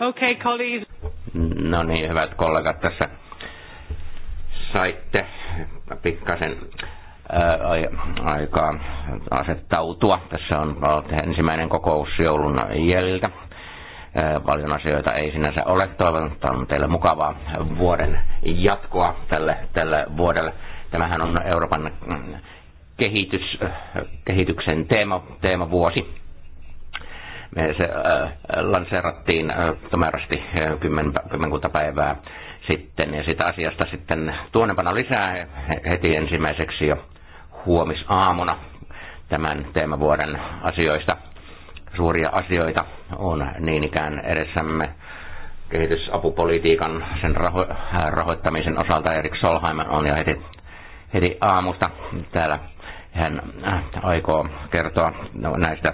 Okay, colleagues. No niin, hyvät kollegat, tässä saitte pikkasen äh, aikaa asettautua. Tässä on ensimmäinen kokous joulun jäljiltä. Äh, paljon asioita ei sinänsä ole. Toivotan teille mukavaa vuoden jatkoa tälle, tälle vuodelle. Tämähän on Euroopan mm, kehitys, äh, kehityksen teema, teemavuosi se äh, lanseerattiin äh, tomerasti äh, kymmen, kymmenkunta päivää sitten ja sitä asiasta sitten tuonnepana lisää heti ensimmäiseksi jo huomisaamuna tämän teemavuoden asioista. Suuria asioita on niin ikään edessämme kehitysapupolitiikan sen raho- rahoittamisen osalta. Erik Solheim on jo heti, heti aamusta täällä. Hän aikoo kertoa näistä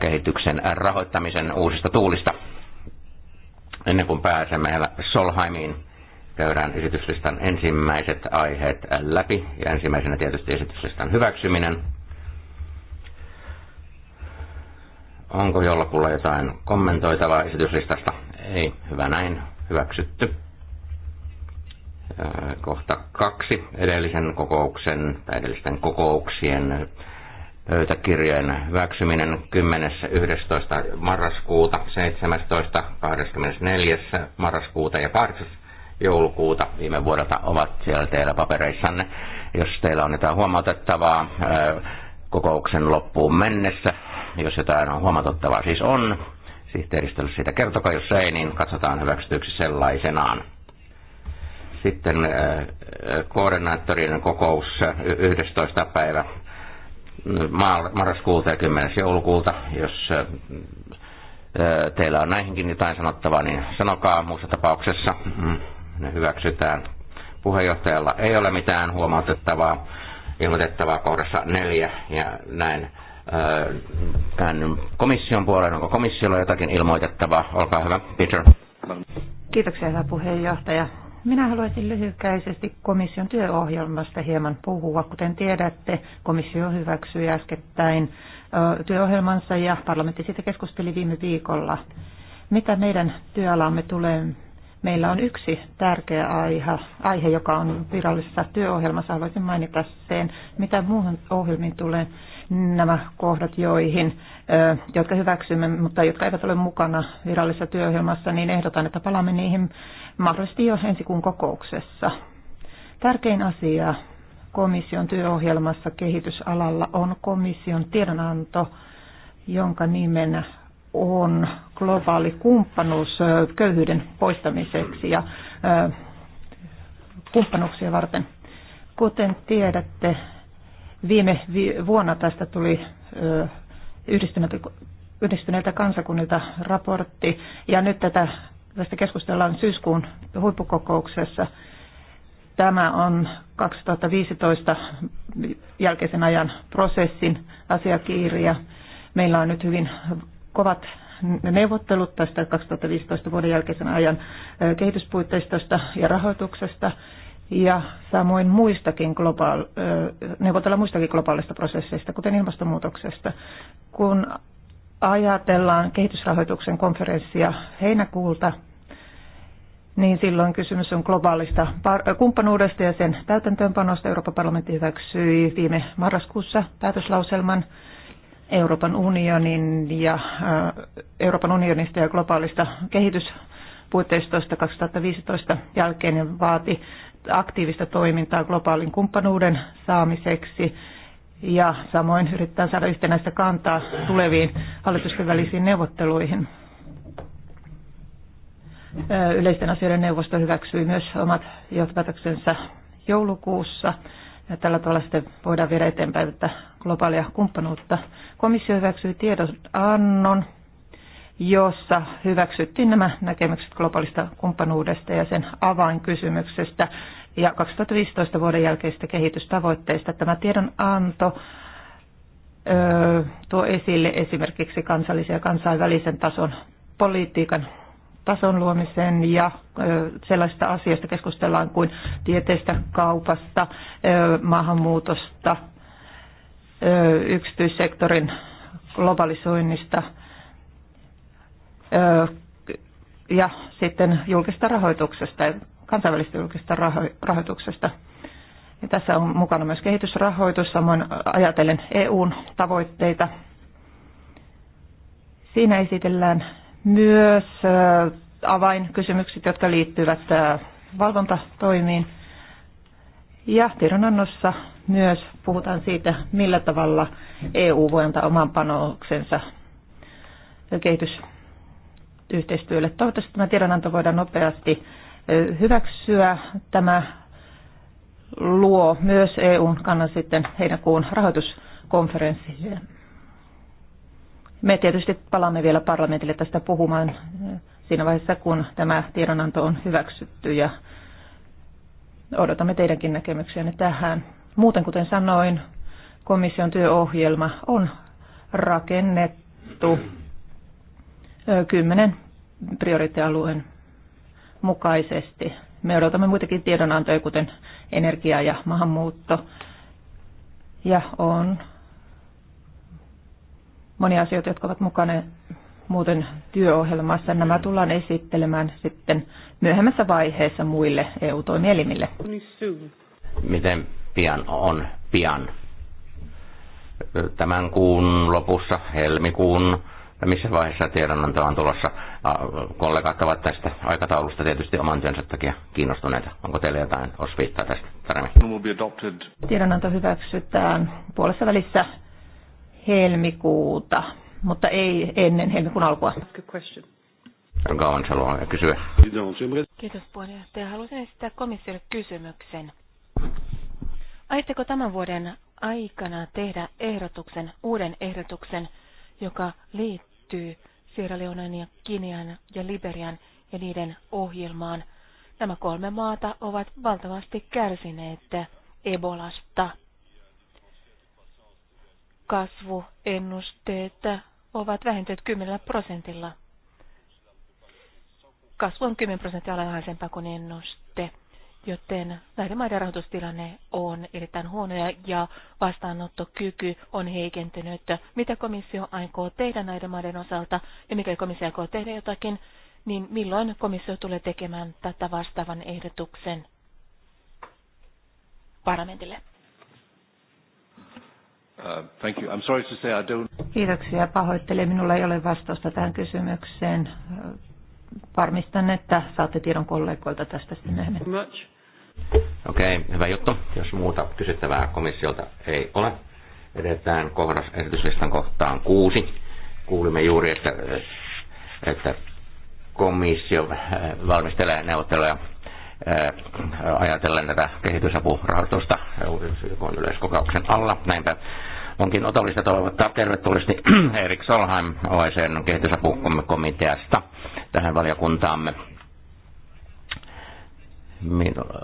kehityksen rahoittamisen uusista tuulista. Ennen kuin pääsemme Solheimiin, käydään esityslistan ensimmäiset aiheet läpi ja ensimmäisenä tietysti esityslistan hyväksyminen. Onko jollakulla jotain kommentoitavaa esityslistasta? Ei, hyvä näin, hyväksytty. Kohta kaksi edellisen kokouksen tai edellisten kokouksien pöytäkirjojen hyväksyminen 10.11. marraskuuta, 17.24. marraskuuta ja 8. joulukuuta viime vuodelta ovat siellä teillä papereissanne. Jos teillä on jotain huomautettavaa kokouksen loppuun mennessä, jos jotain on huomautettavaa siis on, sihteeristölle siitä kertokaa, jos ei, niin katsotaan hyväksytyksi sellaisenaan sitten koordinaattorien kokous 11. päivä marraskuulta ja 10. joulukuulta. jos teillä on näihinkin jotain sanottavaa, niin sanokaa muussa tapauksessa. Mm, ne hyväksytään. Puheenjohtajalla ei ole mitään huomautettavaa, ilmoitettavaa kohdassa neljä ja näin. Tämän komission puoleen. Onko komissiolla jotakin ilmoitettavaa? Olkaa hyvä, Peter. Kiitoksia, hyvä puheenjohtaja. Minä haluaisin lyhykäisesti komission työohjelmasta hieman puhua. Kuten tiedätte, komissio hyväksyi äskettäin työohjelmansa ja parlamentti siitä keskusteli viime viikolla. Mitä meidän työalamme tulee? Meillä on yksi tärkeä aihe, aihe joka on virallisessa työohjelmassa. Haluaisin mainita sen, mitä muuhun ohjelmiin tulee nämä kohdat, joihin, jotka hyväksymme, mutta jotka eivät ole mukana virallisessa työohjelmassa, niin ehdotan, että palaamme niihin mahdollisesti jo ensi kuun kokouksessa. Tärkein asia komission työohjelmassa kehitysalalla on komission tiedonanto, jonka nimenä on globaali kumppanuus köyhyyden poistamiseksi ja kumppanuuksia varten. Kuten tiedätte, Viime vuonna tästä tuli yhdistyneiltä kansakunnilta raportti, ja nyt tätä, tästä keskustellaan syyskuun huippukokouksessa. Tämä on 2015 jälkeisen ajan prosessin asiakirja. Meillä on nyt hyvin kovat neuvottelut tästä 2015 vuoden jälkeisen ajan kehityspuitteistosta ja rahoituksesta ja samoin muistakin globaal, neuvotella muistakin globaalista prosesseista, kuten ilmastonmuutoksesta. Kun ajatellaan kehitysrahoituksen konferenssia heinäkuulta, niin silloin kysymys on globaalista kumppanuudesta ja sen täytäntöönpanosta. Euroopan parlamentti hyväksyi viime marraskuussa päätöslauselman Euroopan unionin ja Euroopan unionista ja globaalista kehityspuitteistosta 2015 jälkeen ja vaati aktiivista toimintaa globaalin kumppanuuden saamiseksi ja samoin yrittää saada yhtenäistä kantaa tuleviin hallitusten välisiin neuvotteluihin. Yleisten asioiden neuvosto hyväksyi myös omat johtopäätöksensä joulukuussa. Ja tällä tavalla sitten voidaan viedä eteenpäin tätä globaalia kumppanuutta. Komissio hyväksyi tiedonannon, jossa hyväksyttiin nämä näkemykset globaalista kumppanuudesta ja sen avainkysymyksestä ja 2015 vuoden jälkeistä kehitystavoitteista. Tämä tiedonanto tuo esille esimerkiksi kansallisen ja kansainvälisen tason politiikan tason luomisen ja sellaista asioista keskustellaan kuin tieteestä, kaupasta, maahanmuutosta, yksityissektorin globalisoinnista ja sitten julkista rahoituksesta kansainvälistä julkisesta rahoituksesta. Ja tässä on mukana myös kehitysrahoitus, samoin ajatellen EUn tavoitteita. Siinä esitellään myös avainkysymykset, jotka liittyvät valvontatoimiin. Ja tiedonannossa myös puhutaan siitä, millä tavalla EU voi antaa oman panoksensa kehitysyhteistyölle. Toivottavasti tämä tiedonanto voidaan nopeasti hyväksyä. Tämä luo myös EUn kannan sitten heinäkuun rahoituskonferenssille. Me tietysti palaamme vielä parlamentille tästä puhumaan siinä vaiheessa, kun tämä tiedonanto on hyväksytty ja odotamme teidänkin näkemyksiänne tähän. Muuten kuten sanoin, komission työohjelma on rakennettu kymmenen prioriteettialueen mukaisesti. Me odotamme muitakin tiedonantoja, kuten energia ja maahanmuutto. Ja on monia asioita, jotka ovat mukana muuten työohjelmassa. Nämä tullaan esittelemään sitten myöhemmässä vaiheessa muille EU-toimielimille. Miten pian on pian? Tämän kuun lopussa, helmikuun missä vaiheessa tiedonanto on tulossa. Kollegat ovat tästä aikataulusta tietysti oman työnsä takia kiinnostuneita. Onko teillä jotain osviittaa tästä paremmin? Tiedonanto hyväksytään puolessa välissä helmikuuta, mutta ei ennen helmikuun alkua. Kauan haluaa kysyä. Kiitos puheenjohtaja. Haluaisin esittää komissiolle kysymyksen. Aitteko tämän vuoden aikana tehdä ehdotuksen, uuden ehdotuksen, joka liittyy liittyy Sierra Leonen ja Kinian ja Liberian ja niiden ohjelmaan. Nämä kolme maata ovat valtavasti kärsineet Ebolasta. Kasvuennusteet ovat vähentyneet 10 prosentilla. Kasvu on 10 prosenttia alhaisempaa kuin ennuste joten näiden maiden rahoitustilanne on erittäin huono ja vastaanottokyky on heikentynyt. Mitä komissio aikoo tehdä näiden maiden osalta ja mikä komissio aikoo tehdä jotakin, niin milloin komissio tulee tekemään tätä vastaavan ehdotuksen parlamentille? Uh, thank you. I'm sorry to say I don't... Kiitoksia. Pahoittelen. Minulla ei ole vastausta tähän kysymykseen varmistan, että saatte tiedon kollegoilta tästä sitten myöhemmin. Okei, okay, hyvä juttu. Jos muuta kysyttävää komissiolta ei ole, edetään kohdas esityslistan kohtaan kuusi. Kuulimme juuri, että, että komissio valmistelee neuvotteluja äh, ajatellen tätä kehitysapurahoitusta on yleiskokouksen alla. Näinpä onkin otollista toivottaa tervetulleesti Erik Solheim OECD kehitysapukomiteasta tähän valiokuntaamme.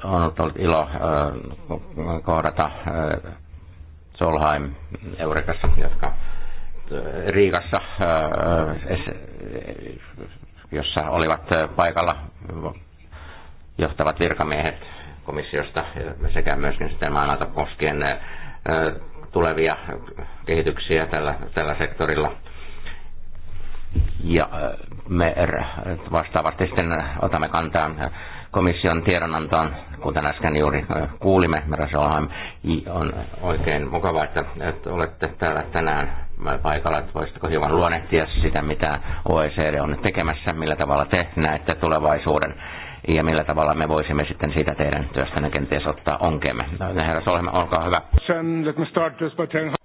on ollut ilo kohdata Solheim Eurekassa, jotka Riikassa, jossa olivat paikalla johtavat virkamiehet komissiosta sekä myöskin sitten maailmalta koskien tulevia kehityksiä tällä, tällä sektorilla – ja äh, me vastaavasti sitten otamme kantaa komission tiedonantoon, kuten äsken juuri äh, kuulimme, Rasolheim, on oikein mukavaa, että, että olette täällä tänään paikalla, että voisitteko hieman luonnehtia sitä, mitä OECD on tekemässä, millä tavalla te näette tulevaisuuden ja millä tavalla me voisimme sitten siitä teidän työstänne kenties ottaa onkeemme. Herra Solheim, olkaa hyvä.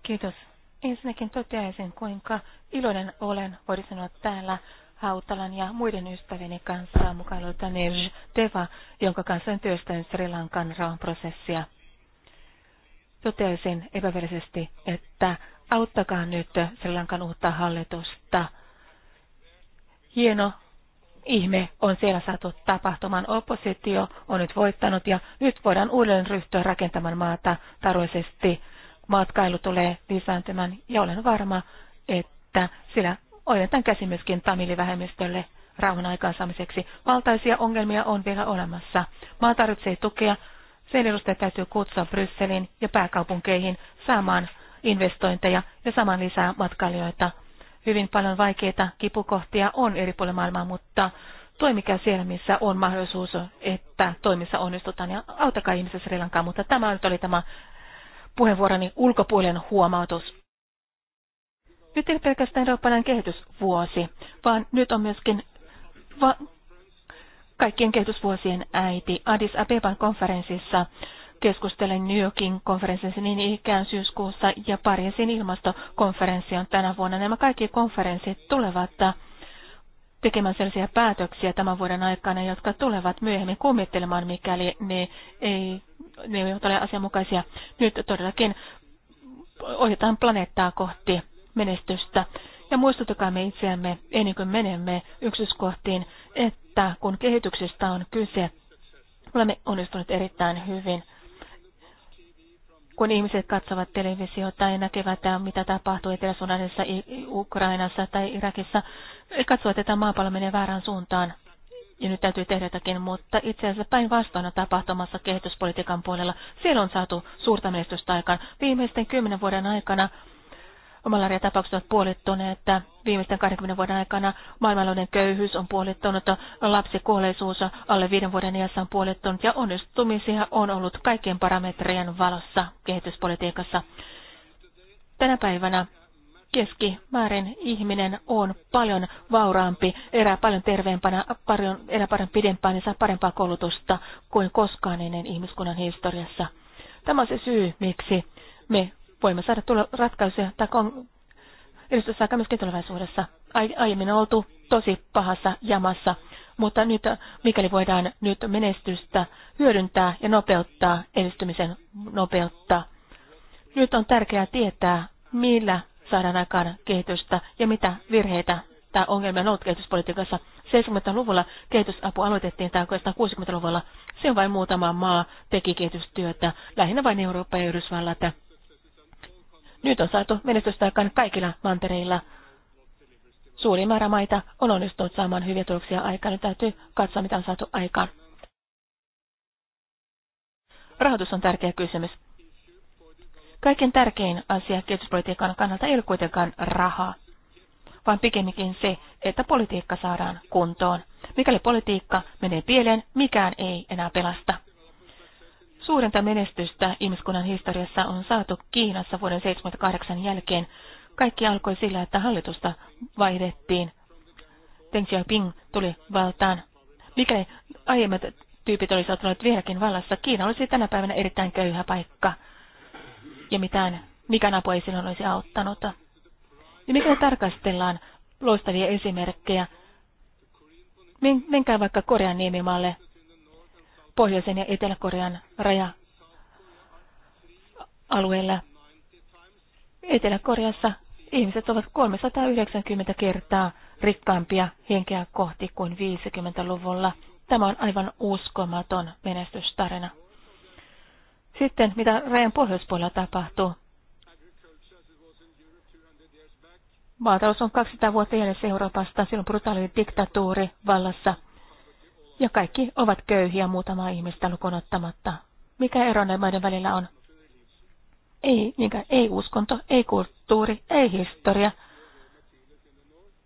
Kiitos Ensinnäkin toteaisin, kuinka iloinen olen, voisin sanoa täällä, Hautalan ja muiden ystävieni kanssa, mukaan Nej Deva, jonka kanssa on työstänyt Sri Lankan rauhanprosessia. Toteaisin epävirallisesti, että auttakaa nyt Sri Lankan uutta hallitusta. Hieno ihme on siellä saatu tapahtumaan. Oppositio on nyt voittanut ja nyt voidaan uudelleen ryhtyä rakentamaan maata taroisesti matkailu tulee lisääntymään ja olen varma, että sillä ojentan käsi myöskin tamilivähemmistölle rauhan aikaansaamiseksi. Valtaisia ongelmia on vielä olemassa. Maa tarvitsee tukea. Sen edustajat täytyy kutsua Brysselin ja pääkaupunkeihin saamaan investointeja ja saman lisää matkailijoita. Hyvin paljon vaikeita kipukohtia on eri puolilla maailmaa, mutta toimikaa siellä, missä on mahdollisuus, että toimissa onnistutaan ja autakaa ihmisessä Sri Lankaa. Mutta tämä nyt oli tämä puheenvuoroni ulkopuolen huomautus. Nyt ei pelkästään eurooppalainen kehitysvuosi, vaan nyt on myöskin va- kaikkien kehitysvuosien äiti Addis Abeban konferenssissa keskustelen New Yorkin konferenssin niin ikään syyskuussa ja Pariisin ilmastokonferenssi on tänä vuonna. Nämä kaikki konferenssit tulevat tekemään sellaisia päätöksiä tämän vuoden aikana, jotka tulevat myöhemmin kummittelemaan, mikäli ne, ei, ne eivät ole asianmukaisia. Nyt todellakin ohjataan planeettaa kohti menestystä. Ja muistutakaamme itseämme ennen kuin menemme yksityiskohtiin, että kun kehityksestä on kyse, olemme onnistuneet erittäin hyvin – kun ihmiset katsovat televisiota ja näkevät, äh, mitä tapahtuu Etelä-Sudanissa, Ukrainassa tai Irakissa, katsovat, että maapallo menee väärään suuntaan. Ja nyt täytyy tehdä jotakin, mutta itse asiassa päinvastoin on tapahtumassa kehityspolitiikan puolella. Siellä on saatu suurta menestystä aikaan. Viimeisten kymmenen vuoden aikana malariatapaukset ovat puolittuneet, että viimeisten 20 vuoden aikana maailmanlainen köyhyys on puolittunut, lapsikuolleisuus alle viiden vuoden iässä on puolittunut ja onnistumisia on ollut kaikkien parametrien valossa kehityspolitiikassa. Tänä päivänä keskimäärin ihminen on paljon vauraampi, erää paljon terveempänä, paljon, erää paljon pidempään ja saa parempaa koulutusta kuin koskaan ennen ihmiskunnan historiassa. Tämä on se syy, miksi me voimme saada tulla ratkaisuja tai on aika myöskin tulevaisuudessa. Aiemmin on oltu tosi pahassa jamassa, mutta nyt äh, mikäli voidaan nyt menestystä hyödyntää ja nopeuttaa, edistymisen nopeutta. Nyt on tärkeää tietää, millä saadaan aikaan kehitystä ja mitä virheitä tai ongelmia on ollut kehityspolitiikassa. 70-luvulla kehitysapu aloitettiin tai 60-luvulla. Se on vain muutama maa teki kehitystyötä, lähinnä vain Eurooppa ja Yhdysvallat. Nyt on saatu menestystä aikaan kaikilla mantereilla. Suuri määrä maita on onnistunut saamaan hyviä tuloksia aikaan. Nyt täytyy katsoa, mitä on saatu aikaan. Rahoitus on tärkeä kysymys. Kaiken tärkein asia kehityspolitiikan kannalta ei ole kuitenkaan rahaa, vaan pikemminkin se, että politiikka saadaan kuntoon. Mikäli politiikka menee pieleen, mikään ei enää pelasta. Suurinta menestystä ihmiskunnan historiassa on saatu Kiinassa vuoden 1978 jälkeen. Kaikki alkoi sillä, että hallitusta vaihdettiin. Deng Xiaoping tuli valtaan. Mikäli aiemmat tyypit olisivat olleet vieläkin vallassa, Kiina olisi tänä päivänä erittäin köyhä paikka. Ja mitään, mikä apu ei silloin olisi auttanut. Ja mikä tarkastellaan loistavia esimerkkejä, menkää vaikka Korean niemimaalle Pohjoisen ja Etelä-Korean raja-alueella. Etelä-Koreassa ihmiset ovat 390 kertaa rikkaampia henkeä kohti kuin 50-luvulla. Tämä on aivan uskomaton menestystarina. Sitten, mitä rajan pohjoispuolella tapahtuu? Maatalous on 200 vuotta jäljessä Euroopasta, silloin brutaali diktatuuri vallassa – ja kaikki ovat köyhiä muutamaa ihmistä lukuun ottamatta. Mikä ero näiden maiden välillä on? Ei, mikä ei uskonto, ei kulttuuri, ei historia.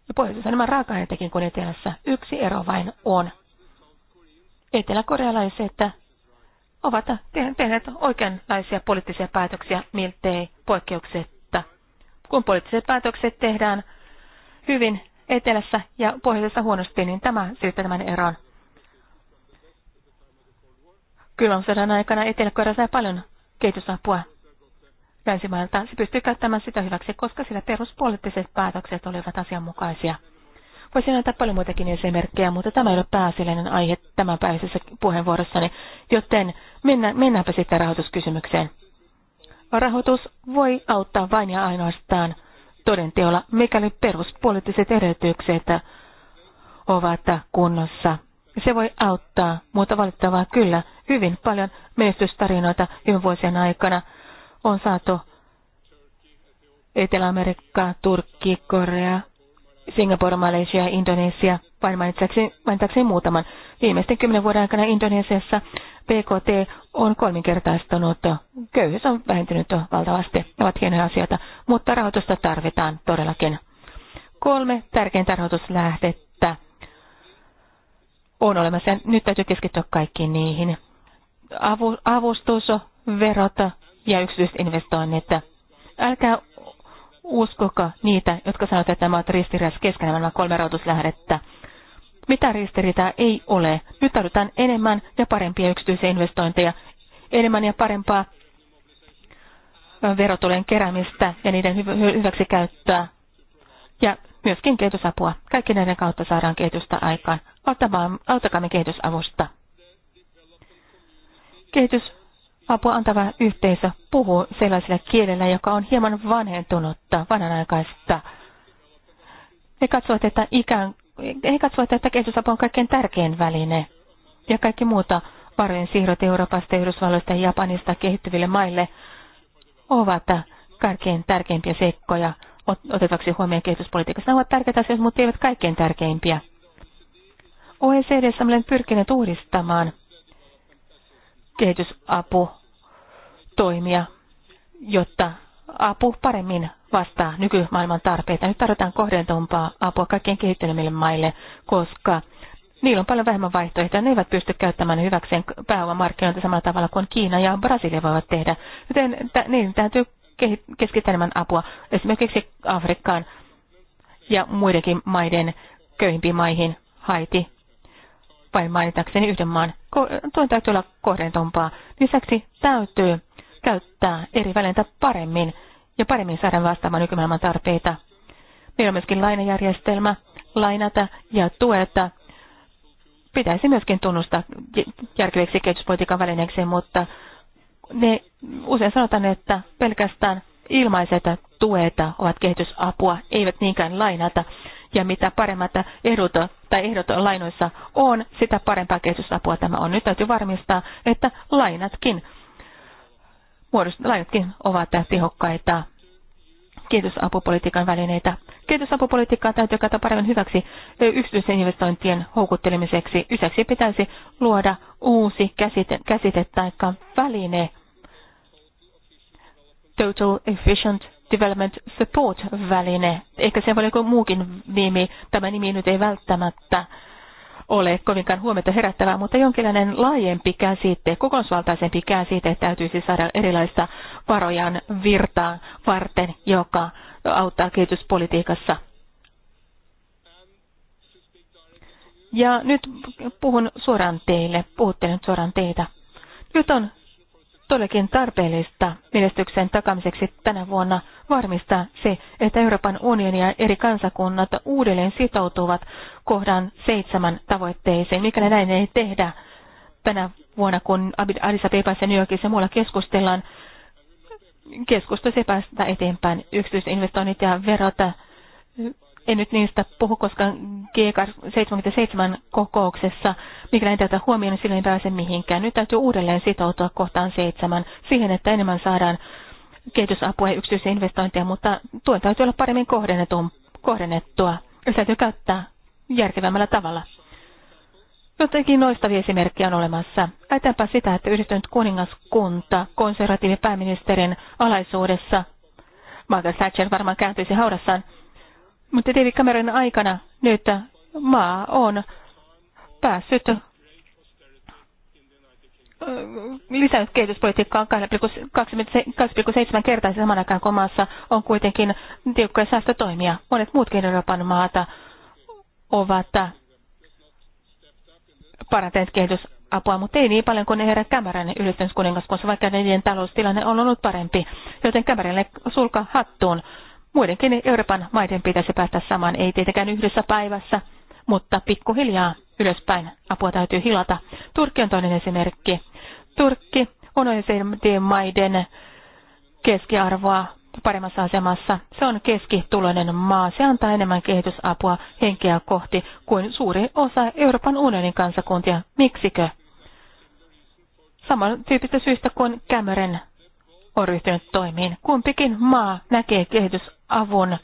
Ja pohjoisessa nämä raaka raaka kuin etelässä. Yksi ero vain on. Eteläkorealaiset ovat tehneet oikeanlaisia poliittisia päätöksiä miltei poikkeuksetta. Kun poliittiset päätökset tehdään hyvin etelässä ja pohjoisessa huonosti, niin tämä selittää tämän eron. Kylmän sodan aikana Etelä-Korea sai paljon kehitysapua länsimailta. Se pystyi käyttämään sitä hyväksi, koska sillä peruspoliittiset päätökset olivat asianmukaisia. Voisin antaa paljon muitakin esimerkkejä, mutta tämä ei ole pääasiallinen aihe päivässä puheenvuorossani, joten mennä, mennäänpä sitten rahoituskysymykseen. Rahoitus voi auttaa vain ja ainoastaan todenteolla, mikäli peruspoliittiset edellytykset ovat kunnossa. Se voi auttaa, mutta valittavaa kyllä. Hyvin paljon menestystarinoita viime vuosien aikana on saatu Etelä-Amerikka, Turkki, Korea, Singapore, Malaysia, Indonesia, vain mainitakseni muutaman. Viimeisten kymmenen vuoden aikana Indonesiassa PKT on kolminkertaistunut, köyhyys on vähentynyt valtavasti. Ne ovat hienoja asioita, mutta rahoitusta tarvitaan todellakin. Kolme tärkeintä rahoituslähdettä on olemassa. Ja nyt täytyy keskittyä kaikkiin niihin. Avu, avustus, verot ja yksityiset investoinnit. Älkää uskoka niitä, jotka sanovat, että tämä on ristiriidassa keskenään nämä kolme rahoituslähdettä. Mitä ristiriitaa ei ole. Nyt tarvitaan enemmän ja parempia yksityisiä investointeja, enemmän ja parempaa verotulen keräämistä ja niiden hyväksikäyttöä. Ja myöskin kehitysapua. Kaikki näiden kautta saadaan kehitystä aikaan. Auttakaamme kehitysavusta. Kehitysapua antava yhteisö puhuu sellaisella kielellä, joka on hieman vanhentunutta, vanhanaikaista. He katsovat, että, ikään, he katsovat, että kehitysapu on kaikkein tärkein väline ja kaikki muuta varojen siirrot Euroopasta, Yhdysvalloista ja Japanista kehittyville maille ovat kaikkein tärkeimpiä seikkoja otetaanko huomioon kehityspolitiikassa. Nämä ovat tärkeitä asioita, mutta eivät kaikkein tärkeimpiä. OECDssä olen pyrkinyt uudistamaan kehitysaputoimia, jotta apu paremmin vastaa nykymaailman tarpeita. Nyt tarvitaan kohdentumpaa apua kaikkien kehittyneille maille, koska niillä on paljon vähemmän vaihtoehtoja. Ne eivät pysty käyttämään hyväkseen pääomamarkkinoita samalla tavalla kuin Kiina ja Brasilia voivat tehdä. Joten niin täytyy keskittää enemmän apua esimerkiksi Afrikkaan ja muidenkin maiden köyhimpiin maihin, Haiti, vain mainitakseni yhden maan. Tuen täytyy olla kohdentompaa. Lisäksi täytyy käyttää eri välineitä paremmin ja paremmin saada vastaamaan nykymaailman tarpeita. Meillä on myöskin lainajärjestelmä, lainata ja tueta. Pitäisi myöskin tunnustaa järkeviksi kehityspolitiikan välineeksi, mutta ne usein sanotaan, että pelkästään ilmaiset tuet ovat kehitysapua, eivät niinkään lainata. Ja mitä paremmat ehdot tai ehdot lainoissa on, sitä parempaa kehitysapua tämä on. Nyt täytyy varmistaa, että lainatkin, lainatkin ovat tehokkaita kehitysapupolitiikan välineitä. Kehitysapupolitiikkaa täytyy käyttää paremmin hyväksi yksityisen investointien houkuttelemiseksi. Yseksi pitäisi luoda uusi käsite, käsite tai väline, Total Efficient Development Support-väline. Ehkä se voi joku muukin nimi. Tämä nimi nyt ei välttämättä ole kovinkaan huomiota herättävää, mutta jonkinlainen laajempi käsite, kokonaisvaltaisempi käsite täytyisi saada erilaista varojan virtaa varten, joka auttaa kehityspolitiikassa. Ja nyt puhun suoraan teille, nyt suoraan teitä. Nyt on todellakin tarpeellista menestyksen takamiseksi tänä vuonna varmistaa se, että Euroopan unioni ja eri kansakunnat uudelleen sitoutuvat kohdan seitsemän tavoitteeseen, Mikäli näin ei tehdä tänä vuonna, kun arisa Abebassa, New Yorkissa ja muualla keskustellaan, ei päästä eteenpäin yksityisinvestoinnit ja verot en nyt niistä puhu, koska G77 kokouksessa, mikä en tätä huomioon, niin silloin ei pääse mihinkään. Nyt täytyy uudelleen sitoutua kohtaan seitsemän siihen, että enemmän saadaan kehitysapua ja yksityisiä investointeja, mutta tuen täytyy olla paremmin kohdennettua. Ja täytyy käyttää järkevämmällä tavalla. Jotenkin noistavia esimerkkejä on olemassa. Ajatellaanpa sitä, että yhdistynyt kuningaskunta konservatiivipääministerin alaisuudessa Margaret Thatcher varmaan kääntyisi haudassaan mutta David Cameron aikana nyt maa on päässyt lisännyt kehityspolitiikkaa 2,7 kertaisen saman aikaan, kun maassa on kuitenkin tiukkoja säästötoimia. Monet muutkin Euroopan maata ovat parantaneet kehitysapua, mutta ei niin paljon kuin herra Kämärän koska vaikka niiden taloustilanne on ollut parempi. Joten Kämärille sulka hattuun. Muidenkin Euroopan maiden pitäisi päästä samaan, ei tietenkään yhdessä päivässä, mutta pikkuhiljaa ylöspäin apua täytyy hilata. Turkki on toinen esimerkki. Turkki on OECD-maiden keskiarvoa paremmassa asemassa. Se on keskituloinen maa. Se antaa enemmän kehitysapua henkeä kohti kuin suuri osa Euroopan unionin kansakuntia. Miksikö? Samantyyppistä syystä kuin Cameron on ryhtynyt toimiin. Kumpikin maa näkee kehitys avun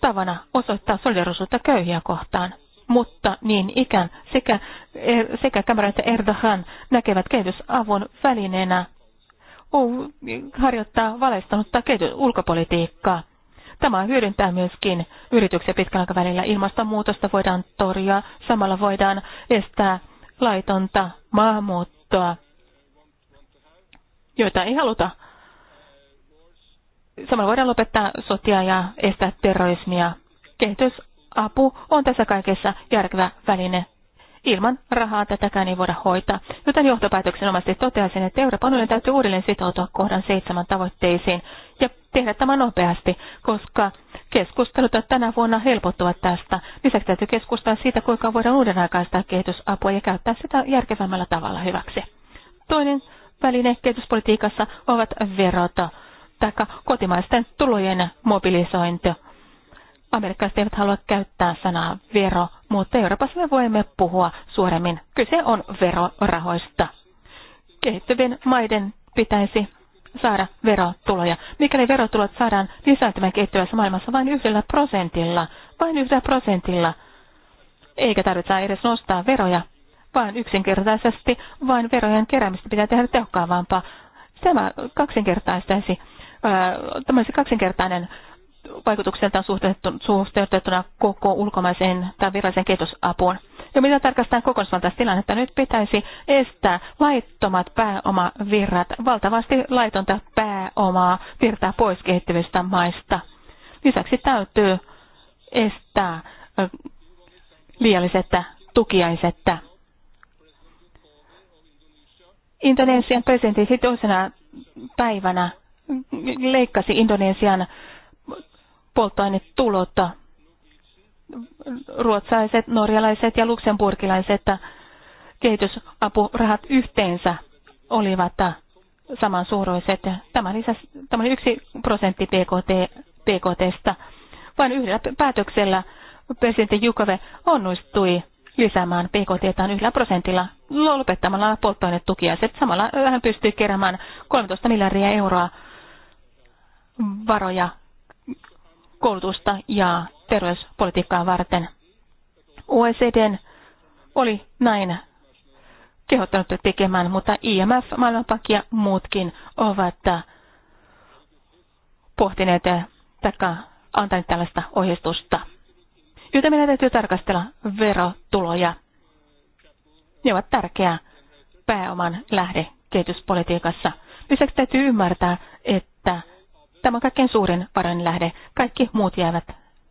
tavana osoittaa solidarisuutta köyhiä kohtaan. Mutta niin ikään sekä, eh, sekä Cameron että Erdogan näkevät kehitysavun välineenä harjoittaa kehitys ulkopolitiikkaa. Tämä hyödyntää myöskin yrityksiä pitkällä aikavälillä. Ilmastonmuutosta voidaan torjua, samalla voidaan estää laitonta maahanmuuttoa, joita ei haluta Samalla voidaan lopettaa sotia ja estää terrorismia. Kehitysapu on tässä kaikessa järkevä väline. Ilman rahaa tätäkään ei voida hoitaa, joten johtopäätöksen omasti toteaisin, että Euroopan unionin täytyy uudelleen sitoutua kohdan seitsemän tavoitteisiin ja tehdä tämä nopeasti, koska keskustelut tänä vuonna helpottuvat tästä. Lisäksi täytyy keskustella siitä, kuinka voidaan uuden aikaistaa kehitysapua ja käyttää sitä järkevämmällä tavalla hyväksi. Toinen väline kehityspolitiikassa ovat verot tai kotimaisten tulojen mobilisointi. Amerikkalaiset eivät halua käyttää sanaa vero, mutta Euroopassa me voimme puhua suoremmin. Kyse on verorahoista. Kehittyvien maiden pitäisi saada verotuloja. Mikäli verotulot saadaan lisääntymään kehittyvässä maailmassa vain yhdellä prosentilla, vain yhdellä prosentilla, eikä tarvitse edes nostaa veroja, vaan yksinkertaisesti vain verojen keräämistä pitää tehdä tehokkaampaa. Tämä kaksinkertaistaisi tämä olisi kaksinkertainen vaikutukseltaan suhteutettuna koko ulkomaiseen tai viralliseen kehitysapuun. Ja mitä tarkastetaan kokonaisvaltaista tilannetta, nyt pitäisi estää laittomat pääomavirrat. Valtavasti laitonta pääomaa virtaa pois kehittyvistä maista. Lisäksi täytyy estää liialliset tukiaiset. Indonesian presidentti toisena päivänä leikkasi Indonesian polttoainetulot. Ruotsalaiset, norjalaiset ja luksemburgilaiset kehitysapurahat yhteensä olivat samansuuruiset. Tämä, lisäsi, siis- tämä oli yksi prosentti PKT, PKTstä. Vain yhdellä päätöksellä presidentti Jukove onnistui lisäämään PKT yhdellä prosentilla lopettamalla polttoainetukia. samalla hän pystyi keräämään 13 miljardia euroa varoja koulutusta ja terveyspolitiikkaa varten. OECD oli näin kehottanut tekemään, mutta IMF, Maailmanpankki ja muutkin ovat pohtineet tai antaneet tällaista ohjeistusta. Joten meidän täytyy tarkastella verotuloja. Ne ovat tärkeä pääoman lähde kehityspolitiikassa. Lisäksi täytyy ymmärtää, että Tämä on kaikkein suurin varainlähde. Kaikki muut jäävät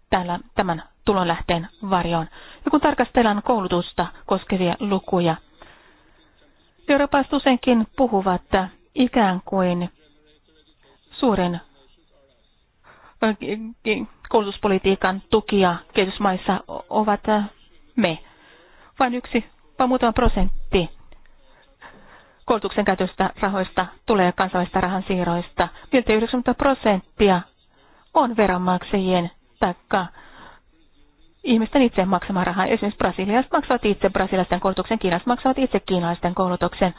täällä tämän tulonlähteen varjoon. Ja kun tarkastellaan koulutusta koskevia lukuja, Euroopasta useinkin puhuvat ikään kuin suuren koulutuspolitiikan tukia kehitysmaissa ovat me. Vain yksi, vain muutama prosentti koulutuksen käytöstä rahoista tulee kansallisista rahansiirroista. Miltä 90 prosenttia on veronmaksajien taikka ihmisten itse maksama rahaa. Esimerkiksi brasilialaiset maksavat itse brasilialaisten koulutuksen, kiinalaiset maksavat itse kiinalaisten koulutuksen.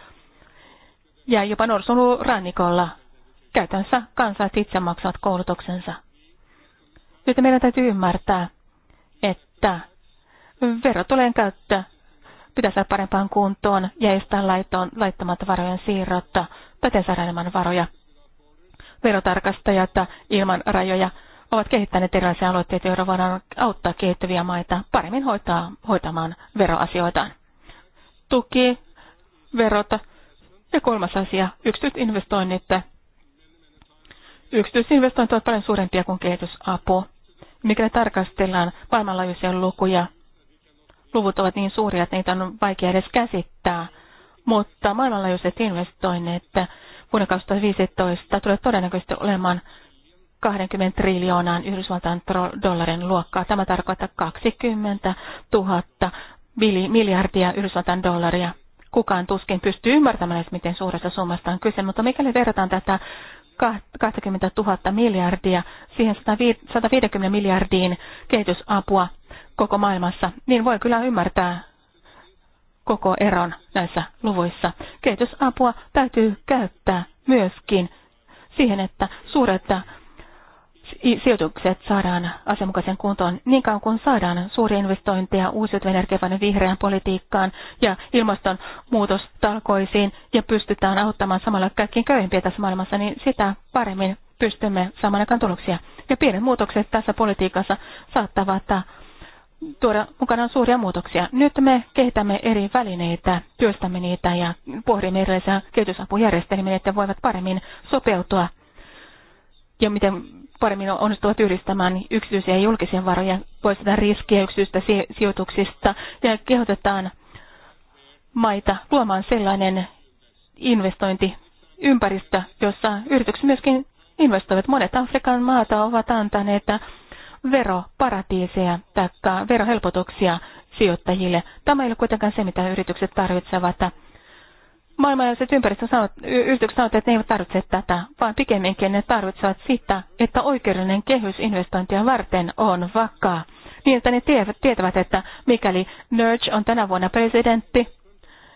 Ja jopa Norsun rannikolla käytännössä kansat itse maksavat koulutuksensa. Nyt meidän täytyy ymmärtää, että verotulojen käyttö pitää saada parempaan kuntoon ja estää laittoon, laittamat varojen siirrot, täten saada enemmän varoja. Verotarkastajat ilman rajoja ovat kehittäneet erilaisia aloitteita, joilla voidaan auttaa kehittyviä maita paremmin hoitaa, hoitamaan veroasioitaan. Tuki, verot ja kolmas asia, yksityisinvestoinnit. Yksityisinvestoinnit ovat paljon suurempia kuin kehitysapu. Mikäli tarkastellaan maailmanlaajuisia lukuja, luvut ovat niin suuria, että niitä on vaikea edes käsittää, mutta maailmanlaajuiset investoinnit vuonna 2015 tulee todennäköisesti olemaan 20 triljoonaan Yhdysvaltain dollarin luokkaa. Tämä tarkoittaa 20 000 miljardia Yhdysvaltain dollaria. Kukaan tuskin pystyy ymmärtämään edes, miten suuresta summasta on kyse, mutta mikäli verrataan tätä 20 000 miljardia siihen 150 miljardiin kehitysapua, koko maailmassa, niin voi kyllä ymmärtää koko eron näissä luvuissa. Kehitysapua täytyy käyttää myöskin siihen, että suuret sijoitukset saadaan asianmukaisen kuntoon niin kauan kuin saadaan suuria investointeja uusiutuvan energian vihreään politiikkaan ja ilmastonmuutostalkoisiin ja pystytään auttamaan samalla kaikkiin köyhimpiä tässä maailmassa, niin sitä paremmin pystymme saamaan aikaan tuloksia. Ja pienet muutokset tässä politiikassa saattavat tuoda mukanaan suuria muutoksia. Nyt me kehitämme eri välineitä, työstämme niitä ja pohdimme erilaisia kehitysapujärjestelmiä, että voivat paremmin sopeutua ja miten paremmin onnistuvat yhdistämään yksityisiä ja julkisia varoja, poistetaan riskiä yksityistä sijoituksista ja kehotetaan maita luomaan sellainen investointiympäristö, jossa yritykset myöskin investoivat. Monet Afrikan maata ovat antaneet veroparatiiseja tai verohelpotuksia sijoittajille. Tämä ei ole kuitenkaan se, mitä yritykset tarvitsevat. Maailmanlaajuiset yritykset sanovat, että ne eivät tarvitse tätä, vaan pikemminkin ne tarvitsevat sitä, että oikeudellinen kehys investointia varten on vakaa. Niin, että ne tietävät, että mikäli Nurge on tänä vuonna presidentti,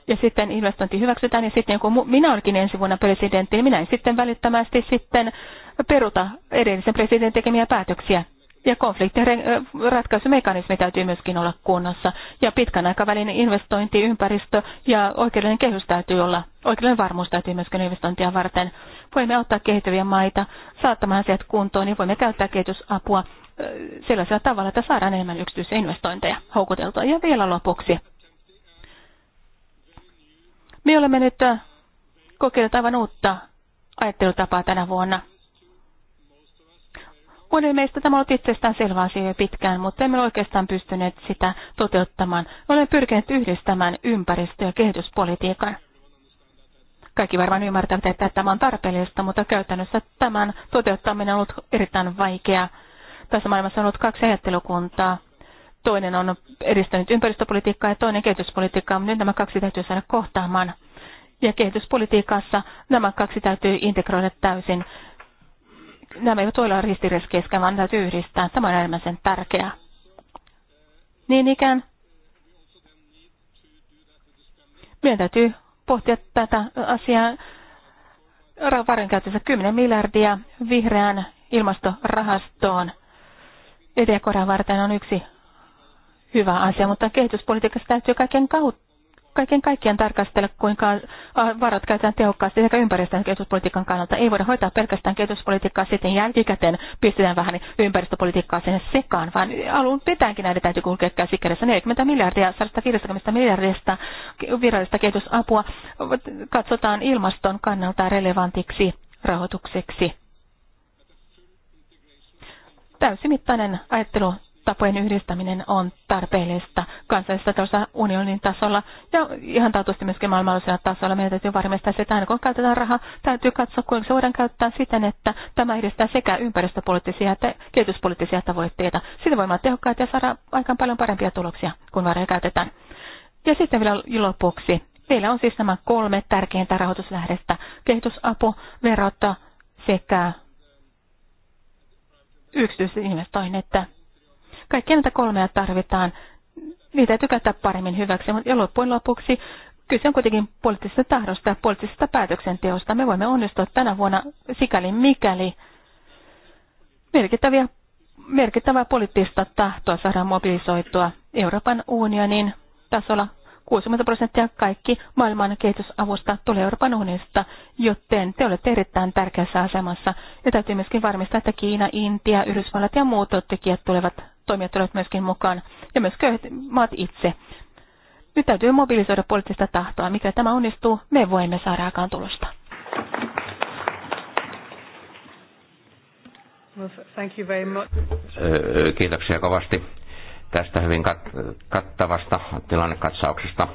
ja sitten investointi hyväksytään, ja sitten kun minä olikin ensi vuonna presidentti, niin minä en sitten välittömästi sitten peruta edellisen presidentin tekemiä päätöksiä ja konfliktien ratkaisumekanismi täytyy myöskin olla kunnossa. Ja pitkän aikavälin investointiympäristö ja oikeudellinen kehys täytyy olla, oikeudellinen varmuus täytyy myöskin investointia varten. Voimme auttaa kehittyviä maita saattamaan asiat kuntoon ja niin voimme käyttää kehitysapua sellaisella tavalla, että saadaan enemmän yksityisiä investointeja houkuteltua. Ja vielä lopuksi. Me olemme nyt kokeilleet aivan uutta ajattelutapaa tänä vuonna. Monille meistä tämä on ollut itsestään selvä asia jo pitkään, mutta emme oikeastaan pystyneet sitä toteuttamaan. Olen pyrkinyt yhdistämään ympäristö- ja kehityspolitiikan. Kaikki varmaan ymmärtävät, että tämä on tarpeellista, mutta käytännössä tämän toteuttaminen on ollut erittäin vaikeaa. Tässä maailmassa on ollut kaksi ajattelukuntaa. Toinen on edistänyt ympäristöpolitiikkaa ja toinen kehityspolitiikkaa, mutta nyt nämä kaksi täytyy saada kohtaamaan. Ja kehityspolitiikassa nämä kaksi täytyy integroida täysin nämä eivät voi ristiriidassa kesken, vaan täytyy yhdistää. Tämä on äärimmäisen tärkeää. Niin ikään meidän täytyy pohtia tätä asiaa käytössä 10 miljardia vihreään ilmastorahastoon. Etiäkorjan varten on yksi hyvä asia, mutta kehityspolitiikassa täytyy kaiken kautta kaiken kaikkiaan tarkastella, kuinka ah, varat käytetään tehokkaasti sekä ympäristön kehityspolitiikan kannalta. Ei voida hoitaa pelkästään kehityspolitiikkaa sitten jälkikäteen, pistetään vähän ympäristöpolitiikkaa sinne sekaan, vaan alun pitäänkin näiden täytyy kulkea käsikädessä 40 miljardia, 150 miljardista virallista kehitysapua katsotaan ilmaston kannalta relevantiksi rahoitukseksi. Täysimittainen ajattelu tapojen yhdistäminen on tarpeellista kansallisessa tasolla, unionin tasolla ja ihan taatusti myöskin maailmallisella tasolla. Meidän täytyy varmistaa se, että aina kun käytetään rahaa, täytyy katsoa, kuinka se voidaan käyttää siten, että tämä edistää sekä ympäristöpoliittisia että kehityspoliittisia tavoitteita. Sillä voimme olla tehokkaita ja saada aikaan paljon parempia tuloksia, kun varoja käytetään. Ja sitten vielä lopuksi. Meillä on siis nämä kolme tärkeintä rahoituslähdettä. Kehitysapu, verotta sekä yksityisinvestoinnit. että Kaikkia näitä kolmea tarvitaan. Niitä täytyy käyttää paremmin hyväksi, mutta loppujen lopuksi kyse on kuitenkin poliittisesta tahdosta ja poliittisesta päätöksenteosta. Me voimme onnistua tänä vuonna sikäli mikäli merkittäviä, merkittävää poliittista tahtoa saadaan mobilisoitua Euroopan unionin tasolla. 60 prosenttia kaikki maailman kehitysavusta tulee Euroopan unionista, joten te olette erittäin tärkeässä asemassa. Ja täytyy myöskin varmistaa, että Kiina, Intia, Yhdysvallat ja muut tekijät tulevat toimijat tulevat myöskin mukaan ja myös köyhät maat itse. Nyt täytyy mobilisoida poliittista tahtoa. Mikä tämä onnistuu, me voimme saada aikaan tulosta. Kiitoksia kovasti tästä hyvin kat- kattavasta tilannekatsauksesta.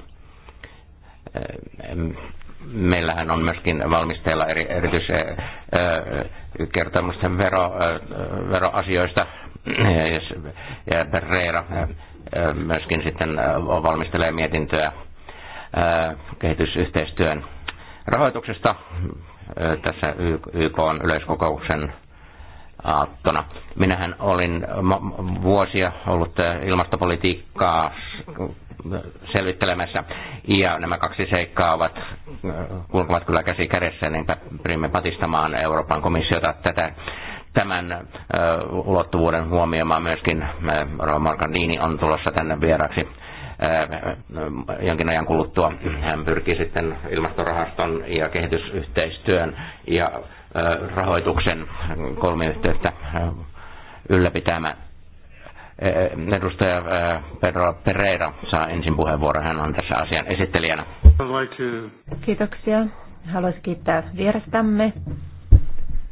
Meillähän on myöskin valmisteilla eri, erityiskertomusten vero, veroasioista ja Pereira myöskin sitten valmistelee mietintöä kehitysyhteistyön rahoituksesta tässä YK on yleiskokouksen aattona. Minähän olin vuosia ollut ilmastopolitiikkaa selvittelemässä, ja nämä kaksi seikkaa ovat, kulkevat kyllä käsi kädessä, niin pyrimme patistamaan Euroopan komissiota tätä tämän ulottuvuuden huomioimaan myöskin. Morgandini on tulossa tänne vieraksi jonkin ajan kuluttua. Hän pyrkii sitten ilmastorahaston ja kehitysyhteistyön ja rahoituksen kolmiyhteyttä ylläpitämään. Edustaja Pedro Pereira saa ensin puheenvuoron. Hän on tässä asian esittelijänä. Kiitoksia. Haluaisin kiittää vierestämme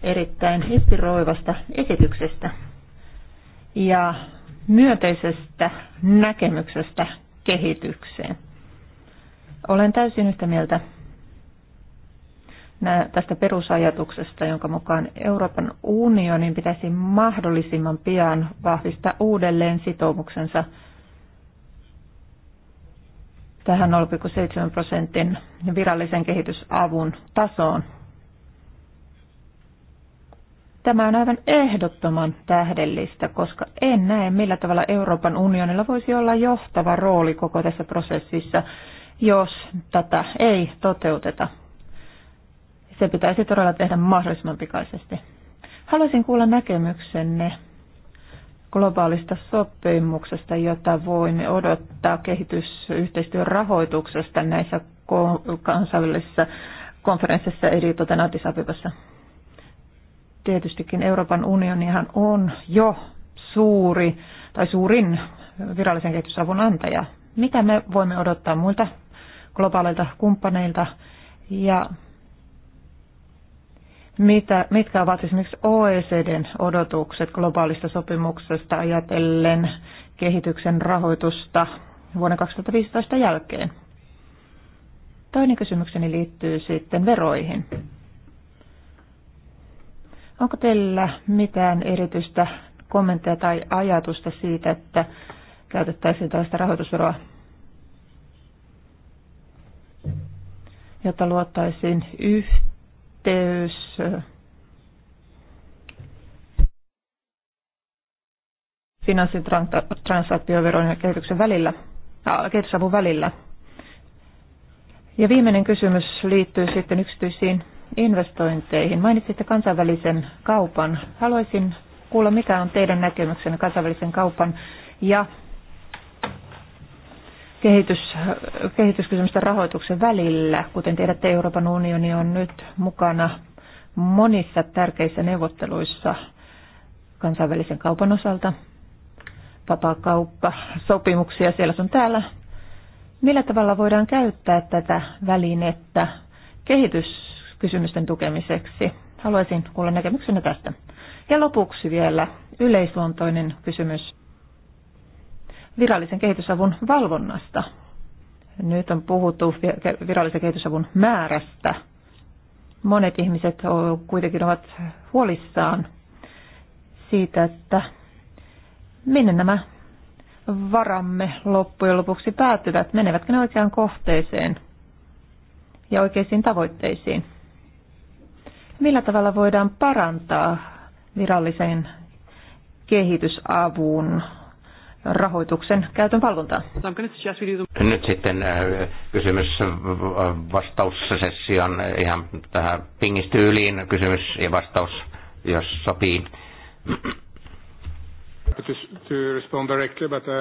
erittäin inspiroivasta esityksestä ja myönteisestä näkemyksestä kehitykseen. Olen täysin yhtä mieltä tästä perusajatuksesta, jonka mukaan Euroopan unionin pitäisi mahdollisimman pian vahvistaa uudelleen sitoumuksensa tähän 0,7 prosentin virallisen kehitysavun tasoon Tämä on aivan ehdottoman tähdellistä, koska en näe, millä tavalla Euroopan unionilla voisi olla johtava rooli koko tässä prosessissa, jos tätä ei toteuteta. Se pitäisi todella tehdä mahdollisimman pikaisesti. Haluaisin kuulla näkemyksenne globaalista sopimuksesta, jota voimme odottaa kehitysyhteistyön rahoituksesta näissä kansainvälisissä konferensseissa eri Addis tietystikin Euroopan unionihan on jo suuri tai suurin virallisen kehitysavun antaja. Mitä me voimme odottaa muilta globaaleilta kumppaneilta ja mitä, mitkä ovat esimerkiksi OECDn odotukset globaalista sopimuksesta ajatellen kehityksen rahoitusta vuoden 2015 jälkeen? Toinen kysymykseni liittyy sitten veroihin. Onko teillä mitään erityistä kommentteja tai ajatusta siitä, että käytettäisiin tällaista rahoitusveroa, jotta luottaisiin yhteys finanssitransaktioveron ja kehityksen välillä, kehitysavun välillä. Ja viimeinen kysymys liittyy sitten yksityisiin investointeihin. Mainitsitte kansainvälisen kaupan. Haluaisin kuulla, mikä on teidän näkemyksenne kansainvälisen kaupan ja kehitys, kehityskysymysten rahoituksen välillä. Kuten tiedätte, Euroopan unioni on nyt mukana monissa tärkeissä neuvotteluissa kansainvälisen kaupan osalta. Vapaakauppa, sopimuksia siellä sun täällä. Millä tavalla voidaan käyttää tätä välinettä kehitys kysymysten tukemiseksi. Haluaisin kuulla näkemyksenä tästä. Ja lopuksi vielä yleisluontoinen kysymys virallisen kehitysavun valvonnasta. Nyt on puhuttu virallisen kehitysavun määrästä. Monet ihmiset kuitenkin ovat huolissaan siitä, että minne nämä varamme loppujen lopuksi päätyvät, menevätkö ne oikeaan kohteeseen ja oikeisiin tavoitteisiin. Millä tavalla voidaan parantaa virallisen kehitysavun rahoituksen käytön valvontaa. Nyt sitten äh, kysymys äh, vastaussession äh, ihan tähän pingistyyliin kysymys ja vastaus, jos sopii. Uh-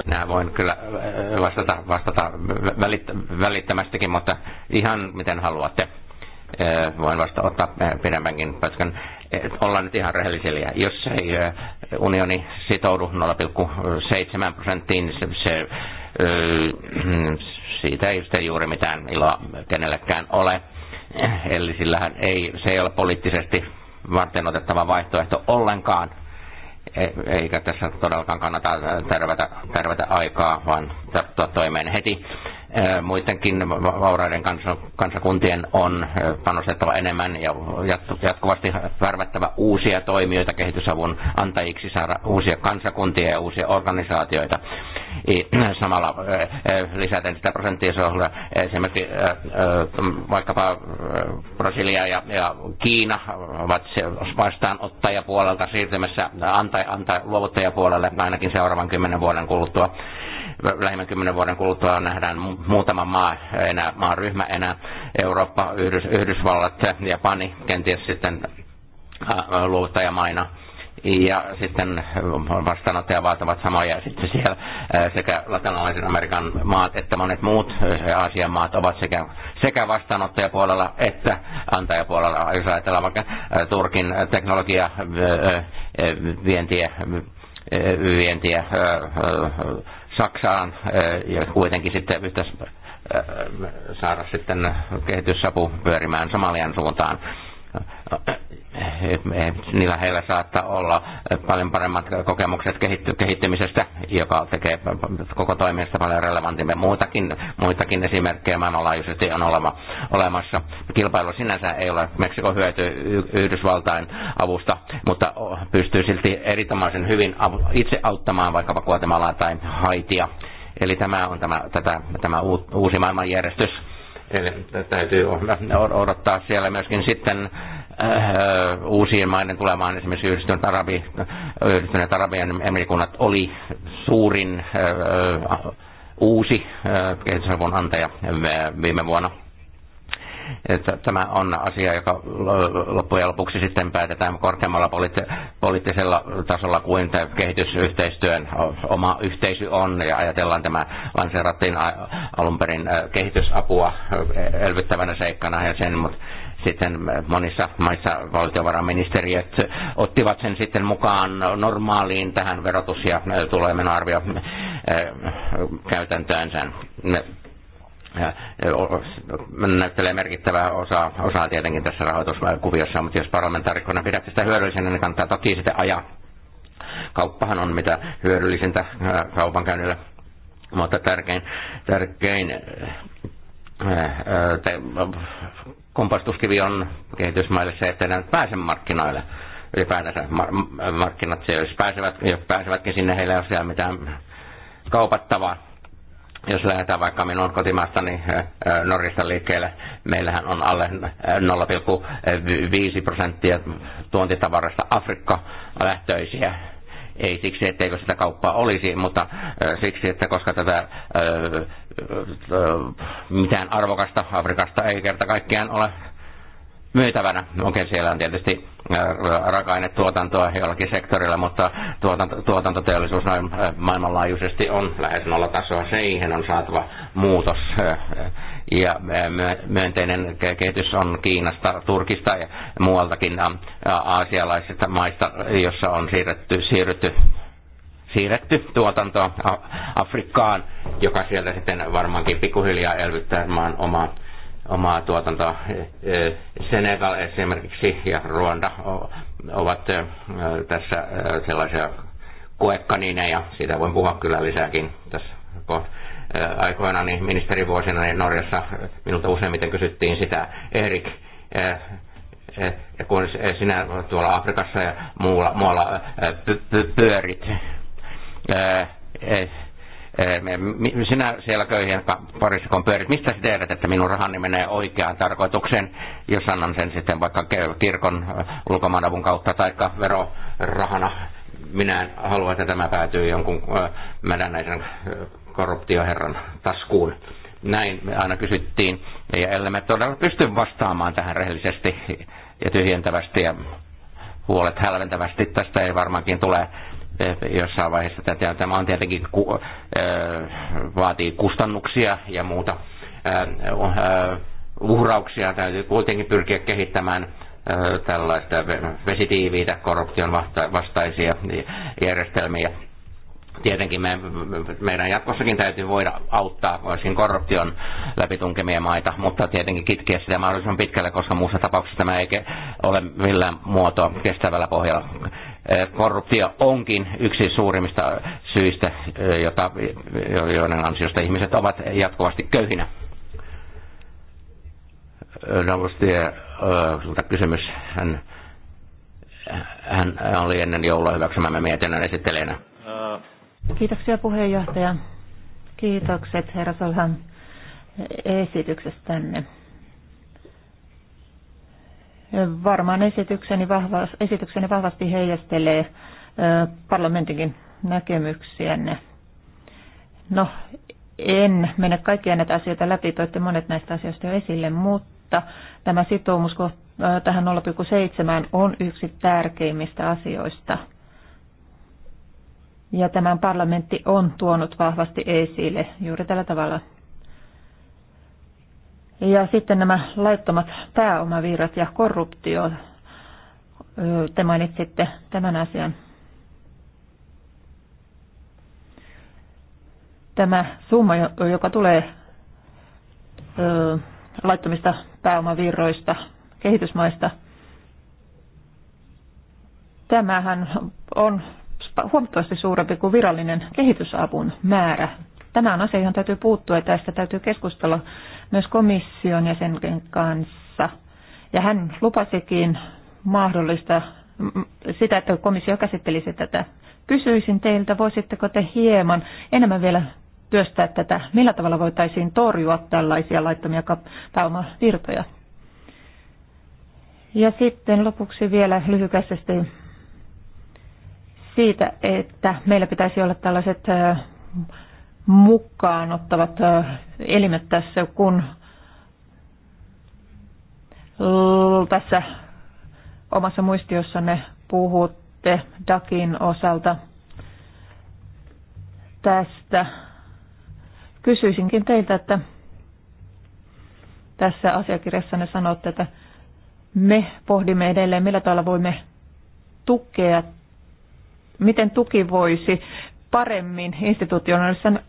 Nää voin kyllä vastata, vastata välittömästikin, mutta ihan miten haluatte voin vasta ottaa pidemmänkin pätkän, ollaan nyt ihan rehellisiä. Jos ei unioni sitoudu 0,7 prosenttiin, niin se, se, siitä ei sitten juuri mitään iloa kenellekään ole. Eli sillähän ei, se ei ole poliittisesti varten otettava vaihtoehto ollenkaan. E, eikä tässä todellakaan kannata tervetä, tervetä aikaa, vaan tarttua toimeen heti muidenkin vauraiden kansakuntien on panostettava enemmän ja jatkuvasti värvättävä uusia toimijoita kehitysavun antajiksi, saada uusia kansakuntia ja uusia organisaatioita. Samalla lisätään sitä prosenttiosuutta esimerkiksi vaikkapa Brasilia ja, ja Kiina ovat vastaanottajapuolelta siirtymässä anta, anta, luovuttajapuolelle ainakin seuraavan kymmenen vuoden kuluttua lähimmän kymmenen vuoden kuluttua nähdään muutama maa enää, maaryhmä enää, Eurooppa, Yhdys, Yhdysvallat, Japani, kenties sitten luovuttajamaina ja sitten vastaanottaja vaatavat samoja. Sitten siellä sekä latinalaisen Amerikan maat että monet muut Aasian maat ovat sekä, sekä vastaanottajapuolella että antajapuolella. Jos ajatellaan vaikka Turkin teknologia vientiä, vientiä Saksaan eh, ja kuitenkin sitten pitäisi eh, saada sitten kehitysapu pyörimään Somalian suuntaan niillä heillä saattaa olla paljon paremmat kokemukset kehittymisestä, joka tekee koko toiminnasta paljon relevantimmin. Muitakin, muitakin esimerkkejä maailmanlaajuisesti on olemassa. Kilpailu sinänsä ei ole. Meksiko hyöty Yhdysvaltain avusta, mutta pystyy silti erittäin hyvin itse auttamaan vaikkapa Guatemalaa tai Haitia. Eli tämä on tämä, tätä, tämä uusi maailmanjärjestys Eli täytyy oh- odottaa siellä myöskin sitten äh, uusien maiden tulemaan, esimerkiksi yhdistyneet, Arabi, yhdistyneet Arabian emirikunnat oli suurin äh, äh, uusi kehitysavun antaja viime vuonna että tämä on asia, joka loppujen lopuksi sitten päätetään korkeammalla poliittisella tasolla kuin tämä kehitysyhteistyön oma yhteisö on. Ja ajatellaan tämä lanseerattiin alun perin kehitysapua elvyttävänä seikkana ja sen, mutta sitten monissa maissa valtiovarainministeriöt ottivat sen sitten mukaan normaaliin tähän verotus- ja tulojen menoarvio käytäntöönsä näyttelee merkittävää osaa, osaa tietenkin tässä rahoituskuviossa, mutta jos parlamentaarikkona pidätte sitä hyödyllisenä, niin kannattaa toki sitä ajaa. Kauppahan on mitä hyödyllisintä kaupankäynnillä, mutta tärkein, tärkein te, kompastuskivi on kehitysmaille se, että ne pääse markkinoille ylipäätänsä markkinat jos pääsevät, jos pääsevätkin sinne, heillä ei ole siellä mitään kaupattavaa jos lähdetään vaikka minun kotimaastani eh, eh, Norjasta liikkeelle, meillähän on alle 0,5 eh, prosenttia tuontitavarasta Afrikka lähtöisiä. Ei siksi, etteikö sitä kauppaa olisi, mutta siksi, että koska tätä mitään arvokasta Afrikasta ei kerta kaikkiaan ole myytävänä. Okei, siellä on tietysti äh, raaka-ainetuotantoa jollakin sektorilla, mutta tuotanto, tuotantoteollisuus noin äh, maailmanlaajuisesti on lähes nolla tasoa. Siihen on saatava muutos äh, ja myönteinen kehitys on Kiinasta, Turkista ja muualtakin aasialaisista maista, jossa on siirretty, siirretty siirretty tuotantoa Afrikkaan, joka sieltä sitten varmaankin pikkuhiljaa elvyttää maan omaa omaa tuotantoa. E, e, Senegal esimerkiksi ja Ruanda ovat e, tässä sellaisia koekanineja, siitä voin puhua kyllä lisääkin tässä aikoinaan niin ministerivuosina niin Norjassa minulta useimmiten kysyttiin sitä, Erik, kun sinä tuolla Afrikassa ja muualla, muualla pyörit, Eh, sinä siellä köyhien parissa kun pyörit, mistä sä tiedät, että minun rahani menee oikeaan tarkoitukseen, jos annan sen sitten vaikka kirkon ulkomaanavun kautta tai verorahana. Minä halua, että tämä päätyy jonkun näiden korruptioherran taskuun. Näin me aina kysyttiin, ja ellei me todella pysty vastaamaan tähän rehellisesti ja tyhjentävästi ja huolet hälventävästi, tästä ei varmaankin tule Eh, jossain vaiheessa tätä. Tämä on tietenkin ku, vaatii kustannuksia ja muuta uhrauksia. Täytyy kuitenkin pyrkiä kehittämään tällaista vesitiiviitä korruption vastaisia järjestelmiä. Tietenkin me, meidän jatkossakin täytyy voida auttaa varsin korruption läpitunkemia maita, mutta tietenkin kitkeä sitä mahdollisimman pitkälle, koska muussa tapauksessa tämä ei ole millään muotoa kestävällä pohjalla korruptio onkin yksi suurimmista syistä, jota, joiden ansiosta ihmiset ovat jatkuvasti köyhinä. Novostier, kysymys, hän, hän oli ennen joulua hyväksymämme mietinnän esittelijänä. Kiitoksia puheenjohtaja. Kiitokset herra Solhan esityksestänne. Varmaan esitykseni, vahva, esitykseni vahvasti heijastelee parlamentinkin näkemyksiänne. No, en mene kaikkia näitä asioita läpi, toitte monet näistä asioista jo esille, mutta tämä sitoumus tähän 0,7 on yksi tärkeimmistä asioista. Ja tämän parlamentti on tuonut vahvasti esille juuri tällä tavalla ja sitten nämä laittomat pääomavirrat ja korruptio. Te mainitsitte tämän asian. Tämä summa, joka tulee laittomista pääomavirroista kehitysmaista, tämähän on huomattavasti suurempi kuin virallinen kehitysavun määrä Tämä on asia, johon täytyy puuttua ja tästä täytyy keskustella myös komission jäsenen kanssa. Ja hän lupasikin mahdollista sitä, että komissio käsittelisi tätä. Kysyisin teiltä, voisitteko te hieman enemmän vielä työstää tätä, millä tavalla voitaisiin torjua tällaisia laittomia pääomavirtoja? Ja sitten lopuksi vielä lyhykäisesti siitä, että meillä pitäisi olla tällaiset mukaan ottavat elimet tässä, kun tässä omassa muistiossanne puhutte DAKin osalta tästä. Kysyisinkin teiltä, että tässä asiakirjassanne sanotte, että me pohdimme edelleen, millä tavalla voimme tukea, miten tuki voisi paremmin institutionaalisen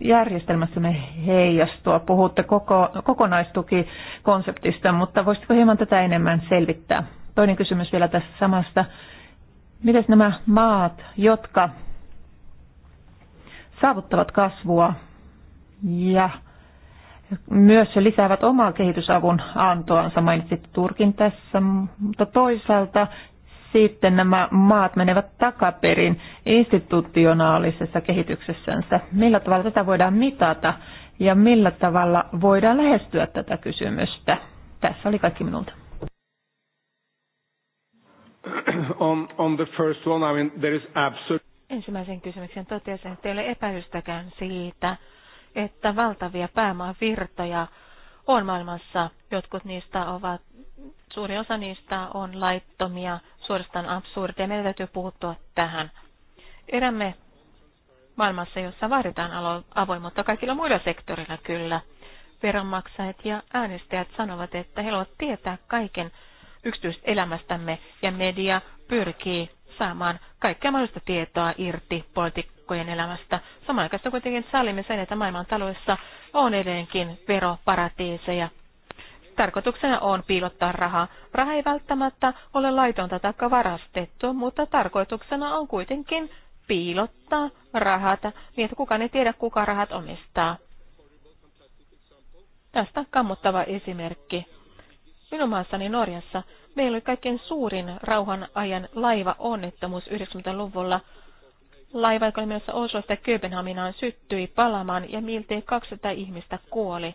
järjestelmässämme heijastua. Puhutte koko, kokonaistukikonseptista, mutta voisitko hieman tätä enemmän selvittää? Toinen kysymys vielä tässä samasta. Miten nämä maat, jotka saavuttavat kasvua ja myös lisäävät omaa kehitysavun antoansa, mainitsit Turkin tässä, mutta toisaalta sitten nämä maat menevät takaperin institutionaalisessa kehityksessänsä. Millä tavalla tätä voidaan mitata ja millä tavalla voidaan lähestyä tätä kysymystä? Tässä oli kaikki minulta. On, on the first one, I mean, there is absolute... Ensimmäisen kysymyksen totesin, että ei ole epäilystäkään siitä, että valtavia pääomavirtoja virtoja on maailmassa. Jotkut niistä ovat, suuri osa niistä on laittomia, suorastaan absurdeja. Meidän täytyy puuttua tähän. Erämme maailmassa, jossa vaaditaan avoimuutta kaikilla muilla sektorilla kyllä. Veronmaksajat ja äänestäjät sanovat, että he haluavat tietää kaiken yksityiselämästämme ja media pyrkii saamaan kaikkea mahdollista tietoa irti politi- rikkojen elämästä. aikaan kuitenkin sallimme sen, että maailman taloissa on edelleenkin veroparatiiseja. Tarkoituksena on piilottaa rahaa. Raha ei välttämättä ole laitonta tai varastettu, mutta tarkoituksena on kuitenkin piilottaa rahat, niin että kukaan ei tiedä, kuka rahat omistaa. Tästä kammottava esimerkki. Minun maassani Norjassa meillä oli kaikkein suurin rauhan ajan laiva onnettomuus 90-luvulla laiva, joka oli menossa Oslosta Kööpenhaminaan, syttyi palamaan ja miltei 200 ihmistä kuoli.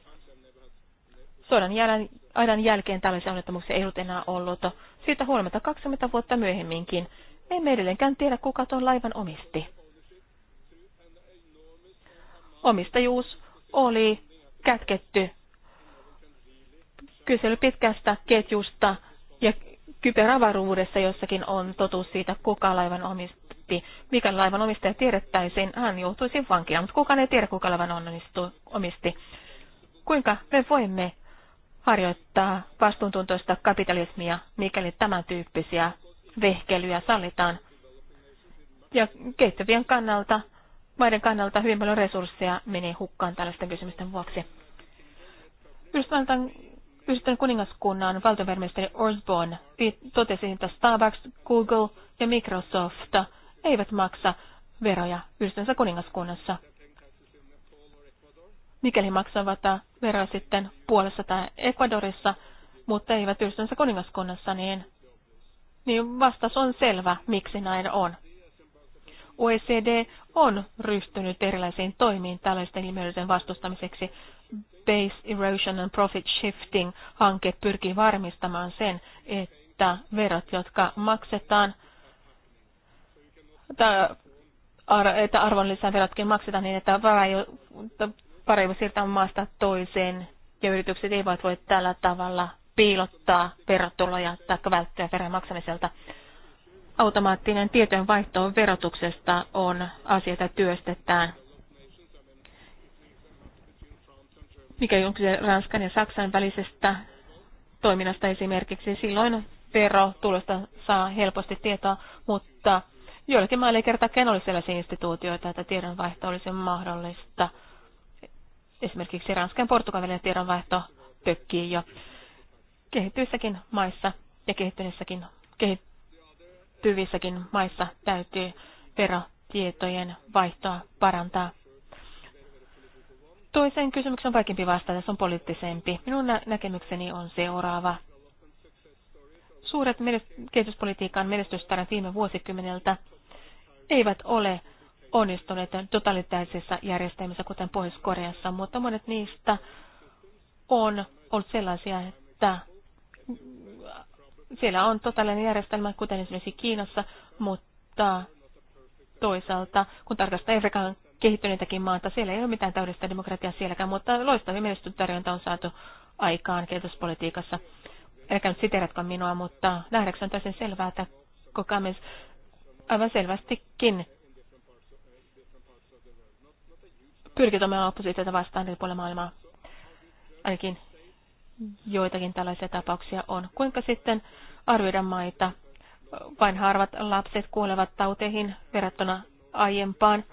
Sodan jälkeen aidan jälkeen tällaisia onnettomuuksia ei ollut enää ollut. Siitä huolimatta 20 vuotta myöhemminkin emme edelleenkään tiedä, kuka tuon laivan omisti. Omistajuus oli kätketty. Kysely pitkästä ketjusta ja kyberavaruudessa jossakin on totuus siitä, kuka laivan omisti myytti. Mikäli laivan omistaja tiedettäisiin, hän joutuisi vankilaan, mutta kukaan ei tiedä, kuka laivan onnistu, omisti. Kuinka me voimme harjoittaa vastuuntuntoista kapitalismia, mikäli tämän tyyppisiä vehkelyjä sallitaan? Ja kehittyvien kannalta, maiden kannalta hyvin paljon resursseja menee hukkaan tällaisten kysymysten vuoksi. Yhdysvaltain kuningaskunnan valtionvarainministeri Osborne totesi, että Starbucks, Google ja Microsoft eivät maksa veroja yhdistyneessä kuningaskunnassa. Mikäli maksavat veroja sitten puolessa tai Ecuadorissa, mutta eivät yhdistyneessä kuningaskunnassa, niin, niin vastaus on selvä, miksi näin on. OECD on ryhtynyt erilaisiin toimiin tällaisten ilmiöiden vastustamiseksi. Base Erosion and Profit Shifting hanke pyrkii varmistamaan sen, että verot, jotka maksetaan, että arvonlisäverotkin maksetaan niin, että pari voi siirtää maasta toiseen ja yritykset eivät voi tällä tavalla piilottaa verotuloja tai välttää veron maksamiselta. Automaattinen tietojenvaihto verotuksesta on asioita työstetään. Mikä onko se Ranskan ja Saksan välisestä toiminnasta esimerkiksi, silloin verotulosta saa helposti tietoa, mutta Joillakin mailla ei kertaakaan ole sellaisia instituutioita, että tiedonvaihto olisi mahdollista. Esimerkiksi Ranskan ja Portugalin välinen tiedonvaihto tökkii jo kehittyissäkin maissa ja kehittyneissäkin kehittyvissäkin maissa täytyy verotietojen vaihtoa parantaa. Toiseen kysymykseen on vaikeampi vastata, se on poliittisempi. Minun näkemykseni on seuraava. Suuret kehityspolitiikan menestystarinat viime vuosikymmeneltä eivät ole onnistuneet totalitaisessa järjestelmissä, kuten Pohjois-Koreassa, mutta monet niistä on ollut sellaisia, että siellä on totaalinen järjestelmä, kuten esimerkiksi Kiinassa, mutta toisaalta, kun tarkastaa Afrikan kehittyneitäkin maata, siellä ei ole mitään täydellistä demokratiaa sielläkään, mutta loistavia menestystarjonta on saatu aikaan kehityspolitiikassa. Älkää nyt siteratko minua, mutta nähdäkseni on täysin selvää, että Kokamis aivan selvästikin pyrkitämme oppositiota vastaan eri puolilla maailmaa. Ainakin joitakin tällaisia tapauksia on. Kuinka sitten arvioida maita? Vain harvat lapset kuolevat tauteihin verrattuna aiempaan.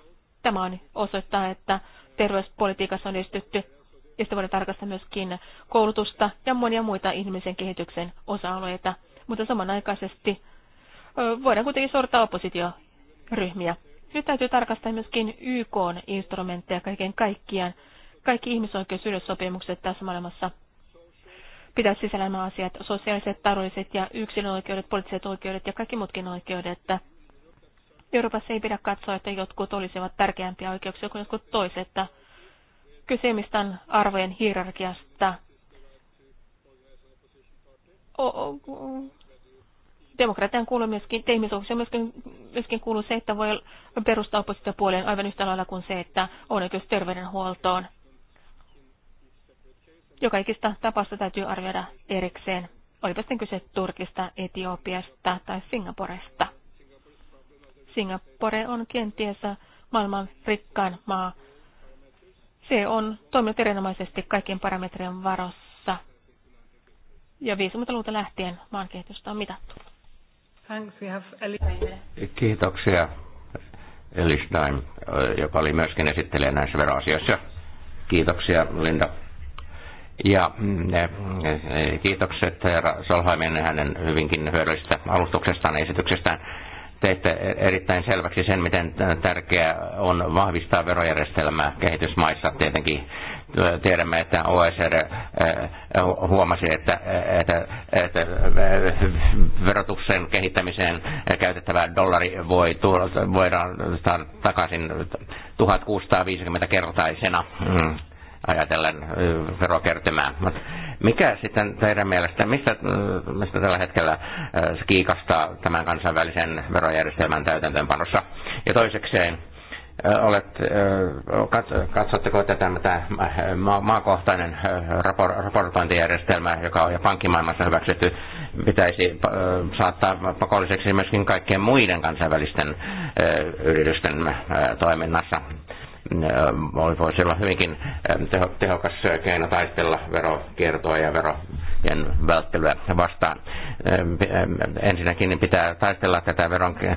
Tämä on osoittaa, että terveyspolitiikassa on edistytty. Ja sitten voidaan tarkastaa myöskin koulutusta ja monia muita ihmisen kehityksen osa-alueita. Mutta samanaikaisesti voidaan kuitenkin sortaa oppositioryhmiä. Nyt täytyy tarkastaa myöskin YK instrumentteja kaiken kaikkiaan. Kaikki ihmisoikeusyleissopimukset tässä maailmassa pitää sisällään asiat, sosiaaliset, taloudelliset ja oikeudet, poliittiset oikeudet ja kaikki muutkin oikeudet. Euroopassa ei pidä katsoa, että jotkut olisivat tärkeämpiä oikeuksia kuin jotkut toiset. Kyse on arvojen hierarkiasta demokratian kuuluu myöskin, ihmisoikeuksia myöskin, myöskin kuuluu se, että voi perustaa oppositiopuoleen aivan yhtä lailla kuin se, että on oikeus terveydenhuoltoon. Jokaikista tapausta täytyy arvioida erikseen, olipa sitten kyse Turkista, Etiopiasta tai Singaporesta. Singapore on kenties maailman rikkain maa. Se on toiminut erinomaisesti kaikkien parametrien varossa ja 50-luvulta lähtien maan kehitystä on mitattu. Thanks, we have Kiitoksia Eli Stein, joka oli myöskin esittelijä näissä veroasioissa. Kiitoksia Linda. Ja mm, kiitokset herra Solhaimen hänen hyvinkin hyödyllisestä alustuksestaan ja esityksestään. Teitte erittäin selväksi sen, miten tärkeää on vahvistaa verojärjestelmää kehitysmaissa tietenkin Tiedämme, että OECD eh, eh, huomasi, että, eh, että, että verotuksen kehittämiseen käytettävä dollari voi, voidaan saada takaisin 1650-kertaisena mm, ajatellen verokertymää. Mikä sitten teidän mielestä, mistä, mistä tällä hetkellä kiikastaa tämän kansainvälisen verojärjestelmän täytäntöönpanossa? Ja toisekseen, olet, katsotteko tätä, tämä äh, maakohtainen raportointijärjestelmä, joka on jo pankkimaailmassa hyväksytty, pitäisi saattaa pakolliseksi myöskin kaikkien muiden kansainvälisten yritysten toiminnassa? Voisi olla hyvinkin tehokas keino taistella verokiertoa ja vero välttelyä vastaan. Ensinnäkin pitää taistella tätä veron eh,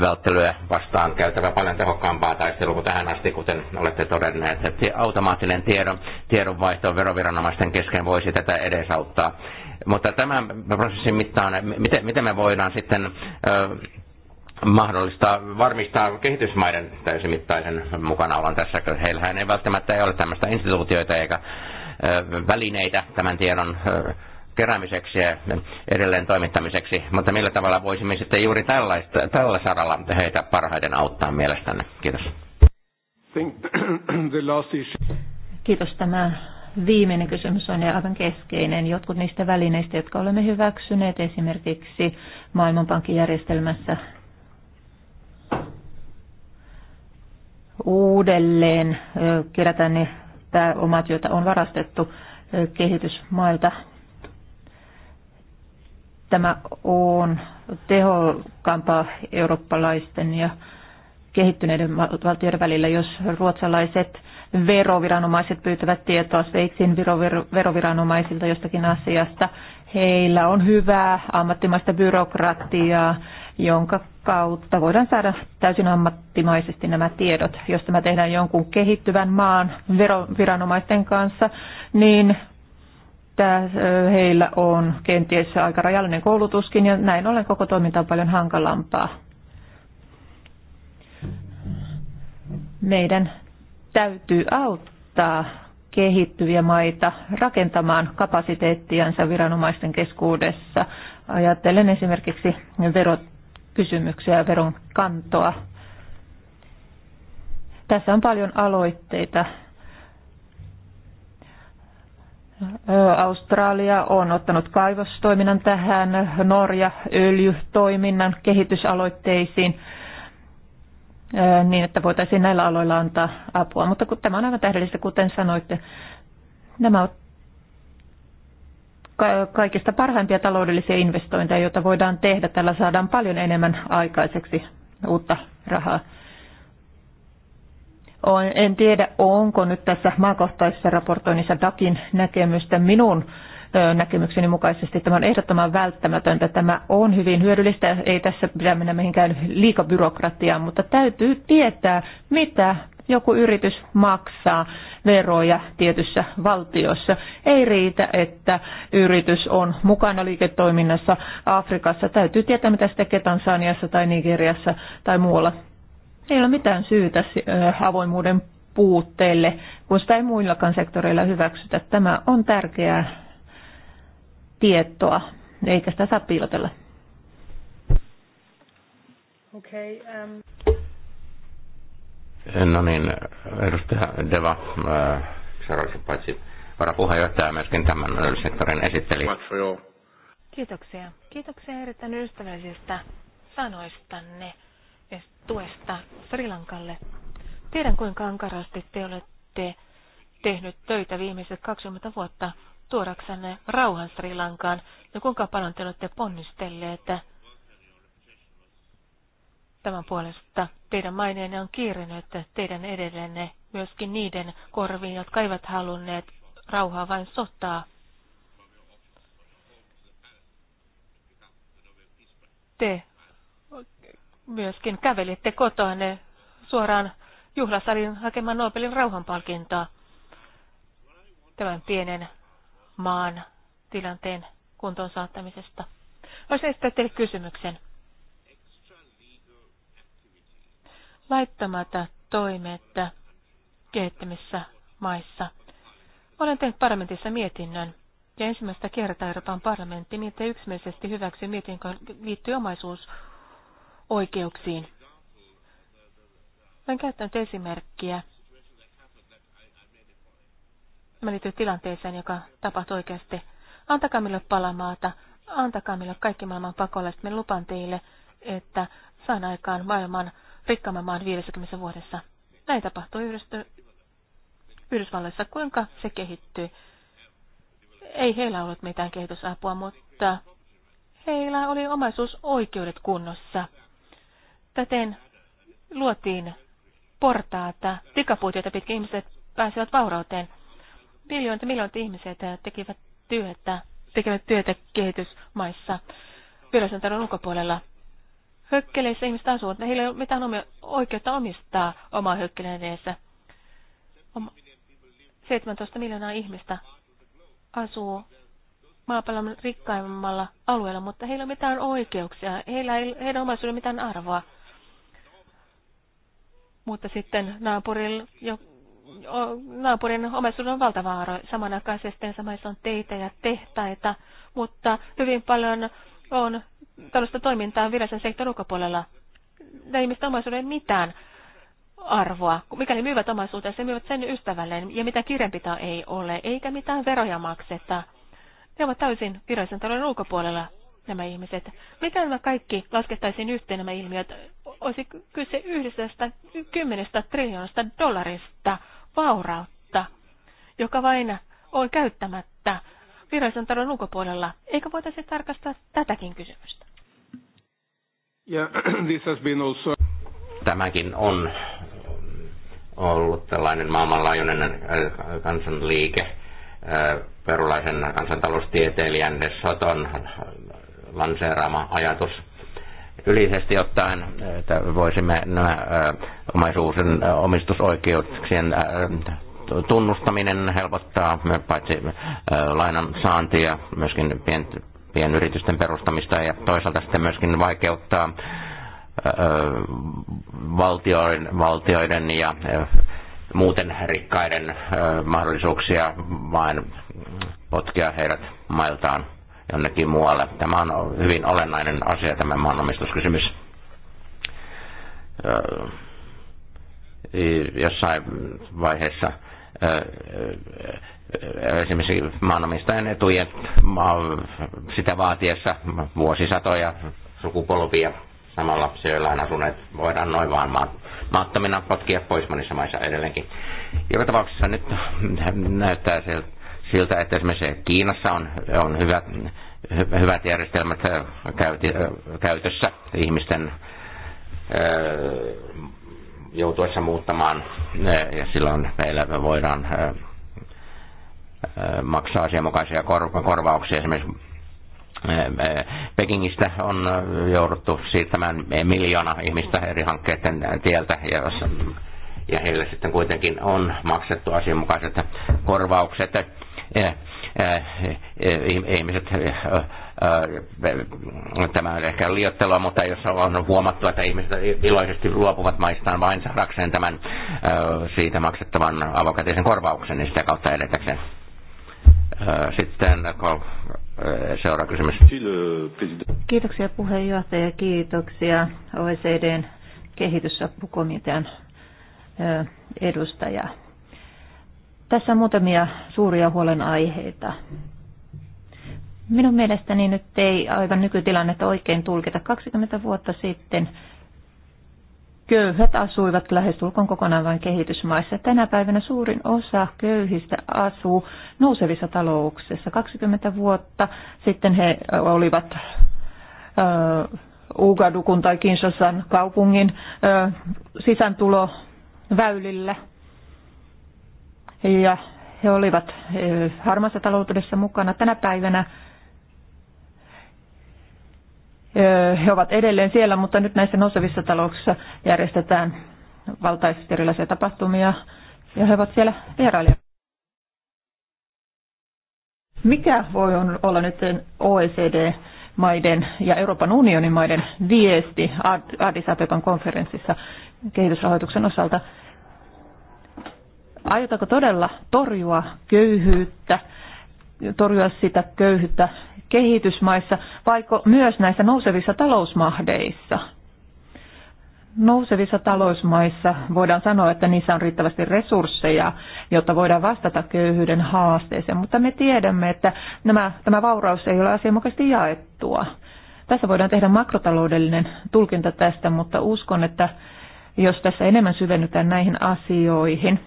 välttelyä vastaan käytävä paljon tehokkaampaa taistelua kuin tähän asti, kuten olette todenneet. Automaattinen tiedon, tiedonvaihto veroviranomaisten kesken voisi tätä edesauttaa. Mutta tämän prosessin mittaan, eh, miten, miten me voidaan sitten mahdollista varmistaa kehitysmaiden täysimittaisen mukanaolon tässä, koska heillähän ei välttämättä ole tämmöistä instituutioita eikä välineitä tämän tiedon keräämiseksi ja edelleen toimittamiseksi, mutta millä tavalla voisimme sitten juuri tällaista, tällä saralla heitä parhaiten auttaa mielestänne? Kiitos. Kiitos. Tämä viimeinen kysymys on aivan keskeinen. Jotkut niistä välineistä, jotka olemme hyväksyneet esimerkiksi Maailmanpankin järjestelmässä uudelleen kerätään ne pääomat, joita on varastettu kehitysmailta. Tämä on tehokampaa eurooppalaisten ja kehittyneiden valtioiden välillä, jos ruotsalaiset veroviranomaiset pyytävät tietoa Sveitsin veroviranomaisilta jostakin asiasta. Heillä on hyvää ammattimaista byrokratiaa, jonka kautta voidaan saada täysin ammattimaisesti nämä tiedot. Jos tämä tehdään jonkun kehittyvän maan viranomaisten kanssa, niin heillä on kenties aika rajallinen koulutuskin ja näin ollen koko toiminta on paljon hankalampaa. Meidän täytyy auttaa kehittyviä maita rakentamaan kapasiteettiansa viranomaisten keskuudessa. Ajattelen esimerkiksi verot, kysymyksiä veron kantoa. Tässä on paljon aloitteita. Australia on ottanut kaivostoiminnan tähän, Norja öljytoiminnan kehitysaloitteisiin niin, että voitaisiin näillä aloilla antaa apua. Mutta kun tämä on aivan tähdellistä, kuten sanoitte, nämä kaikista parhaimpia taloudellisia investointeja, joita voidaan tehdä. Tällä saadaan paljon enemmän aikaiseksi uutta rahaa. En tiedä, onko nyt tässä maakohtaisessa raportoinnissa DAKin näkemystä minun näkemykseni mukaisesti. Tämä on ehdottoman välttämätöntä. Tämä on hyvin hyödyllistä. Ei tässä pidä mennä mihinkään liikabyrokratiaan, mutta täytyy tietää, mitä joku yritys maksaa veroja tietyssä valtiossa. Ei riitä, että yritys on mukana liiketoiminnassa Afrikassa. Täytyy tietää, mitä se tekee Tansaniassa tai Nigeriassa tai muualla. Ei ole mitään syytä äh, avoimuuden puutteelle, kun sitä ei muillakaan sektoreilla hyväksytä. Tämä on tärkeää tietoa, eikä sitä saa piilotella. Okay, um... Eh, no niin, edustaja Deva, eh, seuraavaksi paitsi varapuheenjohtaja myöskin tämän sektorin esitteli. Kiitoksia. Kiitoksia erittäin ystävällisistä sanoistanne ja tuesta Sri Lankalle. Tiedän, kuinka ankarasti te olette tehnyt töitä viimeiset 20 vuotta tuodaksenne rauhan Sri Lankaan ja kuinka paljon te olette ponnistelleet tämän puolesta teidän maineenne on kiirinyt teidän edellenne myöskin niiden korviin, jotka eivät halunneet rauhaa vain sotaa. Te myöskin kävelitte kotoanne suoraan juhlasalin hakemaan Nobelin rauhanpalkintoa tämän pienen maan tilanteen kuntoon saattamisesta. Olisin esittää teille kysymyksen. laittamata toimetta kehittämissä maissa. Olen tehnyt parlamentissa mietinnön ja ensimmäistä kertaa Euroopan parlamentti mietti yksimielisesti hyväksyi mietin, liittyy omaisuusoikeuksiin. Olen käyttänyt esimerkkiä. Mä liittyy tilanteeseen, joka tapahtui oikeasti. Antakaa minulle palamaata, antakaa minulle kaikki maailman pakolaiset. Me lupan teille, että saan aikaan maailman rikkaamman maan 50 vuodessa. Näin tapahtui yhdistö, Yhdysvalloissa. Kuinka se kehittyi. Ei heillä ollut mitään kehitysapua, mutta heillä oli omaisuusoikeudet kunnossa. Täten luotiin portaata, tikapuutioita pitkin ihmiset pääsivät vaurauteen. Miljoonat ja miljoonat ihmiset tekivät työtä, tekevät työtä kehitysmaissa, Viraston ulkopuolella hökkeleissä ihmiset asuvat. Heillä ei ole mitään omia, oikeutta omistaa omaa hökkeleensä. Oma 17 miljoonaa ihmistä asuu maapallon rikkaimmalla alueella, mutta heillä ei ole mitään oikeuksia. Heillä ei, heidän omaisuudella mitään arvoa. Mutta sitten naapurilla, jo, naapurin omaisuudella on valtava arvo. Samanaikaisesti samassa on teitä ja tehtaita, mutta hyvin paljon on tällaista toimintaa virallisen sektorin ulkopuolella. Ne ihmiset omaisuuden mitään arvoa. Mikäli myyvät omaisuutensa, myyvät sen ystävälleen, ja mitä kirjanpitoa ei ole, eikä mitään veroja makseta. Ne ovat täysin virallisen talouden ulkopuolella, nämä ihmiset. Mikä nämä kaikki laskettaisiin yhteen nämä ilmiöt? Olisi kyse yhdestä kymmenestä triljoonasta dollarista vaurautta, joka vain on käyttämättä virallisen talon ulkopuolella. Eikö voitaisi tarkastaa tätäkin kysymystä? Yeah, this has been also... Tämäkin on ollut tällainen maailmanlaajuinen äh, kansanliike äh, perulaisen kansantaloustieteilijän Soton lanseeraama ajatus yleisesti ottaen, äh, että voisimme nämä omaisuuden omistusoikeuksien tunnustaminen helpottaa paitsi lainan saantia, myöskin pienyritysten perustamista ja toisaalta sitten myöskin vaikeuttaa valtioiden, valtioiden ja muuten rikkaiden mahdollisuuksia vain potkia heidät mailtaan jonnekin muualle. Tämä on hyvin olennainen asia, tämä maanomistuskysymys jossain vaiheessa esimerkiksi maanomistajan etujen sitä vaatiessa vuosisatoja sukupolvia samalla sijoillaan asuneet voidaan noin vaan maattomina potkia pois monissa maissa edelleenkin. Joka tapauksessa nyt näyttää siltä, että esimerkiksi Kiinassa on, on hyvät, hyvät järjestelmät käytössä ihmisten joutuessa muuttamaan ja silloin meillä me voidaan maksaa asianmukaisia korvauksia esimerkiksi Pekingistä on jouduttu siirtämään miljoona ihmistä eri hankkeiden tieltä ja, ja heille sitten kuitenkin on maksettu asianmukaiset korvaukset. Ihmiset Äh, tämä on ehkä liottelua, mutta jos on huomattu, että ihmiset iloisesti luopuvat maistaan vain saadakseen tämän äh, siitä maksettavan avokätisen korvauksen, niin sitä kautta edetäkseen. Äh, sitten seuraava kysymys. Kiitoksia puheenjohtaja, kiitoksia OECDn kehitysapukomitean edustaja. Tässä on muutamia suuria huolenaiheita. Minun mielestäni nyt ei aivan nykytilannetta oikein tulkita. 20 vuotta sitten köyhät asuivat lähestulkoon kokonaan vain kehitysmaissa. Tänä päivänä suurin osa köyhistä asuu nousevissa talouksissa. 20 vuotta sitten he olivat äh, Ugadukun tai Kinshasan kaupungin äh, sisääntuloväylillä. Ja he olivat harmaassa taloudessa mukana. Tänä päivänä he ovat edelleen siellä, mutta nyt näissä nousevissa talouksissa järjestetään valtaisesti erilaisia tapahtumia ja he ovat siellä vierailijoita. Mikä voi olla nyt OECD-maiden ja Euroopan unionin maiden viesti Addis Abeban konferenssissa kehitysrahoituksen osalta? Aiotaanko todella torjua köyhyyttä, torjua sitä köyhyyttä, kehitysmaissa, vaikka myös näissä nousevissa talousmahdeissa? Nousevissa talousmaissa voidaan sanoa, että niissä on riittävästi resursseja, jotta voidaan vastata köyhyyden haasteeseen, mutta me tiedämme, että nämä, tämä vauraus ei ole asianmukaisesti jaettua. Tässä voidaan tehdä makrotaloudellinen tulkinta tästä, mutta uskon, että jos tässä enemmän syvennytään näihin asioihin,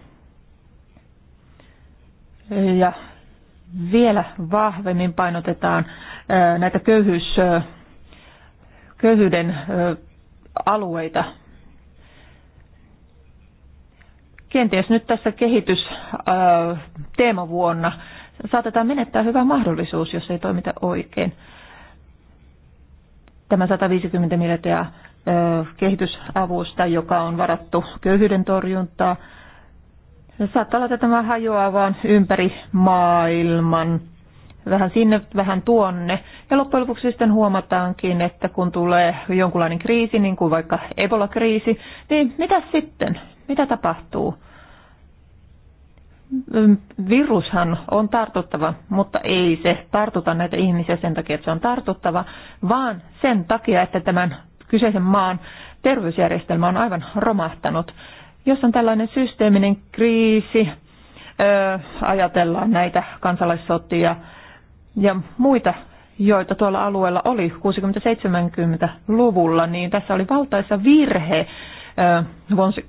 ja vielä vahvemmin painotetaan näitä köyhyys, köyhyyden alueita. Kenties nyt tässä kehitys teemavuonna saatetaan menettää hyvä mahdollisuus, jos ei toimita oikein. Tämä 150 miljardia kehitysavusta, joka on varattu köyhyyden torjuntaa, Saattaa olla, että tämä hajoaa vaan ympäri maailman. Vähän sinne, vähän tuonne. Ja loppujen lopuksi sitten huomataankin, että kun tulee jonkunlainen kriisi, niin kuin vaikka Ebola-kriisi, niin mitä sitten? Mitä tapahtuu? virushan on tartuttava, mutta ei se tartuta näitä ihmisiä sen takia, että se on tartuttava, vaan sen takia, että tämän kyseisen maan terveysjärjestelmä on aivan romahtanut. Jos on tällainen systeeminen kriisi, ajatellaan näitä kansalaissotia ja muita, joita tuolla alueella oli 60-70-luvulla, niin tässä oli valtaisa virhe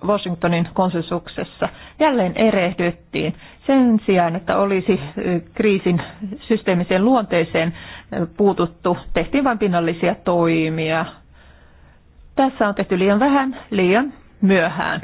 Washingtonin konsensuksessa. Jälleen erehdyttiin. Sen sijaan, että olisi kriisin systeemiseen luonteeseen puututtu, tehtiin vain pinnallisia toimia. Tässä on tehty liian vähän, liian myöhään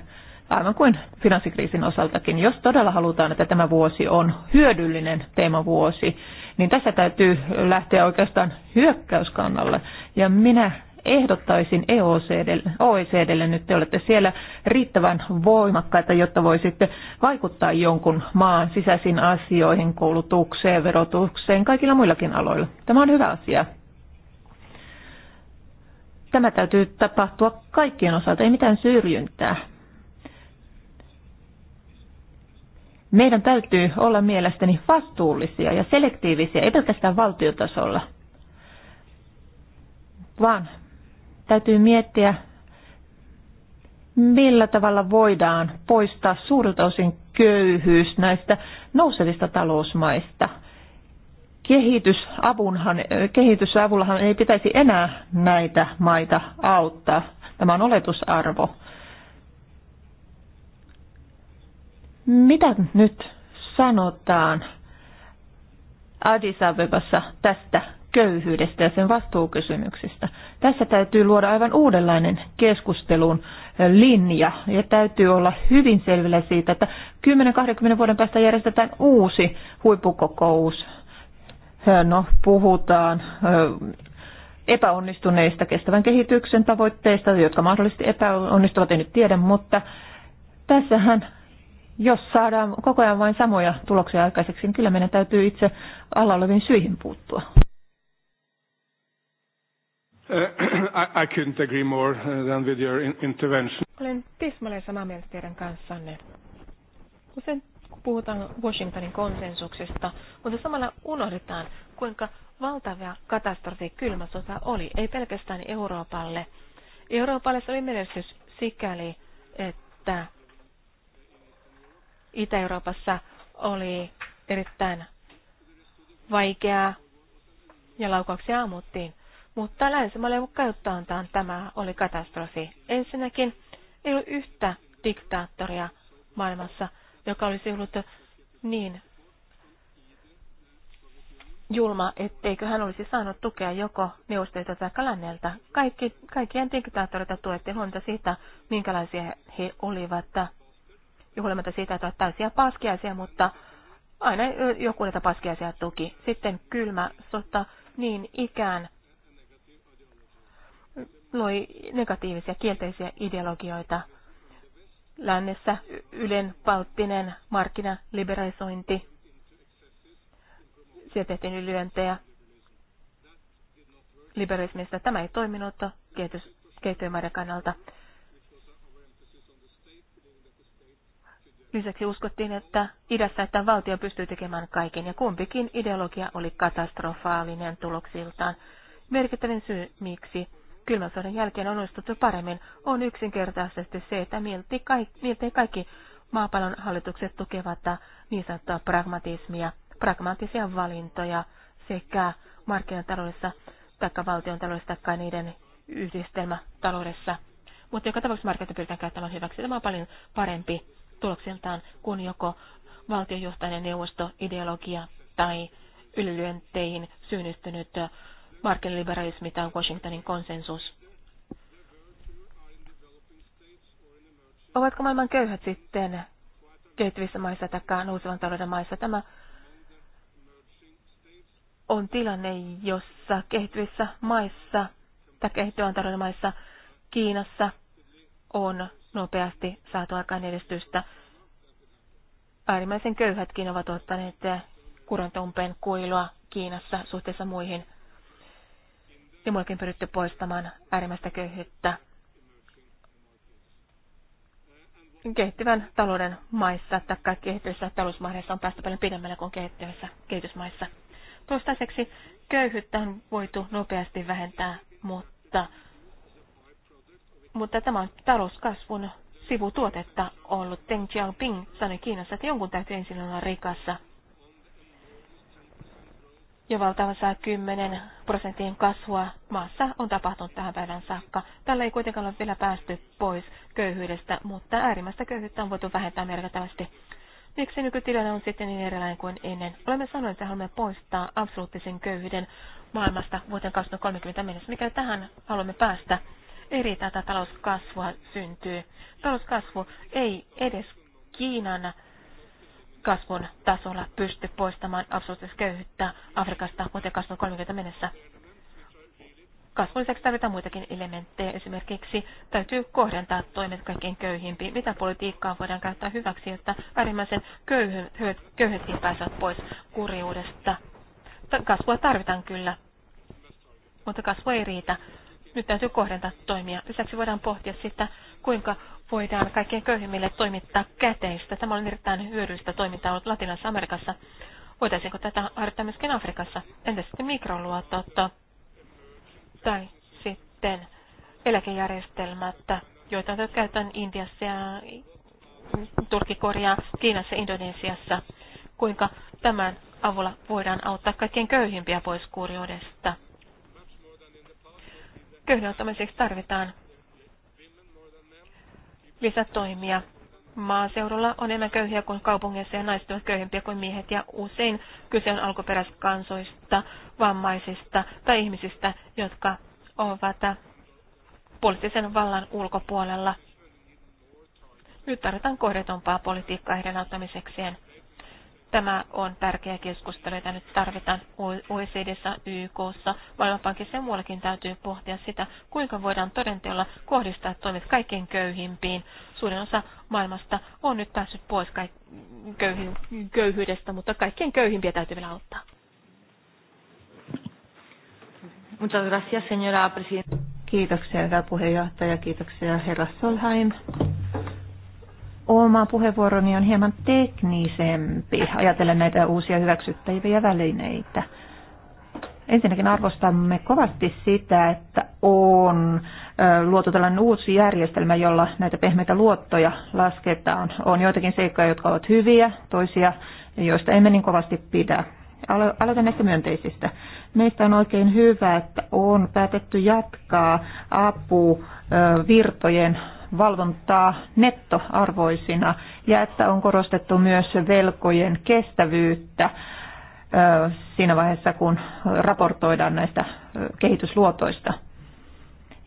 aivan kuin finanssikriisin osaltakin. Jos todella halutaan, että tämä vuosi on hyödyllinen teemavuosi, niin tässä täytyy lähteä oikeastaan hyökkäyskannalle. Ja minä ehdottaisin EOCDlle, OECDlle, nyt te olette siellä riittävän voimakkaita, jotta voisitte vaikuttaa jonkun maan sisäisiin asioihin, koulutukseen, verotukseen, kaikilla muillakin aloilla. Tämä on hyvä asia. Tämä täytyy tapahtua kaikkien osalta, ei mitään syrjintää. Meidän täytyy olla mielestäni vastuullisia ja selektiivisiä, ei pelkästään valtiotasolla, vaan täytyy miettiä, millä tavalla voidaan poistaa suurilta osin köyhyys näistä nousevista talousmaista. Kehitysavunhan, kehitysavullahan ei pitäisi enää näitä maita auttaa. Tämä on oletusarvo. Mitä nyt sanotaan Addis Abebassa tästä köyhyydestä ja sen vastuukysymyksistä? Tässä täytyy luoda aivan uudenlainen keskustelun linja ja täytyy olla hyvin selvillä siitä, että 10-20 vuoden päästä järjestetään uusi huippukokous. No, puhutaan epäonnistuneista kestävän kehityksen tavoitteista, jotka mahdollisesti epäonnistuvat, ei nyt tiedä, mutta tässähän jos saadaan koko ajan vain samoja tuloksia aikaiseksi, niin kyllä meidän täytyy itse alla oleviin syihin puuttua. Uh, I couldn't agree more uh, than with your intervention. Olen tismalleen samaa mieltä teidän kanssanne. Usein puhutaan Washingtonin konsensuksesta, mutta samalla unohdetaan, kuinka valtavia katastrofi kylmä sota oli, ei pelkästään Euroopalle. Euroopalle se oli menestys sikäli, että Itä-Euroopassa oli erittäin vaikeaa ja laukauksia ammuttiin. Mutta länsimaille kauttaan tämä oli katastrofi. Ensinnäkin ei ollut yhtä diktaattoria maailmassa, joka olisi ollut niin julma, etteikö hän olisi saanut tukea joko neuvostoilta tai länneltä. Kaikki, kaikkien diktaattoreita tuettiin huomenta siitä, minkälaisia he olivat huolimatta siitä, että olet täysiä paskiaisia, mutta aina joku näitä paskiaisia tuki. Sitten kylmä sota niin ikään loi negatiivisia kielteisiä ideologioita. Lännessä ylen palttinen markkinaliberalisointi. Siellä tehtiin ylilyöntejä liberalismista. Tämä ei toiminut kehitysmaiden kannalta. Lisäksi uskottiin, että idässä että valtio pystyy tekemään kaiken ja kumpikin ideologia oli katastrofaalinen tuloksiltaan. Merkittävin syy, miksi kylmän sodan jälkeen on onnistuttu paremmin, on yksinkertaisesti se, että miltei kaikki, miltei kaikki maapallon hallitukset tukevat niin sanottua pragmatismia, pragmaattisia valintoja sekä markkinataloudessa tai valtion taloudessa tai niiden yhdistelmätaloudessa. Mutta joka tapauksessa markkinoita pyritään käyttämään hyväksi. Tämä on paljon parempi tulokseltaan kuin joko valtiojohtainen ideologia tai ylilyönteihin syynnistynyt markkinaliberalismi tai Washingtonin konsensus. Ovatko maailman köyhät sitten kehittyvissä maissa tai nousevan talouden maissa? Tämä on tilanne, jossa kehittyvissä maissa tai kehittyvän talouden maissa Kiinassa on nopeasti saatu aikaan edistystä. Äärimmäisen köyhätkin ovat ottaneet kurantumpeen kuilua Kiinassa suhteessa muihin. Ja muillakin pyritty poistamaan äärimmäistä köyhyyttä. Kehittyvän talouden maissa tai kehittyvissä talousmaissa on päästy paljon pidemmälle kuin kehittyvissä kehitysmaissa. Toistaiseksi köyhyyttä on voitu nopeasti vähentää, mutta mutta tämä on talouskasvun sivutuotetta ollut. Deng Xiaoping sanoi Kiinassa, että jonkun täytyy ensin olla rikassa. Jo saa 10 prosentin kasvua maassa on tapahtunut tähän päivän saakka. Tällä ei kuitenkaan ole vielä päästy pois köyhyydestä, mutta äärimmäistä köyhyyttä on voitu vähentää merkittävästi. Miksi nykytilanne on sitten niin erilainen kuin ennen? Olemme sanoneet, että haluamme poistaa absoluuttisen köyhyyden maailmasta vuoteen 2030 mennessä. Mikäli tähän haluamme päästä, eri tätä talouskasvua syntyy. Talouskasvu ei edes Kiinan kasvun tasolla pysty poistamaan absoluuttista köyhyyttä Afrikasta vuoteen 2030 mennessä. Kasvun lisäksi tarvitaan muitakin elementtejä. Esimerkiksi täytyy kohdentaa toimet kaikkein köyhimpiin. Mitä politiikkaa voidaan käyttää hyväksi, jotta äärimmäisen köyhät, pääsevät pois kurjuudesta? Kasvua tarvitaan kyllä, mutta kasvu ei riitä. Nyt täytyy kohdentaa toimia. Lisäksi voidaan pohtia sitä, kuinka voidaan kaikkien köyhimmille toimittaa käteistä. Tämä on erittäin hyödyllistä toimintaa ollut Latinassa, Amerikassa. Voitaisiinko tätä harjoittaa myöskin Afrikassa? Entä sitten mikroluotot tai sitten eläkejärjestelmät, joita käytetään Intiassa ja Turkikoriaa, Kiinassa ja Indonesiassa? Kuinka tämän avulla voidaan auttaa kaikkien köyhimpiä pois kurjuudesta? köyhdyttämiseksi tarvitaan lisätoimia. Maaseudulla on enemmän köyhiä kuin kaupungeissa ja naiset ovat köyhempiä kuin miehet ja usein kyse on alkuperäiskansoista, vammaisista tai ihmisistä, jotka ovat poliittisen vallan ulkopuolella. Nyt tarvitaan kohdetompaa politiikkaa heidän auttamisekseen. Tämä on tärkeä keskustelu, jota nyt tarvitaan OECDssä, YKssa, maailmanpankissa ja muuallakin täytyy pohtia sitä, kuinka voidaan todenteolla kohdistaa toimet kaikkein köyhimpiin. Suurin osa maailmasta on nyt päässyt pois köyhy- köyhyydestä, mutta kaikkein köyhimpiä täytyy vielä auttaa. Muchas gracias, señora Kiitoksia, hyvä puheenjohtaja. Kiitoksia, herra Solheim. Oma puheenvuoroni on hieman teknisempi, ajatellen näitä uusia hyväksyttäviä välineitä. Ensinnäkin arvostamme kovasti sitä, että on luotu tällainen uusi järjestelmä, jolla näitä pehmeitä luottoja lasketaan. On joitakin seikkoja, jotka ovat hyviä, toisia, joista emme niin kovasti pidä. Aloitan näistä myönteisistä. Meistä on oikein hyvä, että on päätetty jatkaa apuvirtojen valvontaa nettoarvoisina ja että on korostettu myös velkojen kestävyyttä siinä vaiheessa, kun raportoidaan näistä kehitysluotoista.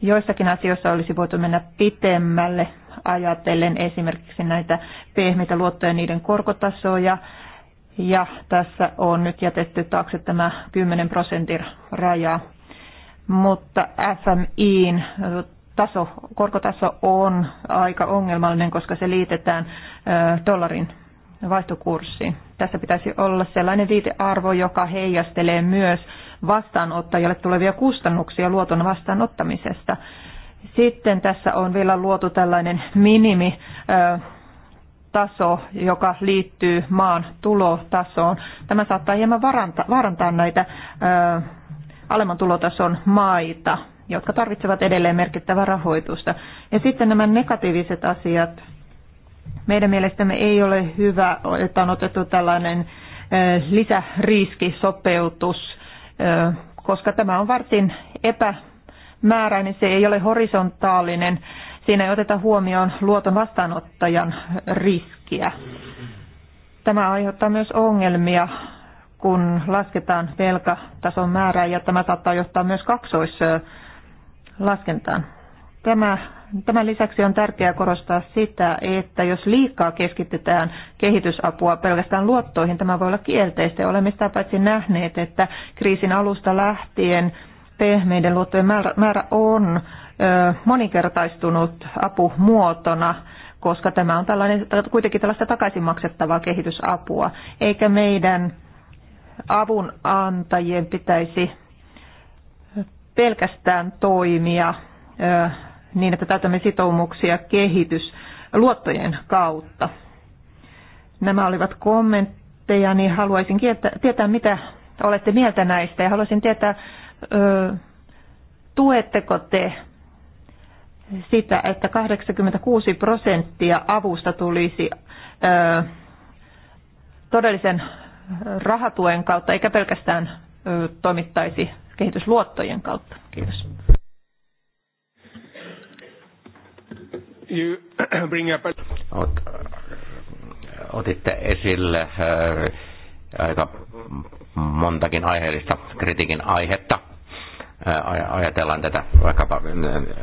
Joissakin asioissa olisi voitu mennä pitemmälle ajatellen esimerkiksi näitä pehmeitä luottoja niiden korkotasoja. Ja tässä on nyt jätetty taakse tämä 10 prosentin raja. Mutta FMIin taso, korkotaso on aika ongelmallinen, koska se liitetään dollarin vaihtokurssiin. Tässä pitäisi olla sellainen viitearvo, joka heijastelee myös vastaanottajalle tulevia kustannuksia luoton vastaanottamisesta. Sitten tässä on vielä luotu tällainen minimi taso, joka liittyy maan tulotasoon. Tämä saattaa hieman varantaa näitä alemman tulotason maita jotka tarvitsevat edelleen merkittävää rahoitusta. Ja sitten nämä negatiiviset asiat. Meidän mielestämme ei ole hyvä, että on otettu tällainen eh, lisäriski, sopeutus, eh, koska tämä on varsin epämääräinen, se ei ole horisontaalinen. Siinä ei oteta huomioon luoton vastaanottajan riskiä. Tämä aiheuttaa myös ongelmia, kun lasketaan velkatason määrää, ja tämä saattaa johtaa myös kaksois laskentaan. Tämä, tämän lisäksi on tärkeää korostaa sitä, että jos liikaa keskitytään kehitysapua pelkästään luottoihin, tämä voi olla kielteistä. Olemme sitä paitsi nähneet, että kriisin alusta lähtien pehmeiden luottojen määrä, määrä on ö, moninkertaistunut apumuotona koska tämä on tällainen, kuitenkin tällaista takaisin maksettavaa kehitysapua, eikä meidän avunantajien pitäisi pelkästään toimia niin, että täytämme sitoumuksia kehitysluottojen kautta. Nämä olivat kommentteja, niin haluaisin tietää, mitä olette mieltä näistä ja haluaisin tietää, tuetteko te sitä, että 86 prosenttia avusta tulisi todellisen rahatuen kautta, eikä pelkästään toimittaisi kehitysluottojen kautta. Kiitos. You bring up... Ot, otitte esille äh, aika montakin aiheellista kritiikin aihetta äh, ajatellaan tätä vaikkapa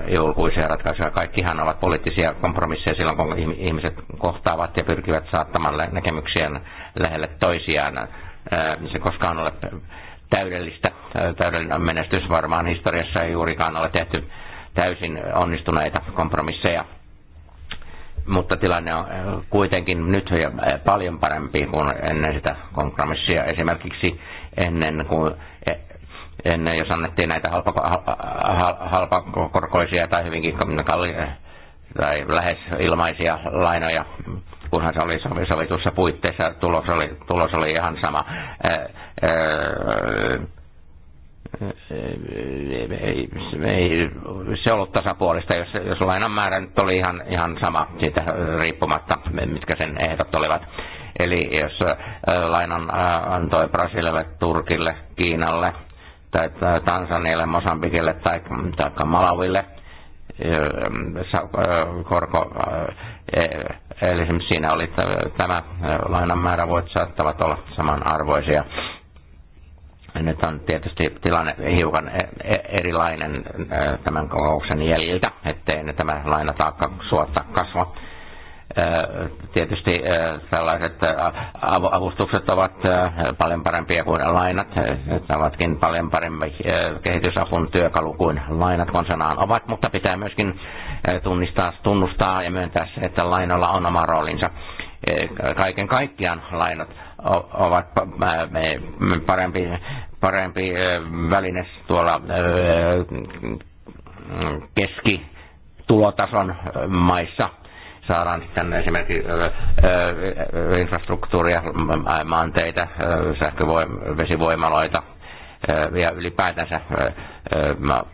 joulukuisia äh, ratkaisuja. Kaikkihan ovat poliittisia kompromisseja silloin, kun ihmiset kohtaavat ja pyrkivät saattamaan näkemyksiään lähelle toisiaan. Se koskaan ole täydellistä. Täydellinen menestys varmaan historiassa ei juurikaan ole tehty täysin onnistuneita kompromisseja. Mutta tilanne on kuitenkin nyt jo paljon parempi kuin ennen sitä kompromissia. Esimerkiksi ennen kuin e, ennen jos annettiin näitä halpakorkoisia halpa, halpa tai hyvinkin kalli- tai lähes ilmaisia lainoja, kunhan se oli sovitussa puitteissa, tulos oli, tulos oli ihan sama ei, se ollut tasapuolista, jos, jos lainan määrä nyt oli ihan, ihan sama siitä riippumatta, mitkä sen ehdot olivat. Eli jos lainan antoi Brasilille, Turkille, Kiinalle tai Tansanille, Mosambikille tai, tai Malaville, korko, eli siinä oli tämä lainan määrä, voit saattavat olla samanarvoisia nyt on tietysti tilanne hiukan e- e- erilainen tämän kokouksen jäljiltä, ettei tämä lainataakka suotta kasva. Tietysti tällaiset avustukset ovat paljon parempia kuin lainat. Ne ovatkin paljon parempi kehitysapun työkalu kuin lainat konsanaan ovat, mutta pitää myöskin tunnistaa, tunnustaa ja myöntää se, että lainalla on oma roolinsa Eh, kaiken kaikkiaan lainat ovat parempi, parempi eh, väline tuolla eh, keskitulotason maissa saadaan sitten esimerkiksi infrastruktuuria, maanteitä, sähkövesivoimaloita ja ylipäätänsä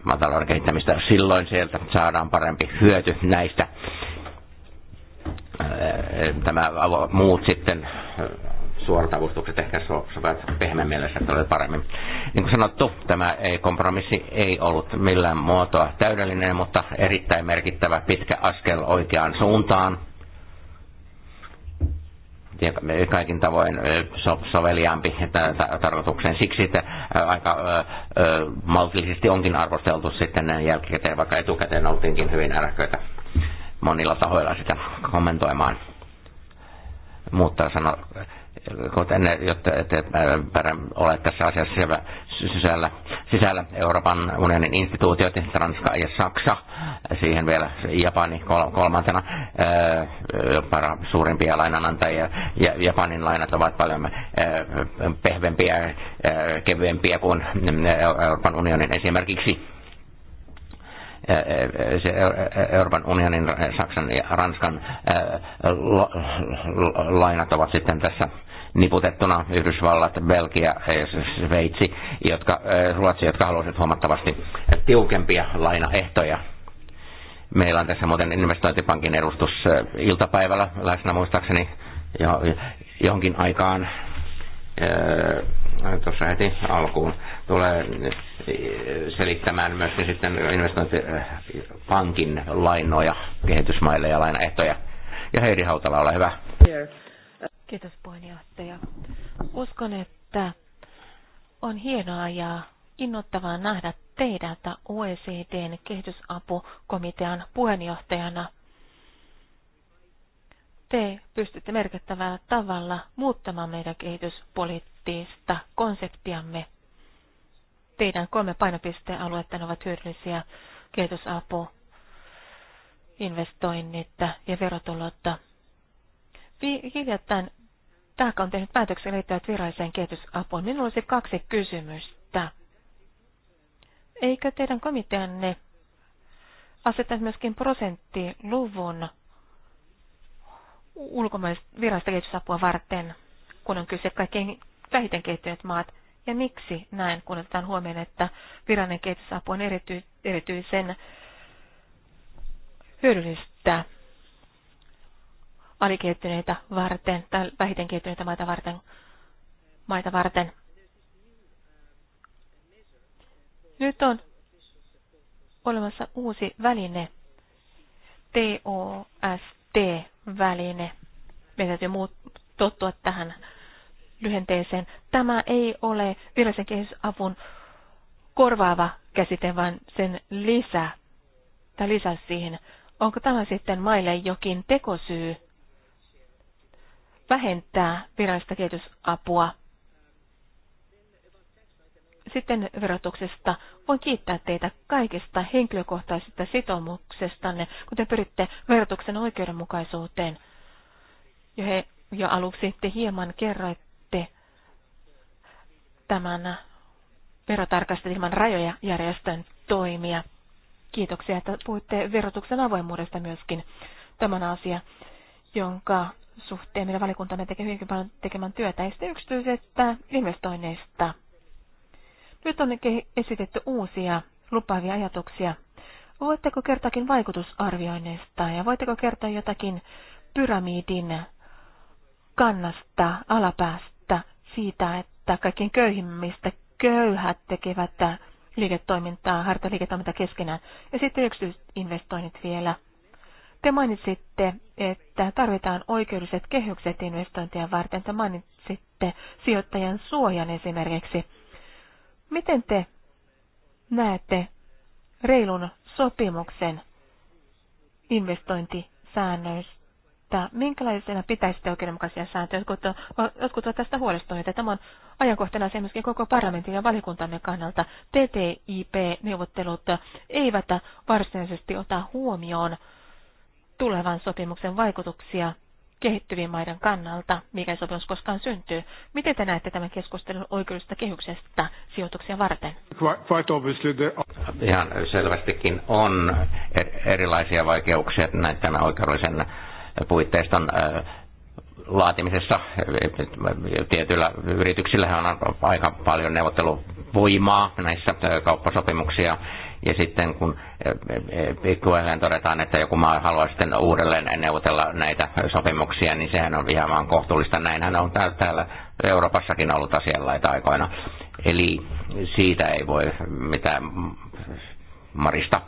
maatalouden kehittämistä. Silloin sieltä saadaan parempi hyöty näistä Äh, tämä muut sitten äh, suorat avustukset ehkä sopivat pehmeän mielessä tulee paremmin. Niin kuin sanottu, tämä ei, kompromissi ei ollut millään muotoa täydellinen, mutta erittäin merkittävä pitkä askel oikeaan suuntaan. Ja kaikin tavoin äh, so, soveliaampi tarkoitukseen siksi, että aika ö, maltillisesti onkin arvosteltu sitten näin jälkikäteen, vaikka etukäteen oltiinkin hyvin äräköitä monilla tahoilla sitä kommentoimaan. Mutta sano, kuten jotta et, ole tässä asiassa sisällä, sisällä Euroopan unionin instituutiot, Ranska ja Saksa, siihen vielä Japani kolmantena, ää, suurimpia lainanantajia. Japanin lainat ovat paljon pehvempiä, kevyempiä kuin Euroopan unionin esimerkiksi se Euroopan unionin, Saksan ja Ranskan lainat ovat sitten tässä niputettuna Yhdysvallat, Belgia, Sveitsi, jotka, Ruotsi, jotka haluaisivat huomattavasti tiukempia lainaehtoja. Meillä on tässä muuten investointipankin edustus iltapäivällä läsnä muistaakseni johonkin aikaan tuossa heti alkuun tulee selittämään myös sitten investointipankin lainoja kehitysmaille ja lainaehtoja. Ja Heidi Hautala, ole hyvä. Kiitos puheenjohtaja. Uskon, että on hienoa ja innoittavaa nähdä teidät OECDn kehitysapukomitean puheenjohtajana. Te pystytte merkittävällä tavalla muuttamaan meidän kehityspoliittista konseptiamme teidän kolme aluetta ovat hyödyllisiä kehitysapu, investoinnit ja verotulot. Hiljattain Taakka on tehnyt päätöksen liittyvät viralliseen kehitysapuun. Minulla olisi kaksi kysymystä. Eikö teidän komiteanne asettaa myöskin prosenttiluvun ulkomaista virallista kehitysapua varten, kun on kyse kaikkein vähiten kehittyneet maat? Ja miksi näin, kun otetaan huomioon, että virallinen kehitysapu on erity, erityisen hyödyllistä alikehittyneitä varten tai vähiten kehittyneitä maita varten, maita varten. Nyt on olemassa uusi väline, TOST-väline. Meidän täytyy muut, tottua tähän lyhenteeseen. Tämä ei ole virallisen kehitysavun korvaava käsite, vaan sen lisä tai lisä siihen. Onko tämä sitten maille jokin tekosyy vähentää virallista kehitysapua? Sitten verotuksesta. Voin kiittää teitä kaikista henkilökohtaisista sitoumuksestanne, kun te pyritte verotuksen oikeudenmukaisuuteen. Ja he jo aluksi te hieman kerroit, tämän verotarkastelman rajoja järjestön toimia. Kiitoksia, että puhutte verotuksen avoimuudesta myöskin. tämän asia, jonka suhteen meidän valikuntamme tekee hyvinkin paljon tekemään työtä, ja yksityisestä investoinneista. Nyt on esitetty uusia lupaavia ajatuksia. Voitteko kertakin vaikutusarvioinneista ja voitteko kertoa jotakin pyramidin kannasta, alapäästä, siitä, että että kaikkein köyhimmistä köyhät tekevät liiketoimintaa, harta liiketoimintaa keskenään. Ja sitten yksityisinvestoinnit vielä. Te mainitsitte, että tarvitaan oikeudelliset kehykset investointia varten. Te mainitsitte sijoittajan suojan esimerkiksi. Miten te näette reilun sopimuksen investointisäännöistä? että minkälaisena pitäisi oikeudenmukaisia sääntöjä. Jotkut, jotkut ovat tästä että Tämä on ajankohtana asia myöskin koko parlamentin ja valikuntamme kannalta. TTIP-neuvottelut eivät varsinaisesti ota huomioon tulevan sopimuksen vaikutuksia kehittyvien maiden kannalta, mikä sopimus koskaan syntyy. Miten te näette tämän keskustelun oikeudesta kehyksestä sijoituksia varten? Ihan selvästikin on e- erilaisia vaikeuksia näiden oikeudellisen puitteiston laatimisessa tietyillä yrityksillä on aika paljon neuvotteluvoimaa näissä kauppasopimuksia. Ja sitten kun pikkuhiljaa todetaan, että joku maa haluaa sitten uudelleen neuvotella näitä sopimuksia, niin sehän on ihan vaan kohtuullista. Näinhän on täällä Euroopassakin ollut asianlaita aikoina. Eli siitä ei voi mitään marista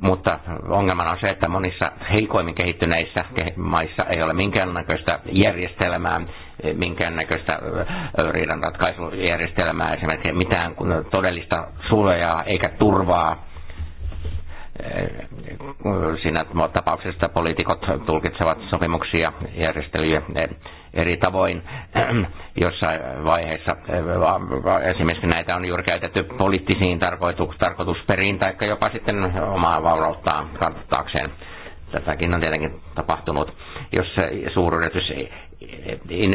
mutta ongelmana on se, että monissa heikoimmin kehittyneissä maissa ei ole minkäännäköistä järjestelmää, minkäännäköistä riidanratkaisujärjestelmää, esimerkiksi mitään todellista suojaa eikä turvaa Eh, siinä tapauksessa poliitikot tulkitsevat sopimuksia järjestelyjä eri tavoin. Jossain vaiheessa eh, esimerkiksi näitä on juuri käytetty poliittisiin tarkoitusperiin tai jopa sitten omaa vaurauttaan kartoittaakseen. Tätäkin on tietenkin tapahtunut. Jos suuryritys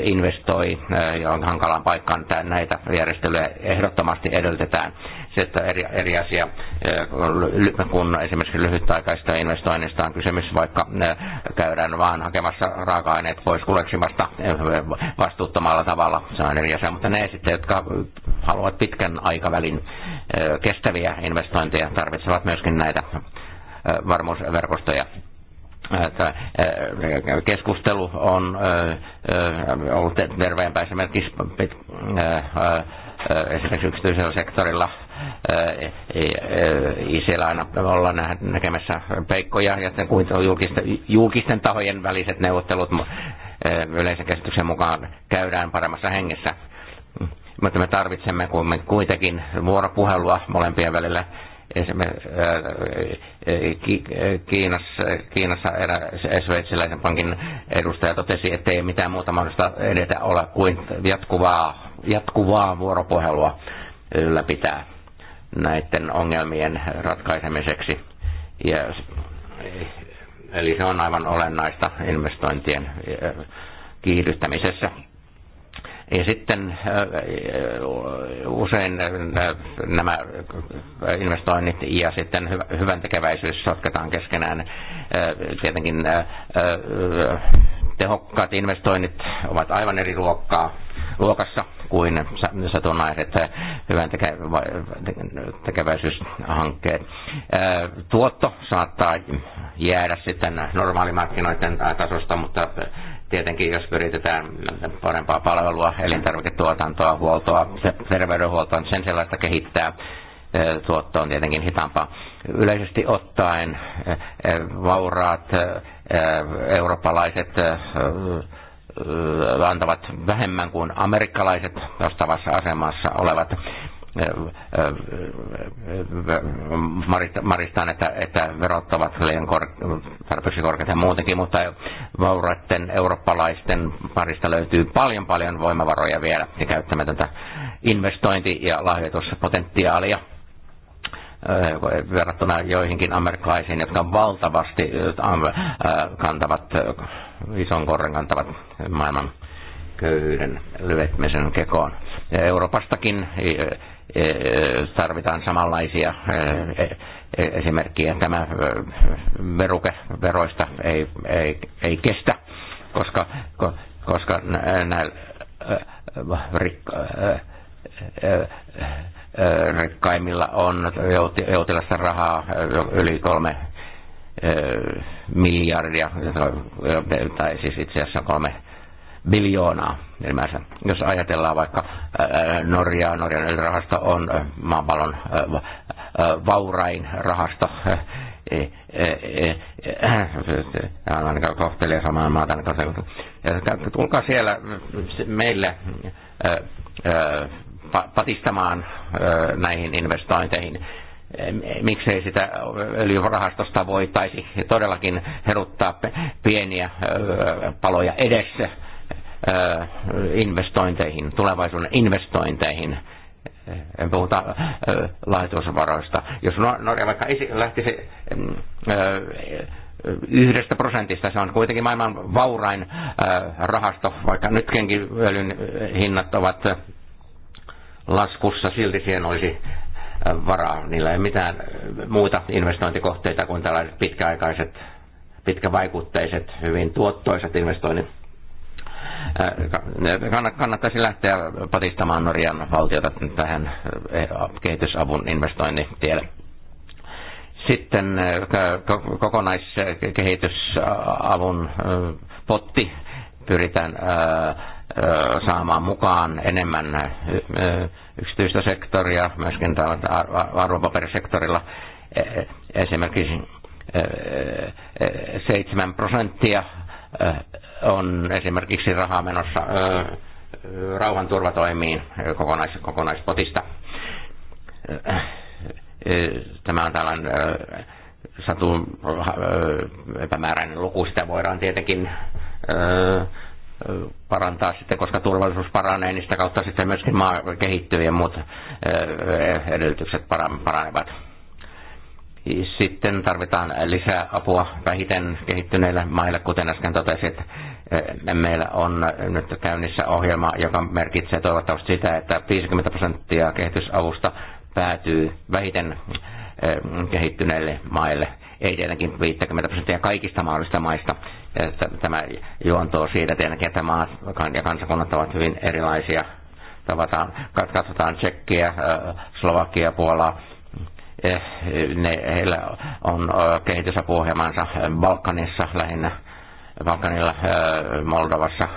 investoi eh, ja on hankalaan paikkaan, näitä järjestelyjä ehdottomasti edellytetään se, että eri, eri asia, äh, kun esimerkiksi lyhytaikaista investoinnista on kysymys, vaikka äh, käydään vaan hakemassa raaka-aineet pois kuleksimasta äh, vastuuttomalla tavalla. Se on eri asia, mutta ne sitten, jotka haluavat pitkän aikavälin kestäviä investointeja, tarvitsevat myöskin näitä varmuusverkostoja keskustelu on ollut terveempää esimerkiksi, esimerkiksi yksityisellä sektorilla ei siellä aina olla näkemässä peikkoja ja julkisten, julkisten tahojen väliset neuvottelut yleisen käsityksen mukaan käydään paremmassa hengessä. Mutta me tarvitsemme kuitenkin vuoropuhelua molempien välillä. Esimerkiksi Kiinassa, Kiinassa sveitsiläisen pankin edustaja totesi, ettei mitään muuta mahdollista edetä ole kuin jatkuvaa, jatkuvaa vuoropuhelua ylläpitää näiden ongelmien ratkaisemiseksi. Ja, eli se on aivan olennaista investointien e, kiihdyttämisessä. Ja sitten e, e, usein nämä investoinnit ja sitten hyvän tekeväisyys sotketaan keskenään. Tietenkin tehokkaat investoinnit ovat aivan eri luokkaa luokassa kuin satunnaiset eh, hyvän tekeväisyyshankkeet. Eh, tuotto saattaa jäädä sitten normaalimarkkinoiden tasosta, mutta tietenkin jos yritetään parempaa palvelua, elintarviketuotantoa, huoltoa, terveydenhuoltoa, sen sellaista kehittää, eh, tuotto on tietenkin hitaampaa. Yleisesti ottaen vauraat eurooppalaiset antavat vähemmän kuin amerikkalaiset vastaavassa asemassa olevat. Maristaan, että, että verot ovat liian kor, tarpeeksi korkeita muutenkin, mutta vauraiden eurooppalaisten parista löytyy paljon paljon voimavaroja vielä ja käyttämätöntä investointi- ja lahjoituspotentiaalia verrattuna joihinkin amerikkalaisiin, jotka valtavasti kantavat ison korren kantavat maailman köyhyyden lyvetmisen kekoon. Ja Euroopastakin e, e, e, tarvitaan samanlaisia esimerkkejä. Tämä veruke veroista ei, ei, ei kestä, koska, koska näillä rikkaimmilla on joutilasta rahaa yli kolme miljardia, tai siis itse asiassa kolme biljoonaa ylimääränsä. Jos ajatellaan vaikka Norjaa, Norjan rahasto on maapallon vaurain rahasto, ainakaan kohtelee samaa maata. Tulkaa siellä meille patistamaan näihin investointeihin miksei sitä öljyrahastosta voitaisi todellakin heruttaa pieniä paloja edessä investointeihin, tulevaisuuden investointeihin. En puhuta laitosvaroista. Jos Norja vaikka lähtisi mm, yhdestä prosentista. Se on kuitenkin maailman vaurain rahasto, vaikka nytkin öljyn hinnat ovat laskussa, silti siihen olisi varaa. Niillä ei mitään muuta investointikohteita kuin tällaiset pitkäaikaiset, pitkävaikutteiset, hyvin tuottoiset investoinnit. Äh, äh, kannattaisi lähteä patistamaan Norjan valtiota tähän äh, kehitysavun investoinnitielle. Sitten kokonaiskehitysavun potti pyritään saamaan mukaan enemmän yksityistä sektoria, myöskin täällä arvopaperisektorilla e, esimerkiksi 7 prosenttia on esimerkiksi rahaa menossa rauhanturvatoimiin kokonais, kokonaispotista. Tämä on tällainen satun epämääräinen luku, sitä voidaan tietenkin parantaa sitten, koska turvallisuus paranee, niin sitä kautta sitten myöskin maa kehittyy ja muut eh, edellytykset paranevat. Sitten tarvitaan lisää apua vähiten kehittyneille maille, kuten äsken totesit. Eh, meillä on nyt käynnissä ohjelma, joka merkitsee toivottavasti sitä, että 50 prosenttia kehitysavusta päätyy vähiten eh, kehittyneille maille. Ei tietenkin 50 prosenttia kaikista mahdollisista maista, tämä juontoo siitä tietenkin, että maat ja kansakunnat ovat hyvin erilaisia. Tavataan, katsotaan Tsekkiä, Slovakia, Puola, eh, ne, heillä on kehitysapuohjelmansa Balkanissa lähinnä, Balkanilla, Moldovassa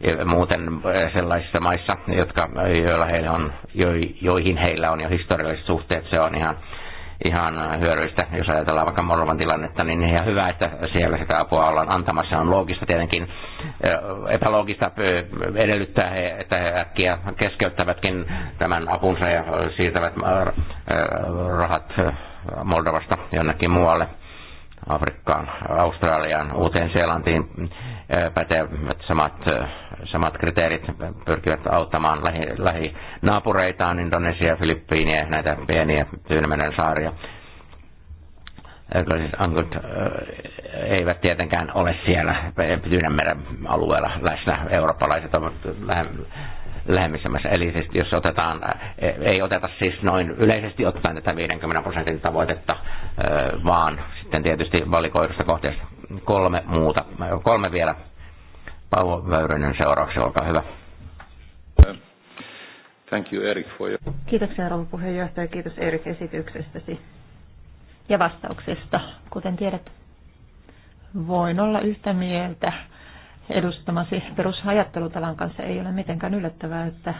ja muuten sellaisissa maissa, jotka, joilla heillä on, joihin heillä on jo historialliset suhteet. Se on ihan ihan hyödyllistä, jos ajatellaan vaikka Moldovan tilannetta, niin ihan hyvä, että siellä sitä apua ollaan antamassa. On loogista tietenkin, epäloogista edellyttää, he, että he äkkiä keskeyttävätkin tämän apunsa ja siirtävät rahat Moldovasta jonnekin muualle Afrikkaan, Australiaan, Uuteen-Seelantiin eh, pätevät samat, eh, samat kriteerit pyrkivät auttamaan lähi, lähinaapureitaan, Indonesia, Filippiiniä, näitä pieniä Tyynemeren saaria. Siis Anglit eh, eivät tietenkään ole siellä Tyynemeren alueella läsnä. Eurooppalaiset ovat lähemmisemmässä. Eli siis jos otetaan, ei oteta siis noin yleisesti ottaen tätä 50 prosentin tavoitetta, vaan sitten tietysti valikoidusta kohteesta kolme muuta. Kolme vielä. Paavo Väyrynen seuraavaksi, olkaa hyvä. Thank you, Eric, for your... Kiitoksia rouva puheenjohtaja, kiitos Erik esityksestäsi ja vastauksesta. Kuten tiedät, voin olla yhtä mieltä edustamasi perusajattelutalan kanssa ei ole mitenkään yllättävää, että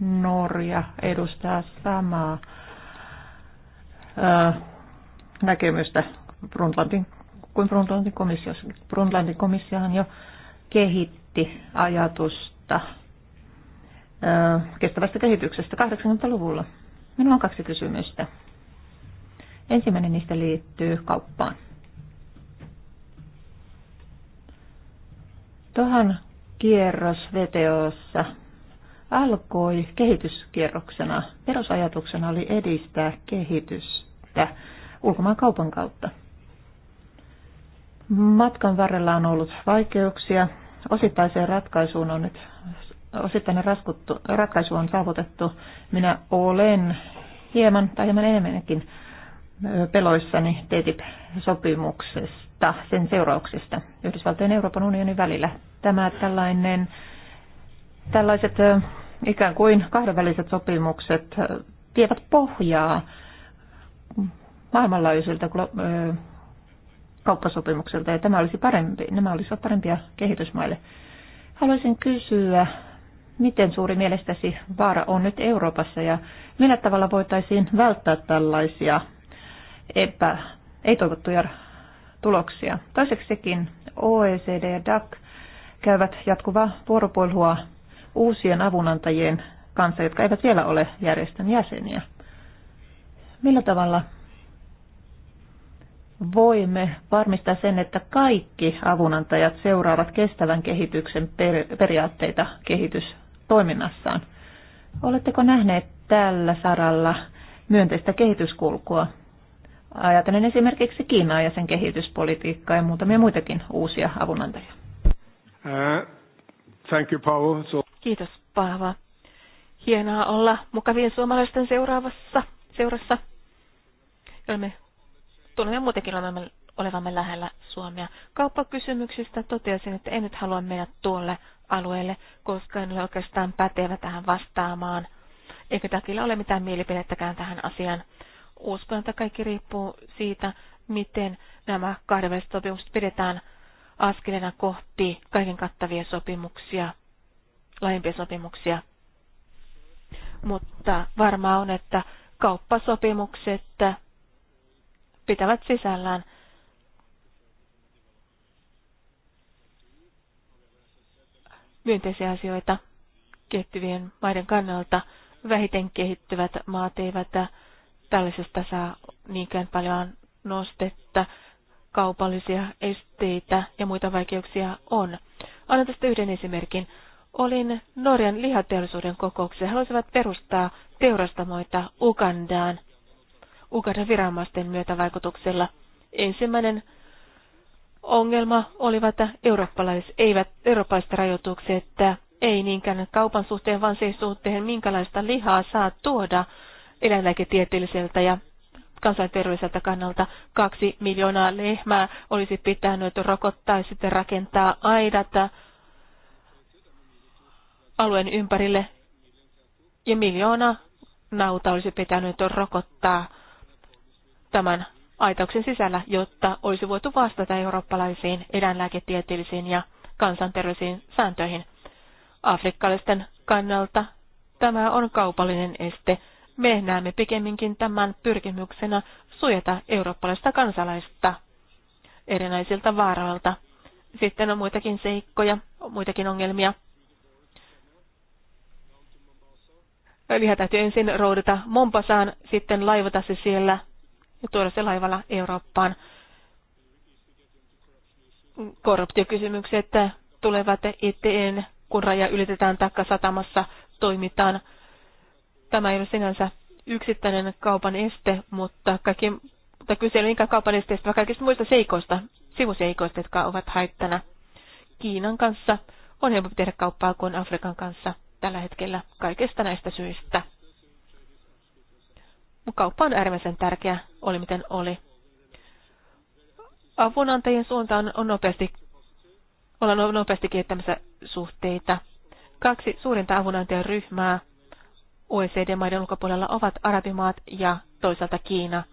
Norja edustaa samaa ää, näkemystä Brundtlandin, kuin Brundtlandin komissio. Brundtlandin komissiohan jo kehitti ajatusta ää, kestävästä kehityksestä 80-luvulla. Minulla on kaksi kysymystä. Ensimmäinen niistä liittyy kauppaan. Tohan kierros VTOssa alkoi kehityskierroksena. Perusajatuksena oli edistää kehitystä ulkomaan kaupan kautta. Matkan varrella on ollut vaikeuksia. Osittaiseen ratkaisuun on nyt, osittainen raskuttu, ratkaisu on saavutettu. Minä olen hieman tai hieman enemmänkin peloissani TTIP-sopimuksessa huolta sen seurauksista Yhdysvaltojen ja Euroopan unionin välillä. Tämä tällainen, tällaiset ikään kuin kahdenväliset sopimukset vievät pohjaa maailmanlaajuisilta kauppasopimuksilta ja tämä olisi parempi, nämä olisivat parempia kehitysmaille. Haluaisin kysyä, miten suuri mielestäsi vaara on nyt Euroopassa ja millä tavalla voitaisiin välttää tällaisia epä, ei-toivottuja tuloksia. sekin OECD ja DAC käyvät jatkuvaa vuoropuhelua uusien avunantajien kanssa, jotka eivät vielä ole järjestön jäseniä. Millä tavalla voimme varmistaa sen, että kaikki avunantajat seuraavat kestävän kehityksen periaatteita kehitystoiminnassaan? Oletteko nähneet tällä saralla myönteistä kehityskulkua Ajatellen esimerkiksi Kiinaa ja sen kehityspolitiikkaa ja muutamia muitakin uusia avunantajia. Uh, thank you, Paavo. So... Kiitos, Paavo. Hienoa olla mukavien suomalaisten seuraavassa seurassa. Olemme, tulemme muutenkin olemme, olevamme lähellä Suomea. Kauppakysymyksistä totesin, että en nyt halua mennä tuolle alueelle, koska en ole oikeastaan pätevä tähän vastaamaan. Eikä takilla ole mitään mielipidettäkään tähän asiaan. Uskon, että kaikki riippuu siitä, miten nämä kahdenväliset sopimukset pidetään askeleena kohti kaiken kattavia sopimuksia, laajempia sopimuksia. Mutta varmaa on, että kauppasopimukset pitävät sisällään myönteisiä asioita kehittyvien maiden kannalta. Vähiten kehittyvät maat eivät tällaisesta saa niinkään paljon nostetta, kaupallisia esteitä ja muita vaikeuksia on. Annan tästä yhden esimerkin. Olin Norjan lihateollisuuden kokouksessa. He halusivat perustaa teurastamoita Ugandaan Ugandan viranomaisten myötävaikutuksella. Ensimmäinen ongelma olivat eurooppalaiset, eivät eurooppalaiset rajoitukset, ei niinkään kaupan suhteen, vaan se suhteen, minkälaista lihaa saa tuoda eläinlääketieteelliseltä ja kansanterveyseltä kannalta kaksi miljoonaa lehmää olisi pitänyt rokottaa ja sitten rakentaa aidat alueen ympärille ja miljoona nauta olisi pitänyt rokottaa tämän aitauksen sisällä, jotta olisi voitu vastata eurooppalaisiin eläinlääketieteellisiin ja kansanterveisiin sääntöihin. Afrikkalaisten kannalta tämä on kaupallinen este, me näemme pikemminkin tämän pyrkimyksenä suojata eurooppalaista kansalaista erinäisiltä vaaroilta. Sitten on muitakin seikkoja, on muitakin ongelmia. Liha täytyy ensin roudata Mompasaan, sitten laivata se siellä ja tuoda se laivalla Eurooppaan. Korruptiokysymykset tulevat eteen, kun raja ylitetään taikka satamassa toimitaan Tämä ei ole sinänsä yksittäinen kaupan este, mutta, kaikki, mutta kyse ei ole kaupan esteistä, vaan kaikista muista seikoista, sivuseikoista, jotka ovat haittana. Kiinan kanssa on helpompi tehdä kauppaa kuin Afrikan kanssa tällä hetkellä kaikista näistä syistä. Kauppa on äärimmäisen tärkeä, oli miten oli. Avunantajien suuntaan on nopeasti, ollaan nopeasti kehittämässä suhteita. Kaksi suurinta avunantajaryhmää OECD-maiden ulkopuolella ovat Arabimaat ja toisaalta Kiina.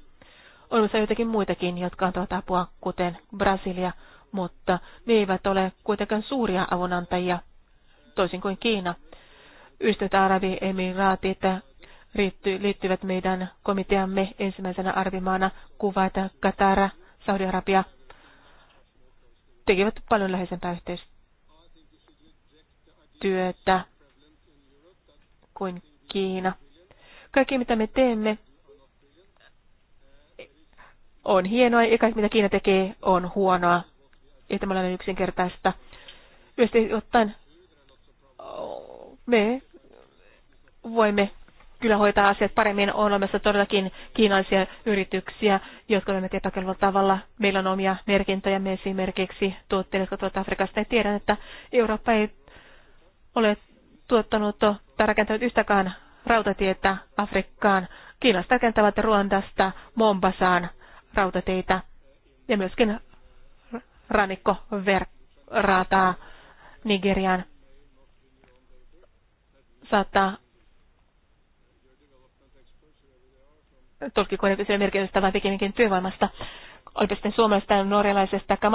On myös joitakin muitakin, jotka antavat apua, kuten Brasilia, mutta ne eivät ole kuitenkaan suuria avunantajia, toisin kuin Kiina. Arabi-emiraatit liittyvät meidän komiteamme ensimmäisenä arvimaana Kuwait, Katara, Saudi-Arabia tekevät paljon läheisempää yhteistyötä kuin Kiina. Kaikki mitä me teemme on hienoa ja kaikki mitä Kiina tekee on huonoa. Ja tämä on yksinkertaista. Yleisesti ottaen me voimme kyllä hoitaa asiat paremmin. On olemassa todellakin kiinalaisia yrityksiä, jotka olemme tietokelvon tavalla. Meillä on omia merkintöjä me esimerkiksi tuotteille, jotka tuovat Afrikasta. Ja tiedän, että Eurooppa ei ole tuottanut tai rakentanut yhtäkään rautatietä Afrikkaan. Kiinasta rakentavat Ruandasta Mombasaan rautateitä ja myöskin rannikkoverrataa Nigeriaan. Saattaa tulkikoiden kysyä merkitystä vai pikemminkin työvoimasta. Olipa sitten suomalaisesta ja norjalaisesta tai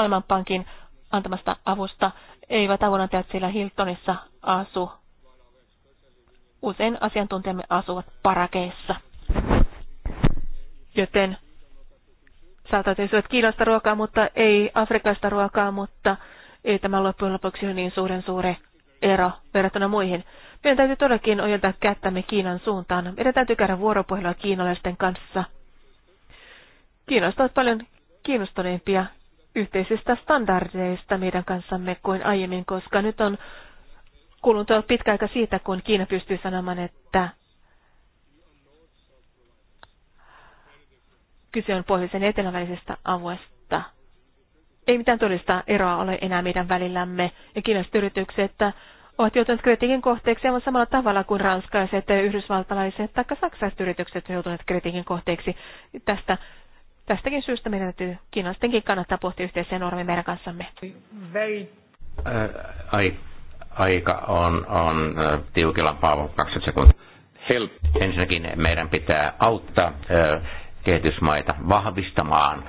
antamasta avusta, eivät avunantajat siellä Hiltonissa asu, Usein asiantuntijamme asuvat parakeissa. Joten saatatte syödä Kiinasta ruokaa, mutta ei afrikasta ruokaa, mutta ei tämä loppujen lopuksi ole niin suuren suuri ero verrattuna muihin. Meidän täytyy todellakin ojentaa kättämme Kiinan suuntaan. Meidän täytyy käydä vuoropuhelua kiinalaisten kanssa. Kiinasta on paljon kiinnostuneempia yhteisistä standardeista meidän kanssamme kuin aiemmin, koska nyt on kulunut on pitkä aika siitä, kun Kiina pystyy sanomaan, että kyse on pohjoisen ja etelän avuesta. Ei mitään todellista eroa ole enää meidän välillämme, ja kiinalaiset yritykset ovat joutuneet kritiikin kohteeksi aivan samalla tavalla kuin ranskalaiset, yhdysvaltalaiset tai saksalaiset yritykset ovat joutuneet kritiikin kohteeksi. Tästä, tästäkin syystä meidän täytyy kiinalaistenkin kannattaa pohtia yhteiseen normin meidän kanssamme. Uh, äh, I aika on, on tiukilla, Paavo, 20 sekuntia. Help. Ensinnäkin meidän pitää auttaa kehitysmaita vahvistamaan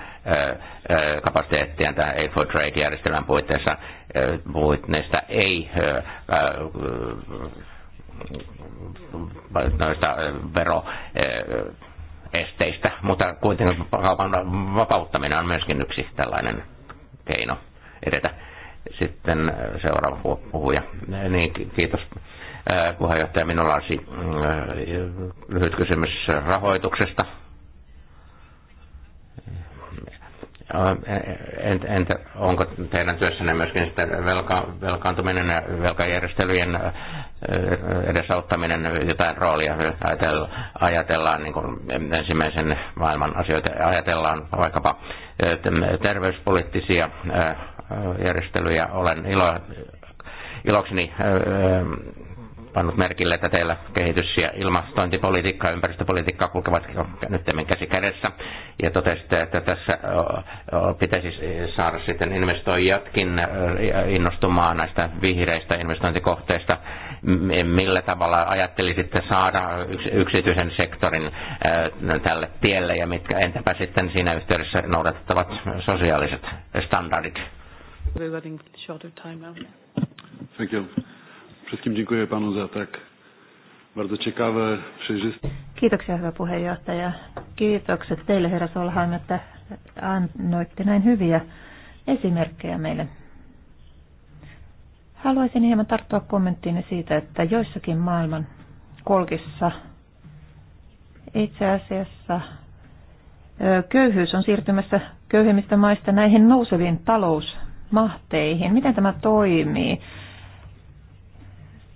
kapasiteettia tähän a for Trade-järjestelmän puitteissa. Puhuit näistä ei noista vero esteistä, mutta kuitenkin kaupan vapauttaminen on myöskin yksi tällainen keino edetä. Sitten äh, seuraava puhuja. Niin, kiitos äh, puheenjohtaja. Minulla olisi äh, lyhyt kysymys rahoituksesta Entä, entä onko teidän työssänne myöskin sitten velka, velkaantuminen ja velkajärjestelyjen edesauttaminen jotain roolia? Ajatellaan niin kuin ensimmäisen maailman asioita, ajatellaan vaikkapa terveyspoliittisia järjestelyjä. Olen ilo, ilokseni pannut merkille, että teillä kehitys- ja ilmastointipolitiikka ja ympäristöpolitiikka kulkevat nyt käsi kädessä. Ja totesitte, että tässä pitäisi saada sitten investoijatkin innostumaan näistä vihreistä investointikohteista. Millä tavalla ajattelisitte saada yksityisen sektorin tälle tielle ja mitkä, entäpä sitten siinä yhteydessä noudatettavat sosiaaliset standardit? Thank you. Wszystkim dziękuję panu za tak bardzo ciekawe, przejrzyste. Kiitoksia hyvä puheenjohtaja. Kiitokset teille herra Solheim, että annoitte näin hyviä esimerkkejä meille. Haluaisin hieman tarttua kommenttiin siitä, että joissakin maailman kolkissa itse asiassa köyhyys on siirtymässä köyhimmistä maista näihin nouseviin talousmahteihin. Miten tämä toimii?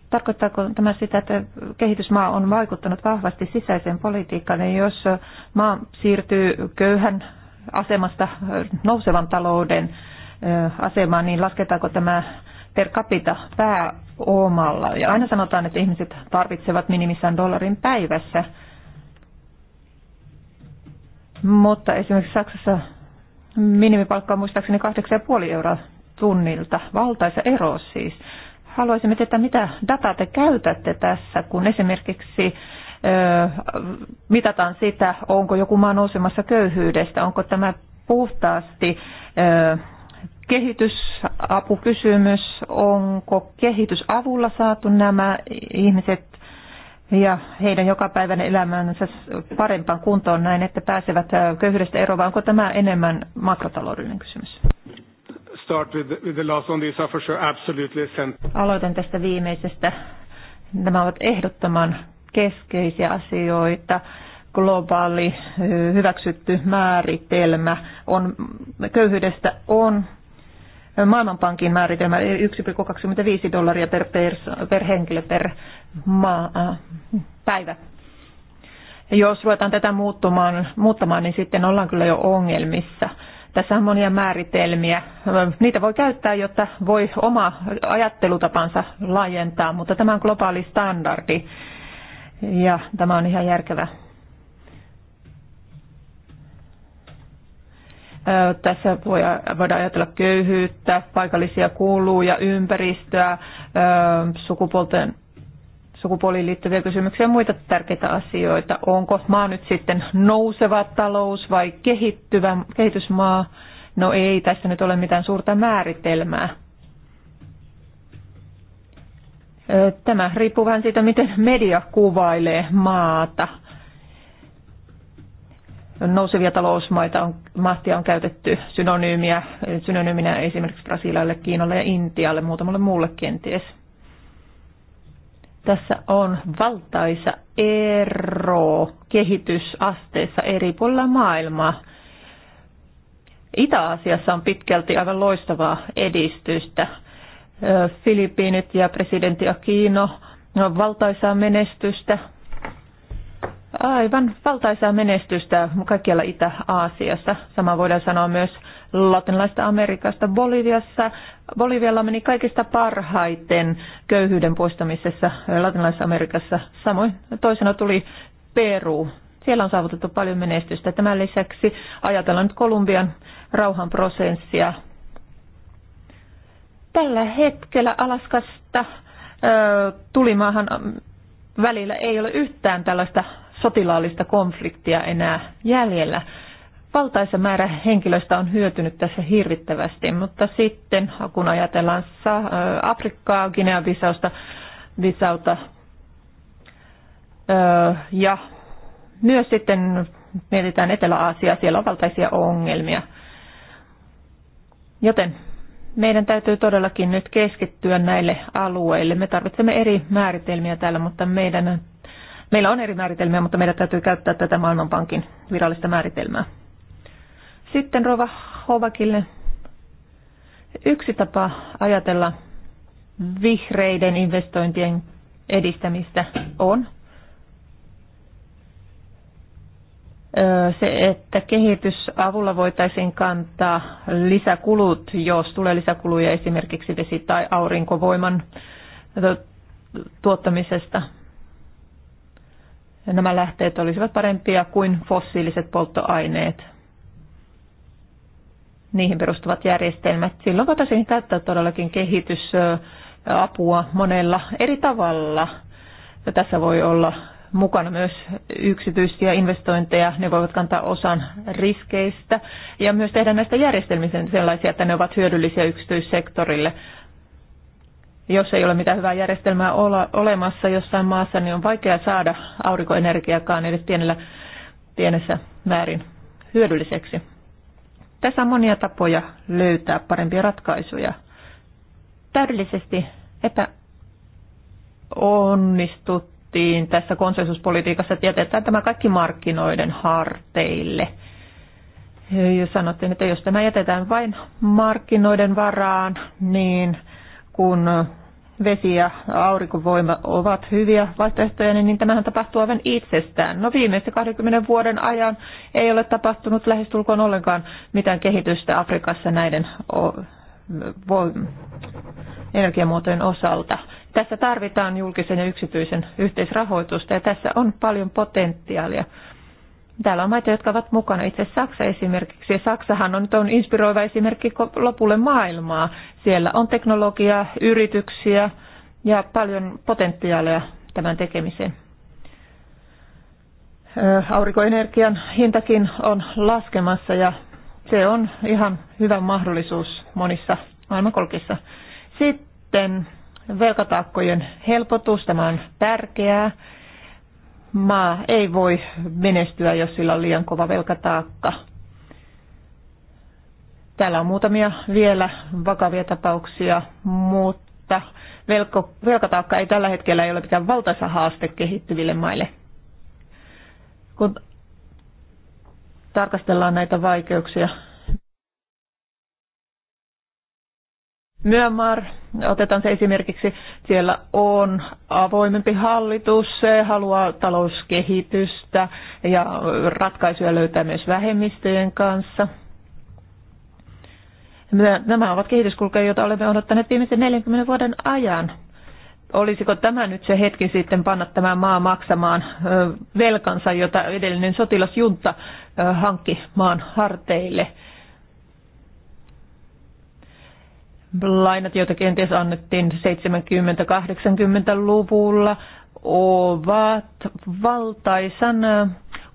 Tarkoittaako tämä sitä, että kehitysmaa on vaikuttanut vahvasti sisäiseen politiikkaan, niin jos maa siirtyy köyhän asemasta nousevan talouden asemaan, niin lasketaanko tämä per capita pääomalla? Ja aina sanotaan, että ihmiset tarvitsevat minimissään dollarin päivässä. Mutta esimerkiksi Saksassa minimipalkka on muistaakseni 8,5 euroa tunnilta. Valtaisa ero siis. Haluaisimme tietää, mitä dataa te käytätte tässä, kun esimerkiksi mitataan sitä, onko joku maa nousemassa köyhyydestä, onko tämä puhtaasti kehitysapukysymys, onko kehitysavulla saatu nämä ihmiset ja heidän jokapäiväinen elämänsä parempaan kuntoon näin, että pääsevät köyhyydestä eroon, vai onko tämä enemmän makrotaloudellinen kysymys? start with the last these are for sure absolutely essential. Aloitan tästä viimeisestä. Nämä ovat ehdottoman keskeisiä asioita. Globaali hyväksytty määritelmä on, köyhyydestä on Maailmanpankin määritelmä 1,25 dollaria per, per, per henkilö per ma, äh, päivä. Jos ruvetaan tätä muuttumaan, muuttamaan, niin sitten ollaan kyllä jo ongelmissa. Tässä on monia määritelmiä. Niitä voi käyttää, jotta voi oma ajattelutapansa laajentaa, mutta tämä on globaali standardi ja tämä on ihan järkevä. Tässä voi, voidaan ajatella köyhyyttä, paikallisia kuuluja, ympäristöä, sukupuolten sukupuoliin liittyviä kysymyksiä ja muita tärkeitä asioita. Onko maa nyt sitten nouseva talous vai kehittyvä kehitysmaa? No ei tässä nyt ole mitään suurta määritelmää. Tämä riippuu vähän siitä, miten media kuvailee maata. Nousevia talousmaita on, mahtia on käytetty synonyymiä, synonyyminä esimerkiksi Brasilialle, Kiinalle ja Intialle, muutamalle muulle kenties. Tässä on valtaisa ero kehitysasteessa eri puolilla maailmaa. Itä-Aasiassa on pitkälti aivan loistavaa edistystä. Filippiinit ja presidentti Aquino on valtaisaa menestystä. Aivan valtaisaa menestystä kaikkialla Itä-Aasiassa. Sama voidaan sanoa myös Latinalaisesta Amerikasta. Boliviassa, Bolivialla meni kaikista parhaiten köyhyyden poistamisessa Latinalaisessa Amerikassa. Samoin toisena tuli Peru. Siellä on saavutettu paljon menestystä. Tämän lisäksi ajatellaan nyt Kolumbian rauhanprosessia. Tällä hetkellä Alaskasta tulimaahan välillä ei ole yhtään tällaista sotilaallista konfliktia enää jäljellä valtaisa määrä henkilöistä on hyötynyt tässä hirvittävästi, mutta sitten kun ajatellaan Afrikkaa, Guinea-Bissausta, ja myös sitten mietitään Etelä-Aasiaa, siellä on valtaisia ongelmia. Joten meidän täytyy todellakin nyt keskittyä näille alueille. Me tarvitsemme eri määritelmiä täällä, mutta meidän, meillä on eri määritelmiä, mutta meidän täytyy käyttää tätä Maailmanpankin virallista määritelmää. Sitten Rova Hovakille yksi tapa ajatella vihreiden investointien edistämistä on se, että kehitysavulla voitaisiin kantaa lisäkulut, jos tulee lisäkuluja esimerkiksi vesi- tai aurinkovoiman tuottamisesta. Nämä lähteet olisivat parempia kuin fossiiliset polttoaineet niihin perustuvat järjestelmät. Silloin voitaisiin käyttää todellakin kehitysapua monella eri tavalla. Ja tässä voi olla mukana myös yksityisiä investointeja, ne voivat kantaa osan riskeistä ja myös tehdä näistä järjestelmistä sellaisia, että ne ovat hyödyllisiä yksityissektorille. Jos ei ole mitään hyvää järjestelmää olemassa jossain maassa, niin on vaikea saada aurinkoenergiakaan edes pienellä, pienessä määrin hyödylliseksi. Tässä on monia tapoja löytää parempia ratkaisuja. Täydellisesti epäonnistuttiin tässä konsensuspolitiikassa, että jätetään tämä kaikki markkinoiden harteille. Ja sanottiin, että jos tämä jätetään vain markkinoiden varaan, niin kun vesi- ja aurinkovoima ovat hyviä vaihtoehtoja, niin tämähän tapahtuu aivan itsestään. No viimeisten 20 vuoden ajan ei ole tapahtunut lähestulkoon ollenkaan mitään kehitystä Afrikassa näiden energiamuotojen osalta. Tässä tarvitaan julkisen ja yksityisen yhteisrahoitusta ja tässä on paljon potentiaalia. Täällä on maita, jotka ovat mukana. Itse Saksa esimerkiksi. Ja Saksahan on, on inspiroiva esimerkki lopulle maailmaa. Siellä on teknologiaa, yrityksiä ja paljon potentiaalia tämän tekemiseen. Aurinkoenergian hintakin on laskemassa ja se on ihan hyvä mahdollisuus monissa maailmankolkissa. Sitten velkataakkojen helpotus, tämä on tärkeää maa ei voi menestyä, jos sillä on liian kova velkataakka. Täällä on muutamia vielä vakavia tapauksia, mutta velko, velkataakka ei tällä hetkellä ei ole mikään valtaisa haaste kehittyville maille. Kun tarkastellaan näitä vaikeuksia, Myanmar, otetaan se esimerkiksi, siellä on avoimempi hallitus, se haluaa talouskehitystä ja ratkaisuja löytää myös vähemmistöjen kanssa. Nämä ovat kehityskulkuja, joita olemme odottaneet viimeisen 40 vuoden ajan. Olisiko tämä nyt se hetki sitten panna tämä maa maksamaan velkansa, jota edellinen sotilasjunta hankki maan harteille? lainat, joita kenties annettiin 70-80-luvulla, ovat valtaisan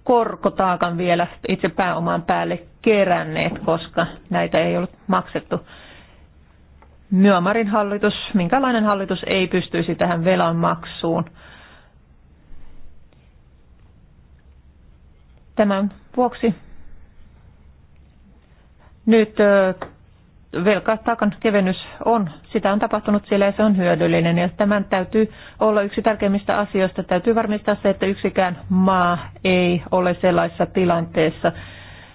korkotaakan vielä itse pääomaan päälle keränneet, koska näitä ei ollut maksettu. Myömarin hallitus, minkälainen hallitus ei pystyisi tähän velan maksuun. Tämän vuoksi nyt velkataakan kevennys on, sitä on tapahtunut siellä ja se on hyödyllinen. Ja tämän täytyy olla yksi tärkeimmistä asioista. Täytyy varmistaa se, että yksikään maa ei ole sellaisessa tilanteessa,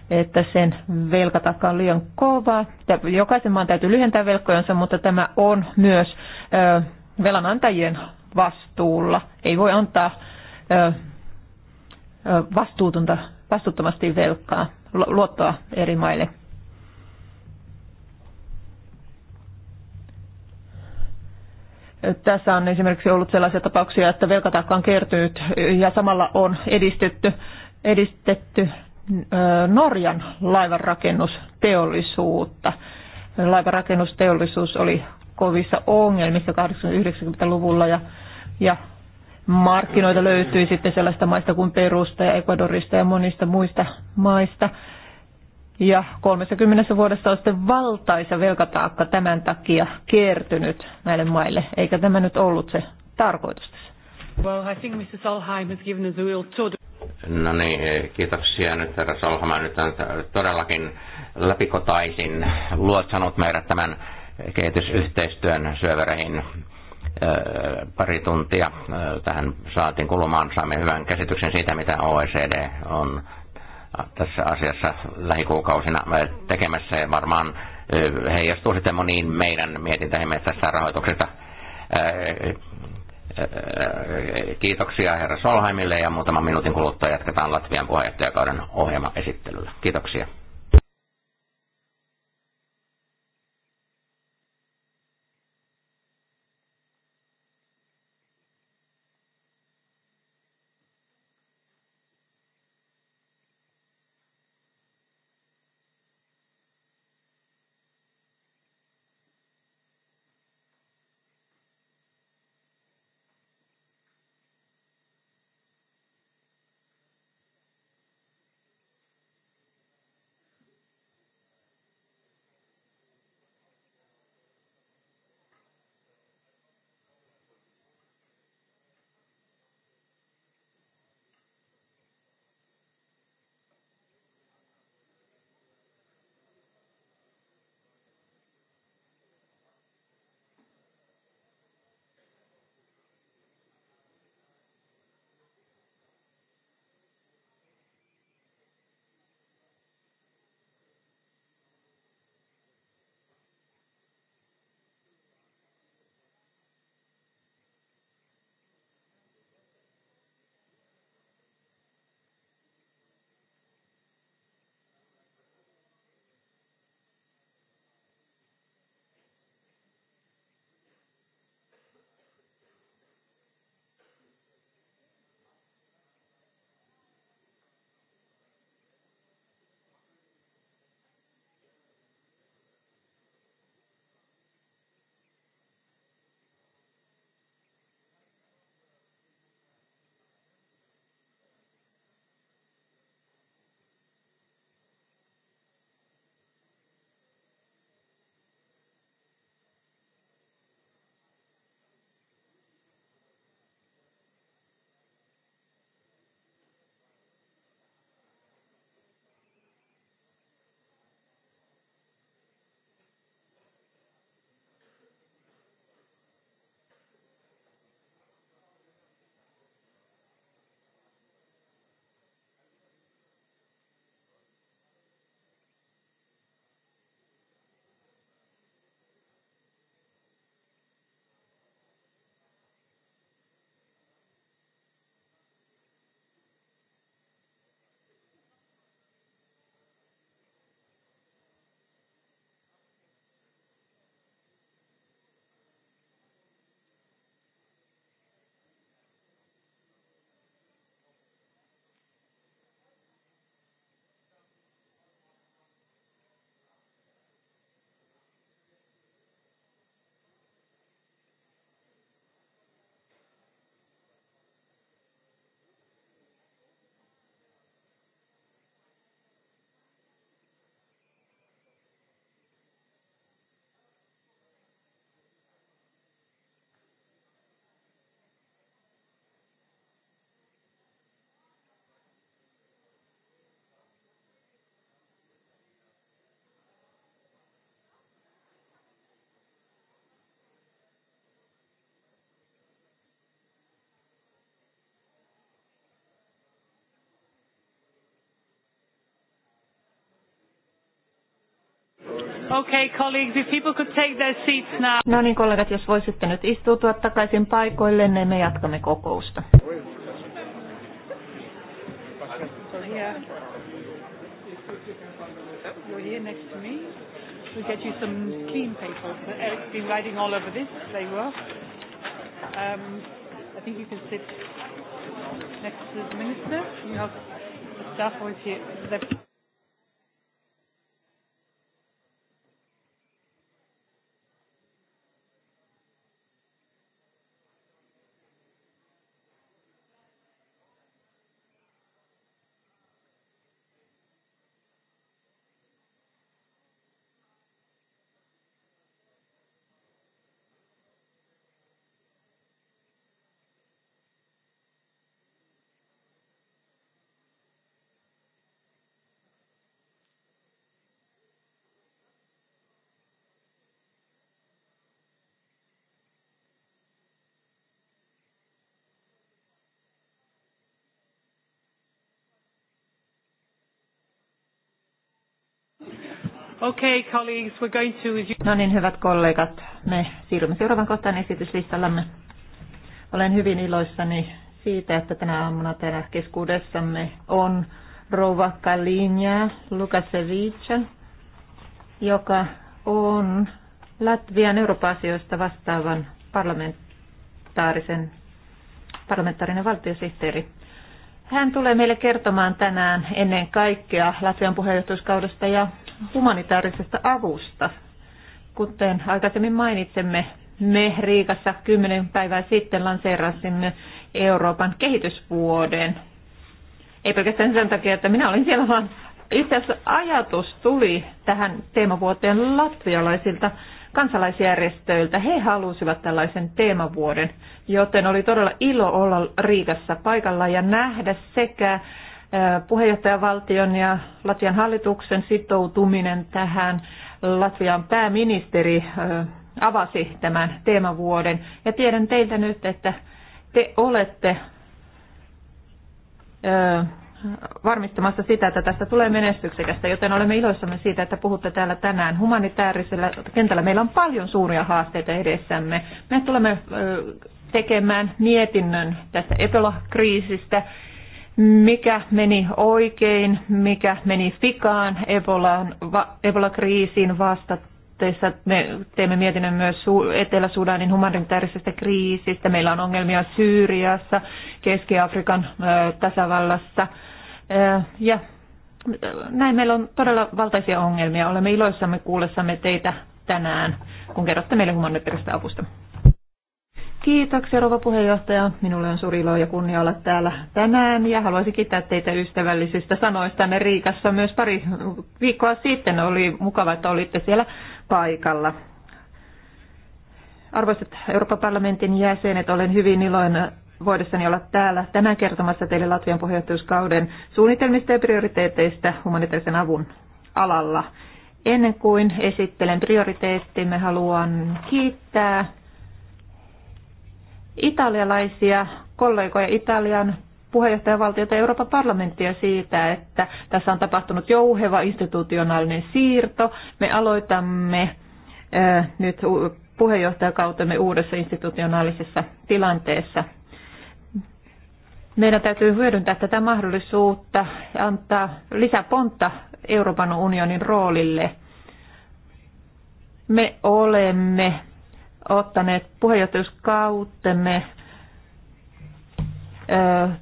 että sen velkatakka on liian kova. Jokaisen maan täytyy lyhentää velkojansa, mutta tämä on myös velanantajien vastuulla. Ei voi antaa vastuutonta, vastuuttomasti velkaa, luottoa eri maille. Tässä on esimerkiksi ollut sellaisia tapauksia, että velkataakka on kertynyt ja samalla on edistetty, edistetty Norjan laivanrakennusteollisuutta. Laivanrakennusteollisuus oli kovissa ongelmissa 80-90-luvulla ja, ja markkinoita löytyi sitten sellaista maista kuin Perusta ja Ecuadorista ja monista muista maista. Ja 30 vuodessa on sitten valtaisa velkataakka tämän takia kertynyt näille maille, eikä tämä nyt ollut se tarkoitus tässä. Well, I think Mr. Solheim has given us a real tour. No niin, eh, kiitoksia nyt herra Solheim. Nyt on todellakin läpikotaisin luotsanut meidät tämän kehitysyhteistyön syövereihin eh, pari tuntia. Eh, tähän saatiin kulumaan, saamme hyvän käsityksen siitä, mitä OECD on tässä asiassa lähikuukausina tekemässä ja varmaan heijastuu sitten moniin meidän mietintäimme tästä rahoituksesta. Kiitoksia herra Solheimille ja muutaman minuutin kuluttua jatketaan Latvian puheenjohtajakauden esittelyllä. Kiitoksia. Okay, colleagues, if people could take their seats now. No niin, kollegat, jos voisitte nyt istuutua takaisin paikoille, niin me jatkamme kokousta. Um, next to the minister. You the staff Okay, colleagues, we're going to... No niin, hyvät kollegat, me siirrymme seuraavan kohtaan esityslistallamme. Olen hyvin iloissani siitä, että tänä aamuna täällä keskuudessamme on rouva Kalinja Lukasevic, joka on Latvian Eurooppa-asioista vastaavan parlamentaarisen, parlamentaarinen valtiosihteeri. Hän tulee meille kertomaan tänään ennen kaikkea Latvian puheenjohtajuuskaudesta ja humanitaarisesta avusta. Kuten aikaisemmin mainitsemme, me Riikassa kymmenen päivää sitten lanseerasimme Euroopan kehitysvuoden. Ei pelkästään sen takia, että minä olin siellä, vaan itse asiassa ajatus tuli tähän teemavuoteen latvialaisilta kansalaisjärjestöiltä. He halusivat tällaisen teemavuoden, joten oli todella ilo olla Riikassa paikalla ja nähdä sekä puheenjohtajavaltion ja Latvian hallituksen sitoutuminen tähän. Latvian pääministeri avasi tämän teemavuoden. Ja tiedän teiltä nyt, että te olette varmistamassa sitä, että tästä tulee menestyksekästä, joten olemme iloissamme siitä, että puhutte täällä tänään. Humanitaarisella kentällä meillä on paljon suuria haasteita edessämme. Me tulemme tekemään mietinnön tästä Ebola-kriisistä mikä meni oikein, mikä meni fikaan Ebolaan, va, Ebola-kriisiin vastatteessa. Me teemme mietinnön myös Etelä-Sudanin humanitaarisesta kriisistä. Meillä on ongelmia Syyriassa, Keski-Afrikan ö, tasavallassa. Ö, ja näin meillä on todella valtaisia ongelmia. Olemme iloissamme kuullessamme teitä tänään, kun kerrotte meille humanitaarista avusta. Kiitoksia, rouva puheenjohtaja. Minulle on suuri ilo ja kunnia olla täällä tänään ja haluaisin kiittää teitä ystävällisistä sanoistanne Riikassa. Myös pari viikkoa sitten oli mukava, että olitte siellä paikalla. Arvoisat Euroopan parlamentin jäsenet, olen hyvin iloinen voidessani olla täällä tänään kertomassa teille Latvian puheenjohtajuuskauden suunnitelmista ja prioriteeteista humanitaarisen avun alalla. Ennen kuin esittelen prioriteettimme, haluan kiittää italialaisia kollegoja Italian puheenjohtajavaltiota ja Euroopan parlamenttia siitä, että tässä on tapahtunut jouheva institutionaalinen siirto. Me aloitamme nyt puheenjohtajakautemme uudessa institutionaalisessa tilanteessa. Meidän täytyy hyödyntää tätä mahdollisuutta ja antaa lisäpontta Euroopan unionin roolille. Me olemme ottaneet puheenjohtajuuskautemme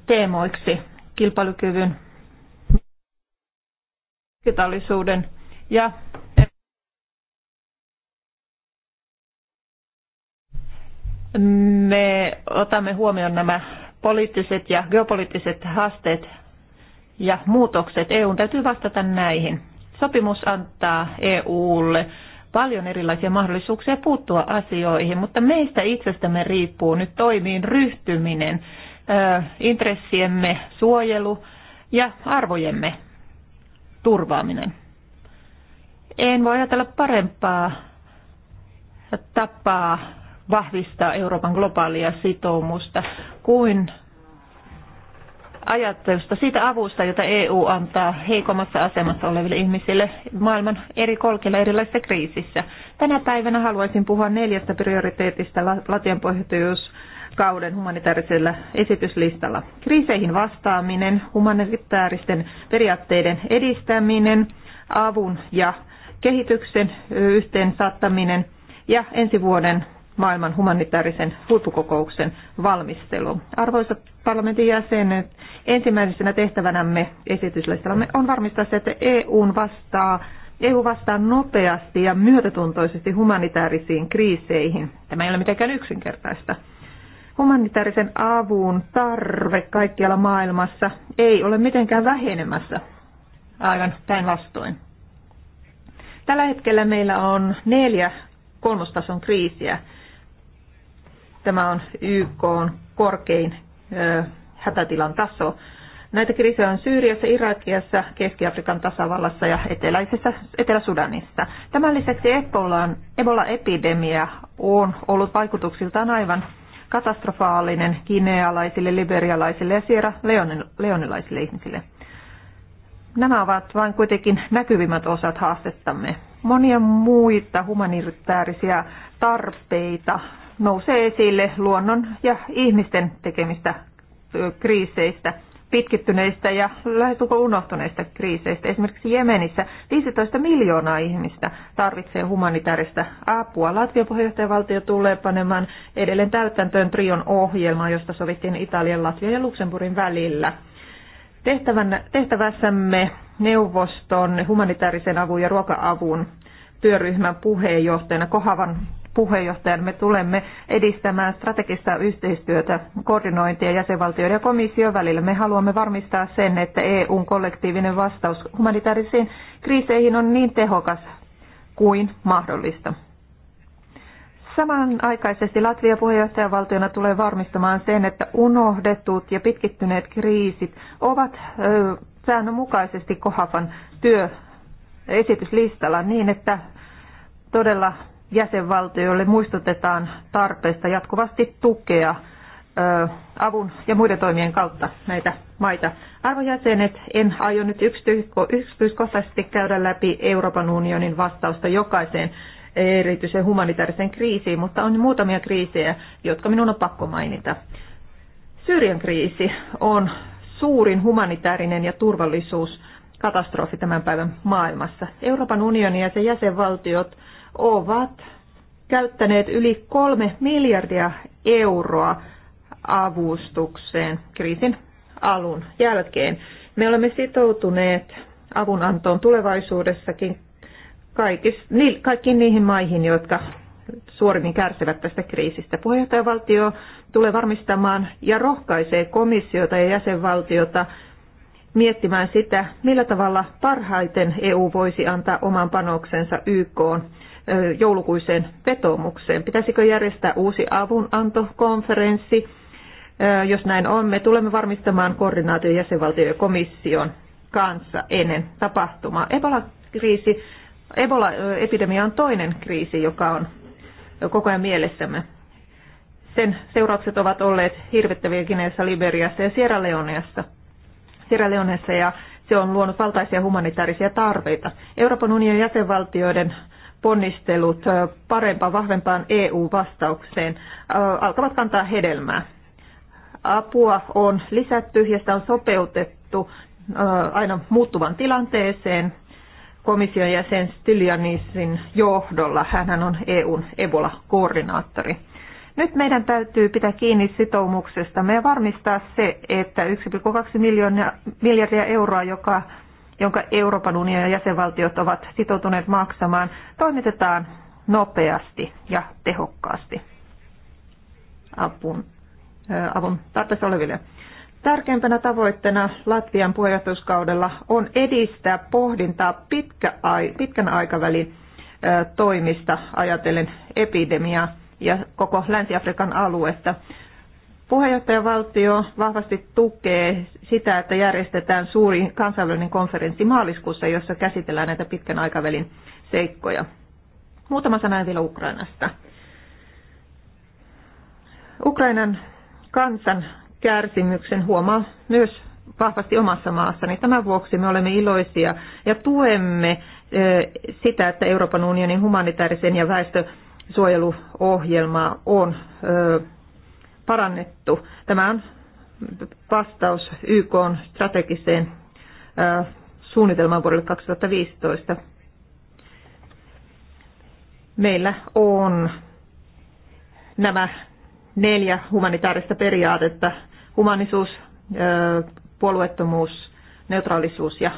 teemoiksi kilpailukyvyn, digitaalisuuden ja me otamme huomioon nämä poliittiset ja geopoliittiset haasteet ja muutokset. EUn täytyy vastata näihin. Sopimus antaa EUlle paljon erilaisia mahdollisuuksia puuttua asioihin, mutta meistä itsestämme riippuu nyt toimiin ryhtyminen, intressiemme suojelu ja arvojemme turvaaminen. En voi ajatella parempaa tapaa vahvistaa Euroopan globaalia sitoumusta kuin ajattelusta, siitä avusta, jota EU antaa heikommassa asemassa oleville ihmisille maailman eri kolkilla erilaisissa kriisissä. Tänä päivänä haluaisin puhua neljästä prioriteetista Latian kauden humanitaarisella esityslistalla. Kriiseihin vastaaminen, humanitaaristen periaatteiden edistäminen, avun ja kehityksen yhteen saattaminen ja ensi vuoden maailman humanitaarisen huippukokouksen valmistelu. Arvoisat parlamentin jäsenet, ensimmäisenä tehtävänämme esityslistallamme on varmistaa se, että EU vastaa EU vastaa nopeasti ja myötätuntoisesti humanitaarisiin kriiseihin. Tämä ei ole mitenkään yksinkertaista. Humanitaarisen avun tarve kaikkialla maailmassa ei ole mitenkään vähenemässä, aivan päinvastoin. Tällä hetkellä meillä on neljä kolmostason kriisiä. Tämä on YK on korkein hätätilan taso. Näitä kriisejä on Syyriassa, Irakiassa, Keski-Afrikan tasavallassa ja eteläisessä Etelä-Sudanissa. Tämän lisäksi Ebolan, Ebola-epidemia on ollut vaikutuksiltaan aivan katastrofaalinen kinealaisille, liberialaisille ja Sierra leonilaisille ihmisille. Nämä ovat vain kuitenkin näkyvimmät osat haastettamme. Monia muita humanitaarisia tarpeita nousee esille luonnon ja ihmisten tekemistä kriiseistä, pitkittyneistä ja lähes unohtuneista kriiseistä. Esimerkiksi Jemenissä 15 miljoonaa ihmistä tarvitsee humanitaarista apua. Latvian puheenjohtajavaltio tulee panemaan edelleen täytäntöön Trion ohjelmaa, josta sovittiin Italian, Latvian ja Luxemburgin välillä. Tehtävän, tehtävässämme neuvoston humanitaarisen avun ja ruoka-avun työryhmän puheenjohtajana Kohavan puheenjohtajana me tulemme edistämään strategista yhteistyötä, koordinointia jäsenvaltioiden ja komission välillä. Me haluamme varmistaa sen, että EUn kollektiivinen vastaus humanitaarisiin kriiseihin on niin tehokas kuin mahdollista. Samanaikaisesti Latvia puheenjohtajavaltiona tulee varmistamaan sen, että unohdetut ja pitkittyneet kriisit ovat säännönmukaisesti Kohafan työ esityslistalla niin, että todella jäsenvaltioille muistutetaan tarpeesta jatkuvasti tukea avun ja muiden toimien kautta näitä maita. Arvojäsenet, en aio nyt yksityiskohtaisesti käydä läpi Euroopan unionin vastausta jokaiseen erityisen humanitaariseen kriisiin, mutta on muutamia kriisejä, jotka minun on pakko mainita. Syyrian kriisi on suurin humanitaarinen ja turvallisuuskatastrofi tämän päivän maailmassa. Euroopan unioni ja sen jäsenvaltiot ovat käyttäneet yli kolme miljardia euroa avustukseen kriisin alun jälkeen. Me olemme sitoutuneet avunantoon tulevaisuudessakin kaikis, ni, kaikkiin niihin maihin, jotka suorimmin kärsivät tästä kriisistä. Puheenjohtajavaltio tulee varmistamaan ja rohkaisee komissiota ja jäsenvaltiota miettimään sitä, millä tavalla parhaiten EU voisi antaa oman panoksensa YK joulukuiseen vetomukseen. Pitäisikö järjestää uusi avunantokonferenssi? Jos näin on, me tulemme varmistamaan koordinaation jäsenvaltioiden komission kanssa ennen tapahtumaa. Ebola-kriisi, Ebola-epidemia on toinen kriisi, joka on koko ajan mielessämme. Sen seuraukset ovat olleet hirvittäviä Gineassa, Liberiassa ja Sierra Leoneassa. Sierra Leoneassa ja se on luonut valtaisia humanitaarisia tarpeita. Euroopan unionin jäsenvaltioiden ponnistelut parempaan, vahvempaan EU-vastaukseen alkavat kantaa hedelmää. Apua on lisätty ja sitä on sopeutettu aina muuttuvan tilanteeseen komission jäsen Stylianisin johdolla. hän on EUn Ebola-koordinaattori. Nyt meidän täytyy pitää kiinni sitoumuksesta ja varmistaa se, että 1,2 miljardia euroa, joka jonka Euroopan unionin jäsenvaltiot ovat sitoutuneet maksamaan, toimitetaan nopeasti ja tehokkaasti apun, avun tarpeessa oleville. Tärkeimpänä tavoitteena Latvian puheenjohtajuuskaudella on edistää pohdintaa pitkä, pitkän aikavälin toimista ajatellen epidemiaa ja koko Länsi-Afrikan aluetta. Puheenjohtajavaltio vahvasti tukee sitä, että järjestetään suuri kansainvälinen konferenssi maaliskuussa, jossa käsitellään näitä pitkän aikavälin seikkoja. Muutama sana vielä Ukrainasta. Ukrainan kansan kärsimyksen huomaa myös vahvasti omassa maassani. Tämän vuoksi me olemme iloisia ja tuemme sitä, että Euroopan unionin humanitaarisen ja väestösuojeluohjelma on parannettu. Tämä on vastaus YK strategiseen suunnitelmaan vuodelle 2015. Meillä on nämä neljä humanitaarista periaatetta. Humanisuus, puolueettomuus, neutraalisuus ja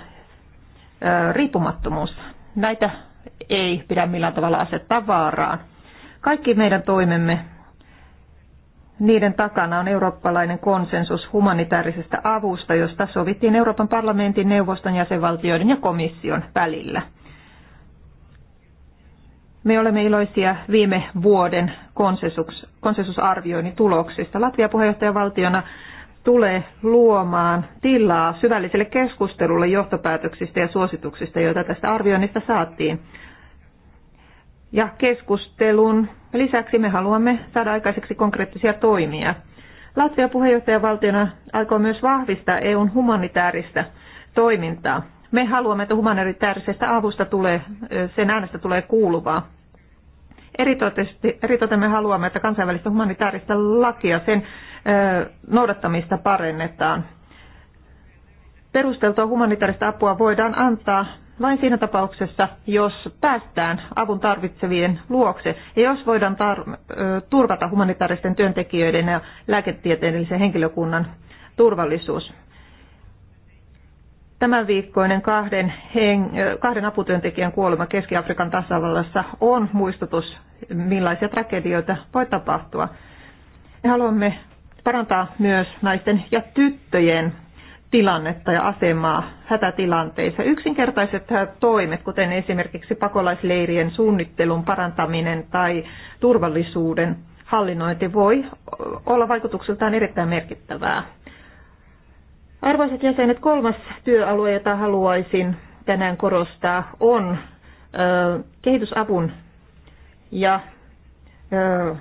riippumattomuus. Näitä ei pidä millään tavalla asettaa vaaraan. Kaikki meidän toimemme niiden takana on eurooppalainen konsensus humanitaarisesta avusta, josta sovittiin Euroopan parlamentin, neuvoston, jäsenvaltioiden ja komission välillä. Me olemme iloisia viime vuoden konsensus, konsensusarvioinnin tuloksista. Latvia puheenjohtajavaltiona tulee luomaan tilaa syvälliselle keskustelulle johtopäätöksistä ja suosituksista, joita tästä arvioinnista saatiin. Ja keskustelun lisäksi me haluamme saada aikaiseksi konkreettisia toimia. Latvia puheenjohtajavaltiona alkoi myös vahvistaa EUn humanitaarista toimintaa. Me haluamme, että humanitaarisesta avusta tulee, sen äänestä tulee kuuluvaa. Eritoten me haluamme, että kansainvälistä humanitaarista lakia, sen noudattamista parennetaan. Perusteltua humanitaarista apua voidaan antaa vain siinä tapauksessa, jos päästään avun tarvitsevien luokse ja jos voidaan tar- turvata humanitaaristen työntekijöiden ja lääketieteellisen henkilökunnan turvallisuus. Tämän viikkoinen kahden, heng- kahden aputyöntekijän kuolema Keski-Afrikan tasavallassa on muistutus, millaisia tragedioita voi tapahtua. Me haluamme parantaa myös naisten ja tyttöjen tilannetta ja asemaa hätätilanteissa. Yksinkertaiset toimet, kuten esimerkiksi pakolaisleirien suunnittelun parantaminen tai turvallisuuden hallinnointi, voi olla vaikutukseltaan erittäin merkittävää. Arvoisat jäsenet, kolmas työalue, jota haluaisin tänään korostaa, on ö, kehitysavun ja ö,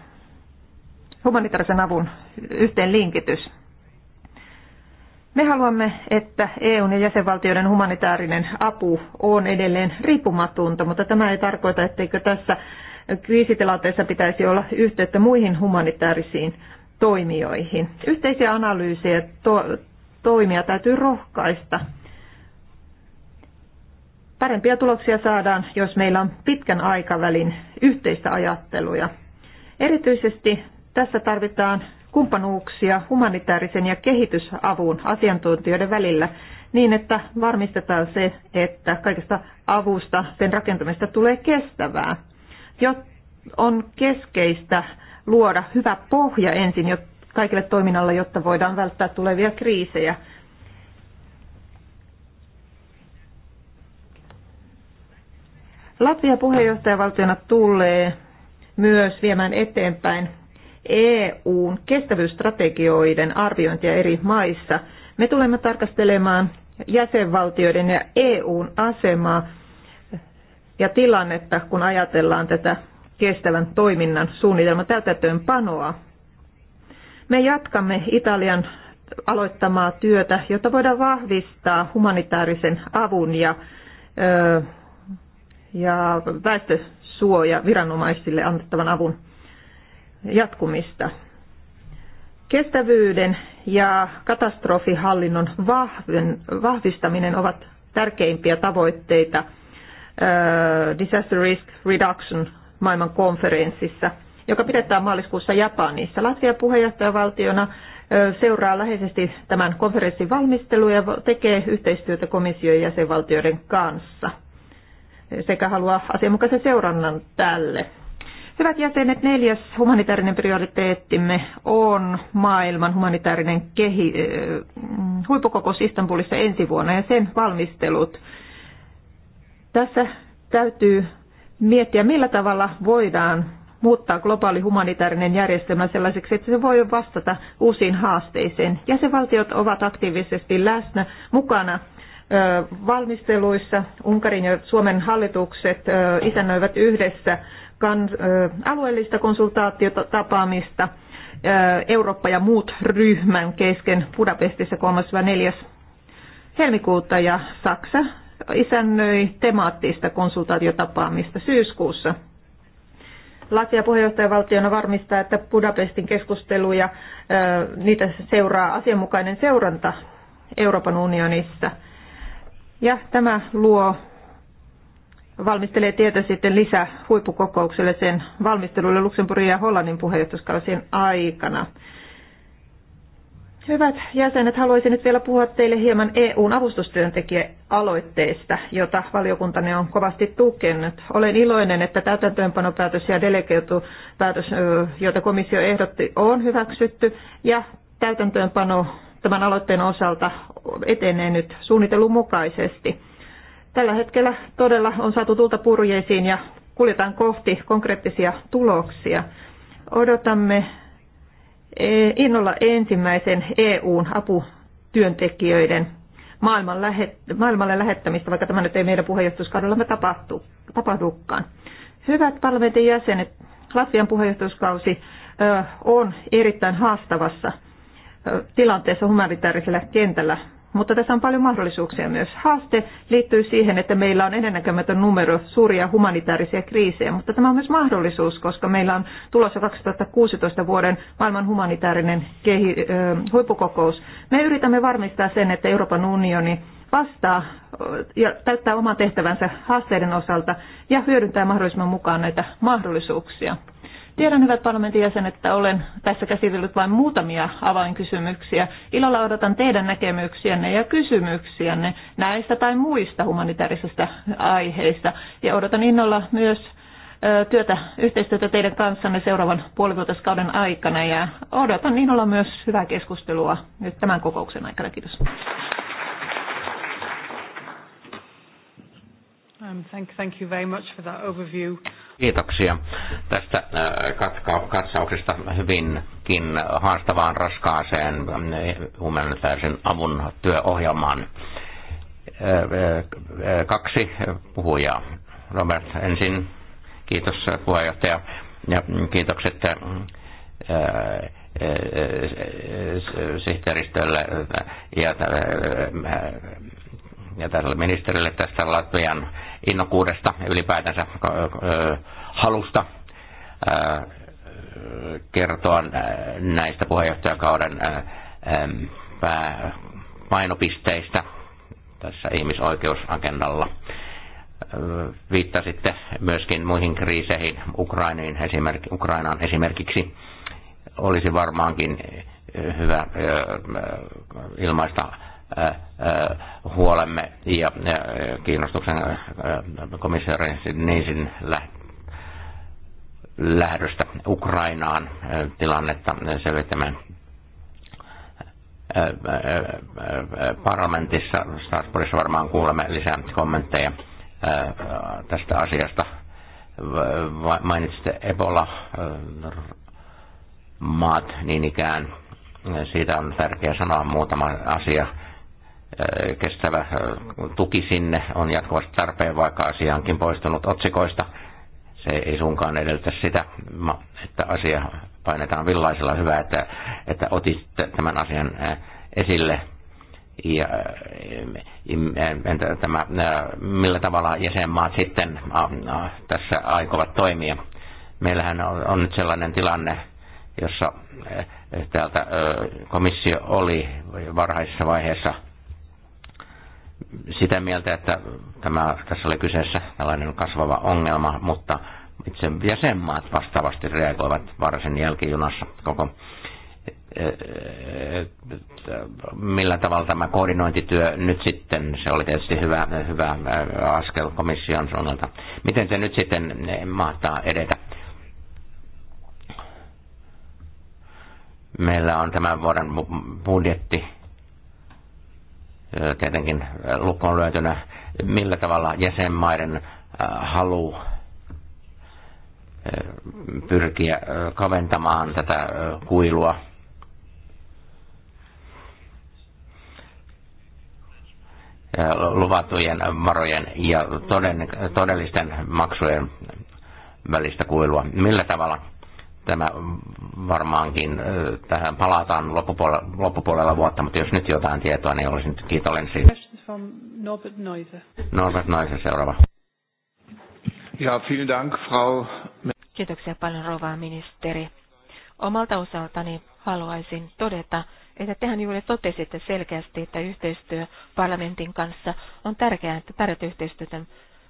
humanitaarisen avun yhteenlinkitys. Me haluamme, että EUn ja jäsenvaltioiden humanitaarinen apu on edelleen riippumatonta, mutta tämä ei tarkoita, etteikö tässä kriisitilanteessa pitäisi olla yhteyttä muihin humanitaarisiin toimijoihin. Yhteisiä analyysejä to, toimia täytyy rohkaista. Parempia tuloksia saadaan, jos meillä on pitkän aikavälin yhteistä ajatteluja. Erityisesti tässä tarvitaan kumppanuuksia humanitaarisen ja kehitysavun asiantuntijoiden välillä niin, että varmistetaan se, että kaikesta avusta sen rakentamista tulee kestävää. Jo on keskeistä luoda hyvä pohja ensin jo kaikille toiminnalle, jotta voidaan välttää tulevia kriisejä. Latvia puheenjohtajavaltiona tulee myös viemään eteenpäin EUn kestävyysstrategioiden arviointia eri maissa. Me tulemme tarkastelemaan jäsenvaltioiden ja EUn asemaa ja tilannetta, kun ajatellaan tätä kestävän toiminnan suunnitelman täytäntöönpanoa. Me jatkamme Italian aloittamaa työtä, jotta voidaan vahvistaa humanitaarisen avun ja, ja väestösuoja viranomaisille annettavan avun jatkumista. Kestävyyden ja katastrofihallinnon vahvistaminen ovat tärkeimpiä tavoitteita äh, Disaster Risk Reduction maailman konferenssissa, joka pidetään maaliskuussa Japanissa. Latvia puheenjohtajavaltiona äh, seuraa läheisesti tämän konferenssin valmistelua ja tekee yhteistyötä komission ja jäsenvaltioiden kanssa sekä haluaa asianmukaisen seurannan tälle. Hyvät jäsenet, neljäs humanitaarinen prioriteettimme on maailman humanitaarinen kehi, huippukokous Istanbulissa ensi vuonna ja sen valmistelut. Tässä täytyy miettiä, millä tavalla voidaan muuttaa globaali humanitaarinen järjestelmä sellaiseksi, että se voi vastata uusiin haasteisiin. Jäsenvaltiot ovat aktiivisesti läsnä mukana valmisteluissa. Unkarin ja Suomen hallitukset isännöivät yhdessä kan, alueellista konsultaatiota, tapaamista Eurooppa ja muut ryhmän kesken Budapestissa 3.4. helmikuuta ja Saksa isännöi temaattista konsultaatiotapaamista syyskuussa. Latvia puheenjohtajavaltiona varmistaa, että Budapestin keskusteluja, niitä seuraa asianmukainen seuranta Euroopan unionissa. Ja tämä luo valmistelee tietä sitten lisää huippukokoukselle sen valmistelulle Luxemburgin ja Hollannin puheenjohtajuuskausien aikana. Hyvät jäsenet, haluaisin nyt vielä puhua teille hieman EUn aloitteesta, jota valiokuntanne on kovasti tukenut. Olen iloinen, että täytäntöönpanopäätös ja delegoitu päätös, jota komissio ehdotti, on hyväksytty ja täytäntöönpano tämän aloitteen osalta etenee nyt suunnitelun mukaisesti. Tällä hetkellä todella on saatu tulta purjeisiin ja kuljetaan kohti konkreettisia tuloksia. Odotamme e, innolla ensimmäisen EUn aputyöntekijöiden maailman lähet, maailmalle lähettämistä, vaikka tämä nyt ei meidän puheenjohtajuuskaudellamme tapahtu, tapahdukaan. Hyvät parlamentin jäsenet, Latvian puheenjohtajuuskausi on erittäin haastavassa tilanteessa humanitaarisella kentällä mutta tässä on paljon mahdollisuuksia myös. Haaste liittyy siihen, että meillä on ennennäkemätön numero suuria humanitaarisia kriisejä, mutta tämä on myös mahdollisuus, koska meillä on tulossa 2016 vuoden maailman humanitaarinen kehi, ö, huippukokous. Me yritämme varmistaa sen, että Euroopan unioni vastaa ja täyttää oman tehtävänsä haasteiden osalta ja hyödyntää mahdollisimman mukaan näitä mahdollisuuksia. Tiedän, hyvät parlamentin jäsenet, että olen tässä käsitellyt vain muutamia avainkysymyksiä. Ilolla odotan teidän näkemyksiänne ja kysymyksiänne näistä tai muista humanitaarisista aiheista. Ja odotan innolla myös työtä, yhteistyötä teidän kanssanne seuraavan puolivuotiskauden aikana ja odotan innolla myös hyvää keskustelua nyt tämän kokouksen aikana. Kiitos. Um, thank, thank you very much for that overview. Kiitoksia tästä äh, katsauksesta hyvinkin haastavaan raskaaseen äh, humanitaarisen avun työohjelmaan. Äh, kaksi puhujaa. Robert ensin. Kiitos puheenjohtaja ja kiitokset sihteeristölle ja, ja tälle ministerille tästä Latvian innokkuudesta, ylipäätänsä äh, äh, halusta äh, kertoa näistä puheenjohtajakauden ähm, painopisteistä tässä ihmisoikeusagendalla. Viittasitte myöskin muihin kriiseihin, Ukrainiin esimerk, Ukrainaan esimerkiksi. Olisi varmaankin hyvä ilmaista huolemme ja kiinnostuksen komissaari Niisin lähdöstä Ukrainaan tilannetta selvittämään parlamentissa, Strasbourgissa varmaan kuulemme lisää kommentteja tästä asiasta. Mainitsitte Ebola-maat niin ikään. Siitä on tärkeää sanoa muutama asia kestävä tuki sinne on jatkuvasti tarpeen, vaikka asia onkin poistunut otsikoista. Se ei suinkaan edellytä sitä, että asia painetaan villaisella. Hyvä, että, että otit tämän asian esille. Ja, entä tämä, millä tavalla jäsenmaat sitten tässä aikovat toimia? Meillähän on nyt sellainen tilanne, jossa täältä komissio oli varhaisessa vaiheessa – sitä mieltä, että tämä, tässä oli kyseessä tällainen kasvava ongelma, mutta itse jäsenmaat vastaavasti reagoivat varsin jälkijunassa koko e, e, e, millä tavalla tämä koordinointityö nyt sitten, se oli tietysti hyvä, hyvä askel komission suunnalta. Miten se nyt sitten mahtaa edetä? Meillä on tämän vuoden budjetti tietenkin lukkoon löytynä, millä tavalla jäsenmaiden halu pyrkiä kaventamaan tätä kuilua. luvattujen varojen ja todellisten maksujen välistä kuilua. Millä tavalla Tämä varmaankin tähän palataan loppupuolella, loppupuolella vuotta, mutta jos nyt jotain tietoa, niin olisin kiitollinen siitä. Norbert Neuse. Norbert Neuse seuraava. Ja, vielen Dank, Frau... Kiitoksia paljon, rouva ministeri. Omalta osaltani haluaisin todeta, että tehän juuri totesitte selkeästi, että yhteistyö parlamentin kanssa on tärkeää, että tarjot yhteistyötä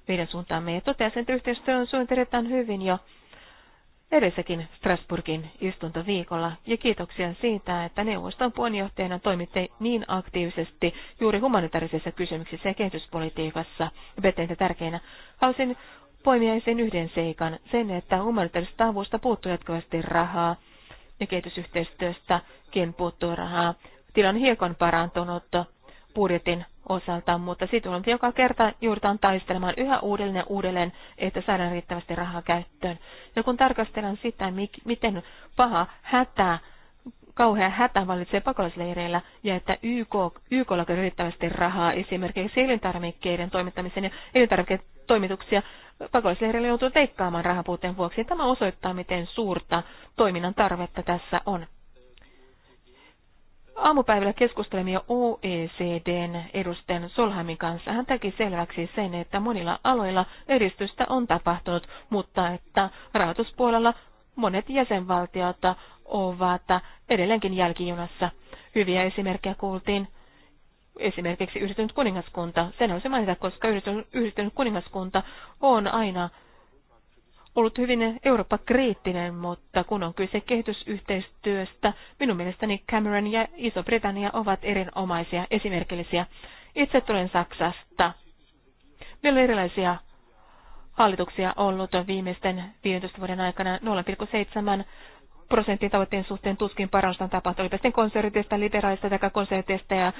meidän suuntaamme. Ja totesin, että yhteistyö on suunniteltu hyvin jo edellisekin Strasburgin istuntoviikolla ja kiitoksia siitä, että neuvoston puheenjohtajana toimitte niin aktiivisesti juuri humanitaarisissa kysymyksissä ja kehityspolitiikassa ja tärkeinä. halusin poimia sen yhden seikan, sen, että humanitaarisesta avusta puuttuu jatkuvasti rahaa ja kehitysyhteistyöstäkin puuttuu rahaa. tilan hiekon parantunut budjetin osalta, mutta sitten on joka kerta joudutaan taistelemaan yhä uudelleen ja uudelleen, että saadaan riittävästi rahaa käyttöön. Ja kun tarkastellaan sitä, miten paha hätä, kauhea hätä valitsee pakolaisleireillä ja että YK, YK on riittävästi rahaa esimerkiksi elintarvikkeiden toimittamiseen ja elintarviketoimituksia pakolaisleireillä joutuu teikkaamaan rahapuuteen vuoksi. Tämä osoittaa, miten suurta toiminnan tarvetta tässä on. Aamupäivällä keskustelimme OECDn edusten Solheimin kanssa. Hän teki selväksi sen, että monilla aloilla edistystä on tapahtunut, mutta että rahoituspuolella monet jäsenvaltiot ovat edelleenkin jälkijunassa. Hyviä esimerkkejä kuultiin esimerkiksi yhdistynyt kuningaskunta. Sen olisi mainita, koska yhdistynyt kuningaskunta on aina ollut hyvin Eurooppa-kriittinen, mutta kun on kyse kehitysyhteistyöstä, minun mielestäni Cameron ja Iso-Britannia ovat erinomaisia, esimerkillisiä. Itse tulen Saksasta. Meillä on erilaisia hallituksia ollut viimeisten 15 vuoden aikana 0,7 prosentin tavoitteen suhteen tuskin parannusta on tapahtunut. Olipa sitten konsertista, liberaalista tai konsertista ja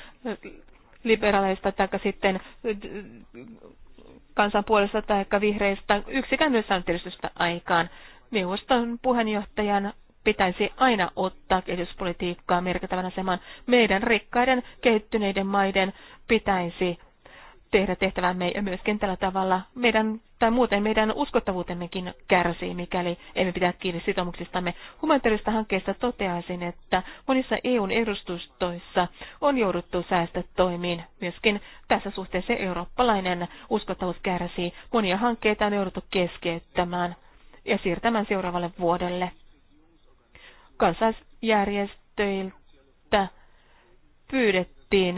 liberaalista tai sitten kansan puolesta tai vihreistä yksikään myös aikaan. Neuvoston puheenjohtajan pitäisi aina ottaa kehityspolitiikkaa merkittävän aseman. Meidän rikkaiden kehittyneiden maiden pitäisi tehdä tehtävämme myös myöskin tavalla meidän, tai muuten meidän uskottavuutemmekin kärsii, mikäli emme pitää kiinni sitoumuksistamme. Humanitaarista hankkeesta toteaisin, että monissa EUn edustustoissa on jouduttu toimiin. Myöskin tässä suhteessa eurooppalainen uskottavuus kärsii. Monia hankkeita on jouduttu keskeyttämään ja siirtämään seuraavalle vuodelle. Kansaisjärjestöiltä pyydettiin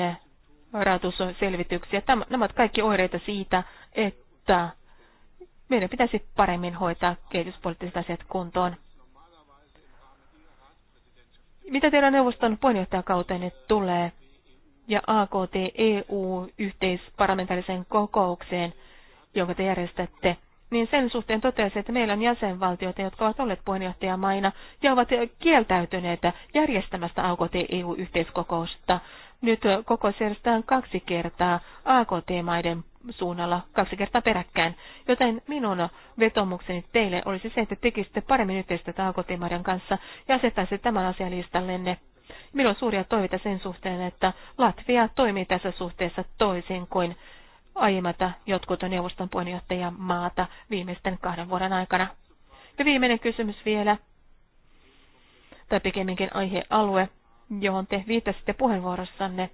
rahoitusselvityksiä. Nämä ovat kaikki oireita siitä, että meidän pitäisi paremmin hoitaa kehityspoliittiset asiat kuntoon. Mitä teidän neuvoston puheenjohtajakauteenne tulee ja AKT-EU-yhteisparlamentaariseen kokoukseen, jonka te järjestätte, niin sen suhteen totesi, että meillä on jäsenvaltioita, jotka ovat olleet puheenjohtajamaina ja ovat kieltäytyneet järjestämästä AKT-EU-yhteiskokousta. Nyt koko järjestetään kaksi kertaa AKT-maiden suunnalla, kaksi kertaa peräkkäin. Joten minun vetomukseni teille olisi se, että tekisitte paremmin yhteistyötä AKT-maiden kanssa ja asettaisitte tämän listallenne. Minulla on suuria toiveita sen suhteen, että Latvia toimii tässä suhteessa toisin kuin aiemmat jotkut neuvoston maata viimeisten kahden vuoden aikana. Ja viimeinen kysymys vielä, tai pikemminkin aihealue, johon te viittasitte puheenvuorossanne,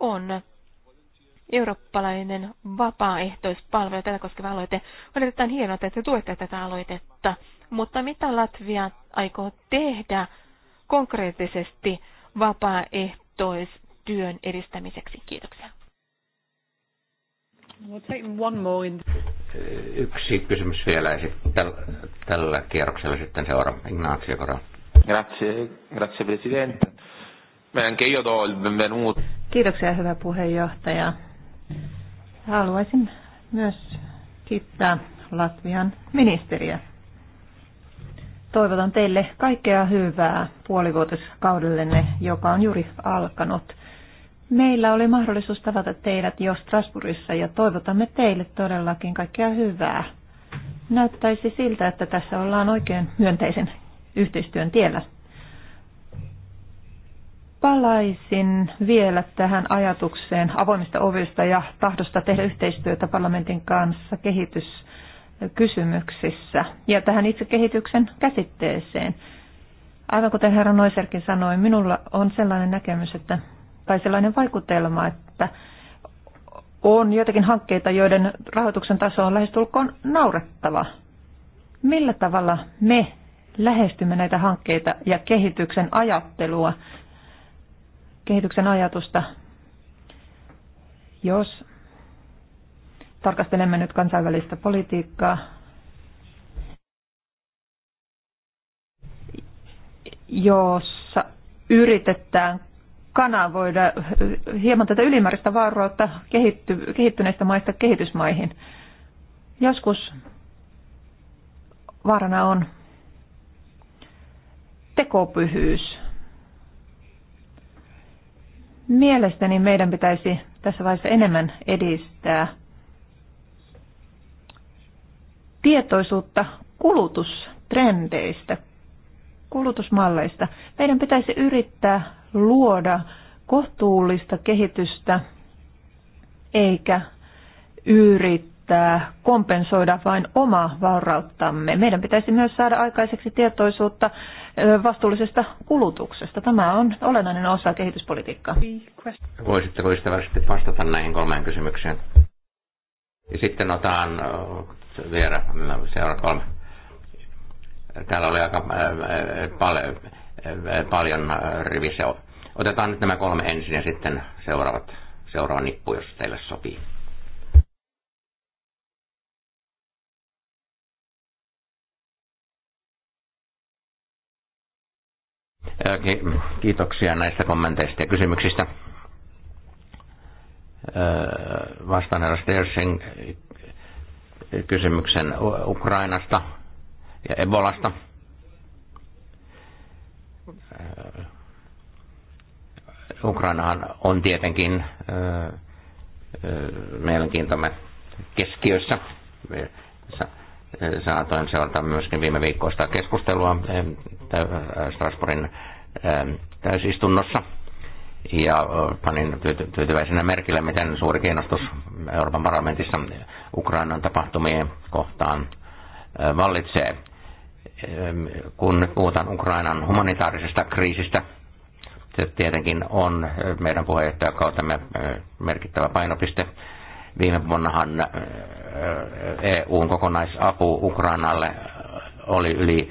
on eurooppalainen vapaaehtoispalvelu, tätä koskeva aloite. On erittäin hienoa, että te tuette tätä aloitetta, mutta mitä Latvia aikoo tehdä konkreettisesti vapaaehtoistyön edistämiseksi? Kiitoksia. Yksi kysymys vielä ja sitten tällä, kierroksella sitten seuraava. Ignacio Grazie, grazie Presidente. Anche io do il benvenuto. Kiitoksia hyvä puheenjohtaja. Haluaisin myös kiittää Latvian ministeriä. Toivotan teille kaikkea hyvää puolivuotiskaudellenne, joka on juuri alkanut. Meillä oli mahdollisuus tavata teidät jo Strasbourgissa ja toivotamme teille todellakin kaikkea hyvää. Näyttäisi siltä, että tässä ollaan oikein myönteisen yhteistyön tiellä palaisin vielä tähän ajatukseen avoimista ovista ja tahdosta tehdä yhteistyötä parlamentin kanssa kehityskysymyksissä ja tähän itse kehityksen käsitteeseen. Aivan kuten herra Noiserkin sanoi, minulla on sellainen näkemys, että, tai sellainen vaikutelma, että on joitakin hankkeita, joiden rahoituksen taso on lähestulkoon naurettava. Millä tavalla me lähestymme näitä hankkeita ja kehityksen ajattelua kehityksen ajatusta. Jos tarkastelemme nyt kansainvälistä politiikkaa, jossa yritetään kanavoida hieman tätä ylimääräistä vaaroutta kehitty, kehittyneistä maista kehitysmaihin. Joskus vaarana on tekopyhyys. Mielestäni meidän pitäisi tässä vaiheessa enemmän edistää tietoisuutta kulutustrendeistä, kulutusmalleista. Meidän pitäisi yrittää luoda kohtuullista kehitystä eikä yrittää yrittää kompensoida vain omaa vaurauttamme. Meidän pitäisi myös saada aikaiseksi tietoisuutta vastuullisesta kulutuksesta. Tämä on olennainen osa kehityspolitiikkaa. Voisitteko ystävällisesti vastata näihin kolmeen kysymykseen? Ja sitten otan vielä seuraava kolme. Täällä oli aika paljon, paljon rivissä. Otetaan nyt nämä kolme ensin ja sitten seuraavat, seuraava nippu, jos teille sopii. Kiitoksia näistä kommenteista ja kysymyksistä. Vastaan herra Stersin kysymyksen Ukrainasta ja Ebolasta. Ukrainahan on tietenkin mielenkiintomme keskiössä. Saatoin seurata myöskin viime viikkoista keskustelua Strasbourgin Ähm, täysistunnossa ja panin tyytyväisenä merkille, miten suuri kiinnostus Euroopan parlamentissa Ukrainan tapahtumien kohtaan vallitsee. Ähm, kun nyt puhutaan Ukrainan humanitaarisesta kriisistä, se tietenkin on meidän puheenjohtajakautemme merkittävä painopiste. Viime vuonnahan EUn kokonaisapu Ukrainalle oli yli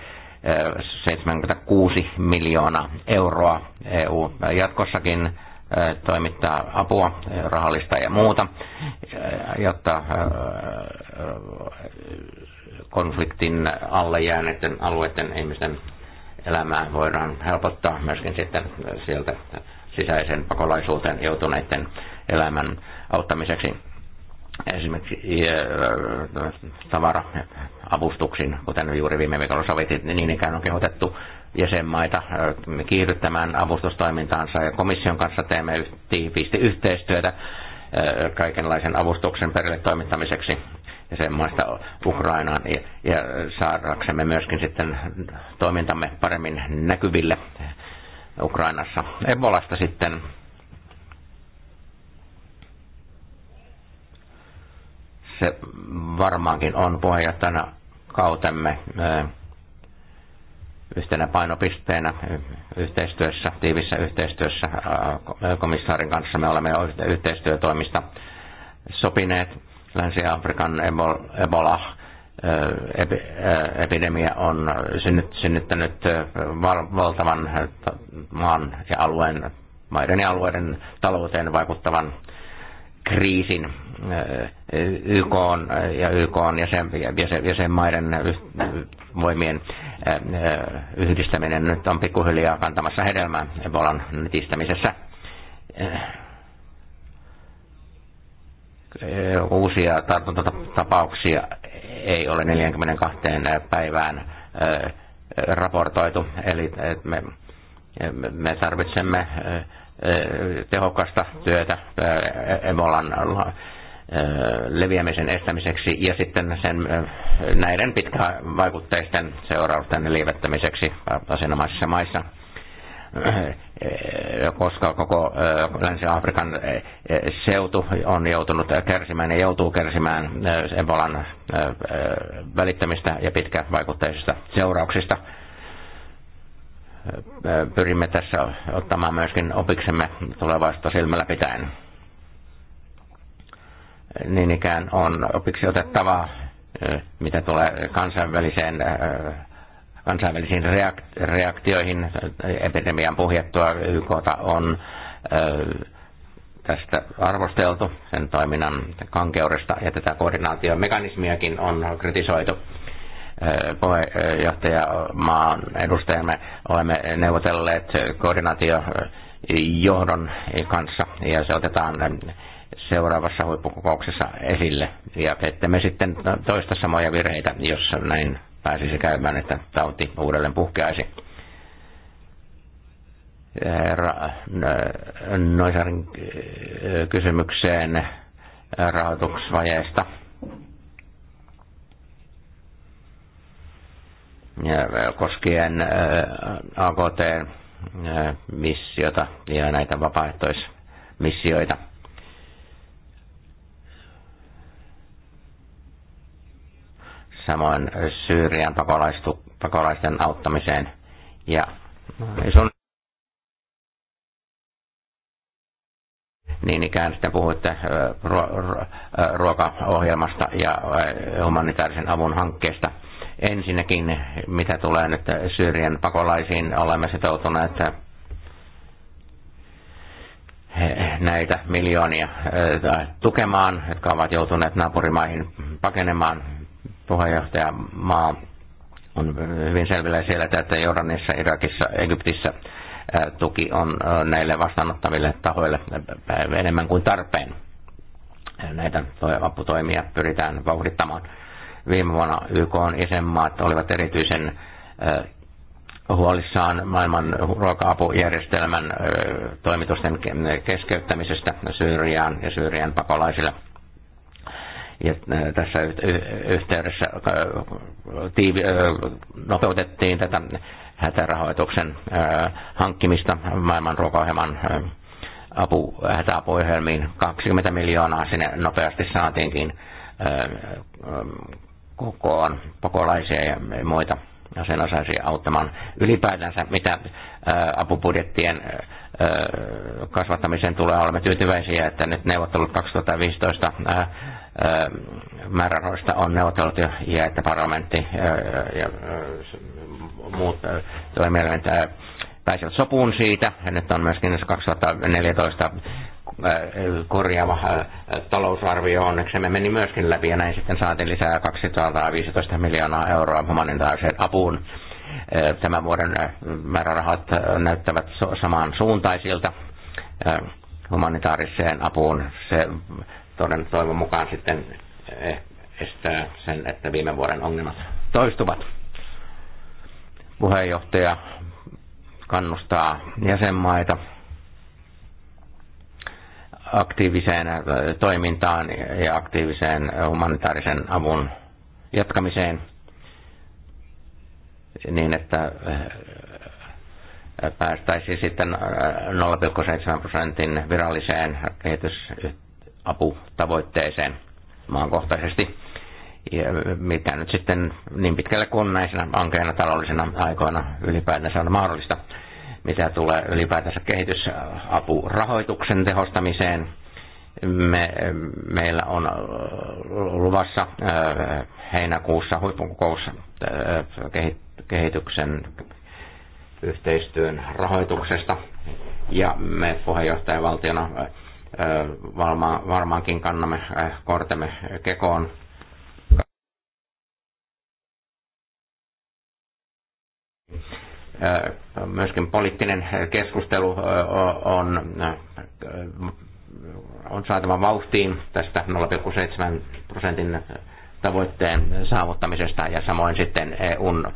76 miljoonaa euroa. EU jatkossakin e, toimittaa apua, e, rahallista ja muuta, e, jotta konfliktin alle jääneiden alueiden ihmisten elämää voidaan helpottaa myöskin sitten sieltä sisäisen pakolaisuuteen joutuneiden elämän auttamiseksi esimerkiksi eh, tavara-avustuksin, kuten juuri viime viikolla sovittiin, niin ikään on kehotettu jäsenmaita eh, kiihdyttämään avustustoimintaansa ja komission kanssa teemme tiiviisti yhteistyötä eh, kaikenlaisen avustuksen perille toimittamiseksi jäsenmaista Ukrainaan ja, ja saadaksemme myöskin sitten toimintamme paremmin näkyville Ukrainassa. Ebolasta sitten se varmaankin on puheenjohtajana kautemme yhtenä painopisteenä yhteistyössä, tiivissä yhteistyössä komissaarin kanssa. Me olemme jo yhteistyötoimista sopineet. Länsi-Afrikan Ebola-epidemia on synnyttänyt valtavan maan ja alueen, maiden ja alueiden talouteen vaikuttavan kriisin YK ja YK ja sen jäsenmaiden voimien yhdistäminen nyt on pikkuhiljaa kantamassa hedelmää Ebolan nitistämisessä. Uusia tartuntatapauksia ei ole 42 päivään raportoitu, eli me, me tarvitsemme tehokasta työtä Ebolan leviämisen estämiseksi ja sitten sen, näiden pitkävaikutteisten seurausten lievettämiseksi asianomaisissa maissa koska koko Länsi-Afrikan seutu on joutunut kärsimään ja joutuu kärsimään Ebolan välittämistä ja pitkävaikutteisista seurauksista. Pyrimme tässä ottamaan myöskin opiksemme tulevaisuutta silmällä pitäen niin ikään on opiksi otettavaa, mitä tulee kansainväliseen kansainvälisiin reaktioihin epidemian puhjettua YK on tästä arvosteltu, sen toiminnan kankeudesta ja tätä koordinaatiomekanismiakin on kritisoitu. Puheenjohtaja maan edustajamme olemme neuvotelleet koordinaatiojohdon kanssa ja se otetaan seuraavassa huippukokouksessa esille, ja että me sitten toista samoja virheitä, jos näin pääsisi käymään, että tauti uudelleen puhkeaisi. Äh, Noisarin äh, kysymykseen rahoituksvajeesta. Äh, koskien AKT-missiota ja näitä vapaaehtoismissioita – samoin Syyrian pakolaisten auttamiseen. Ja äh, sun niin ikään sitten puhuitte äh, äh, ruokaohjelmasta ja humanitaarisen avun hankkeesta. Ensinnäkin, mitä tulee nyt Syyrian pakolaisiin, olemme sitoutuneet näitä miljoonia tukemaan, jotka ovat joutuneet naapurimaihin pakenemaan puheenjohtaja maa on hyvin selvillä siellä, että Jordanissa, Irakissa, Egyptissä tuki on näille vastaanottaville tahoille enemmän kuin tarpeen. Näitä aputoimia pyritään vauhdittamaan. Viime vuonna YK on jäsenmaat olivat erityisen huolissaan maailman ruoka-apujärjestelmän toimitusten keskeyttämisestä Syyriaan ja Syyrian pakolaisille – ja tässä yhteydessä nopeutettiin tätä hätärahoituksen hankkimista maailman ruokaohjelman apu, hätäapuohjelmiin. 20 miljoonaa sinne nopeasti saatiinkin kokoon pakolaisia ja muita asianosaisia auttamaan. Ylipäätänsä mitä apupudjettien kasvattamiseen tulee, olemme tyytyväisiä, että nyt neuvottelut 2015 määrärahoista on neuvotellut jo, ja että parlamentti ja muut toimielimet pääsivät sopuun siitä. Ja nyt on myöskin 2014 korjaava talousarvio onneksi me meni myöskin läpi ja näin sitten saatiin lisää 215 miljoonaa euroa humanitaariseen apuun. Tämän vuoden määrärahat näyttävät samaan suuntaisilta humanitaariseen apuun. Se toden toivon mukaan sitten eh, estää sen, että viime vuoden ongelmat toistuvat. Puheenjohtaja kannustaa jäsenmaita aktiiviseen eh, toimintaan ja aktiiviseen eh, humanitaarisen avun jatkamiseen niin, että päästäisiin sitten 0,7 prosentin viralliseen kehitys aputavoitteeseen maankohtaisesti, mitä nyt sitten niin pitkälle kuin näisenä ankeina taloudellisena aikoina ylipäätänsä on mahdollista, mitä tulee ylipäätänsä kehitysapurahoituksen tehostamiseen. Me, meillä on äh, luvassa äh, heinäkuussa huippukokous äh, kehityksen yhteistyön rahoituksesta ja me puheenjohtajavaltiona varmaankin kannamme kortemme kekoon myöskin poliittinen keskustelu on, on saatava vauhtiin tästä 0,7 prosentin tavoitteen saavuttamisesta ja samoin sitten EUn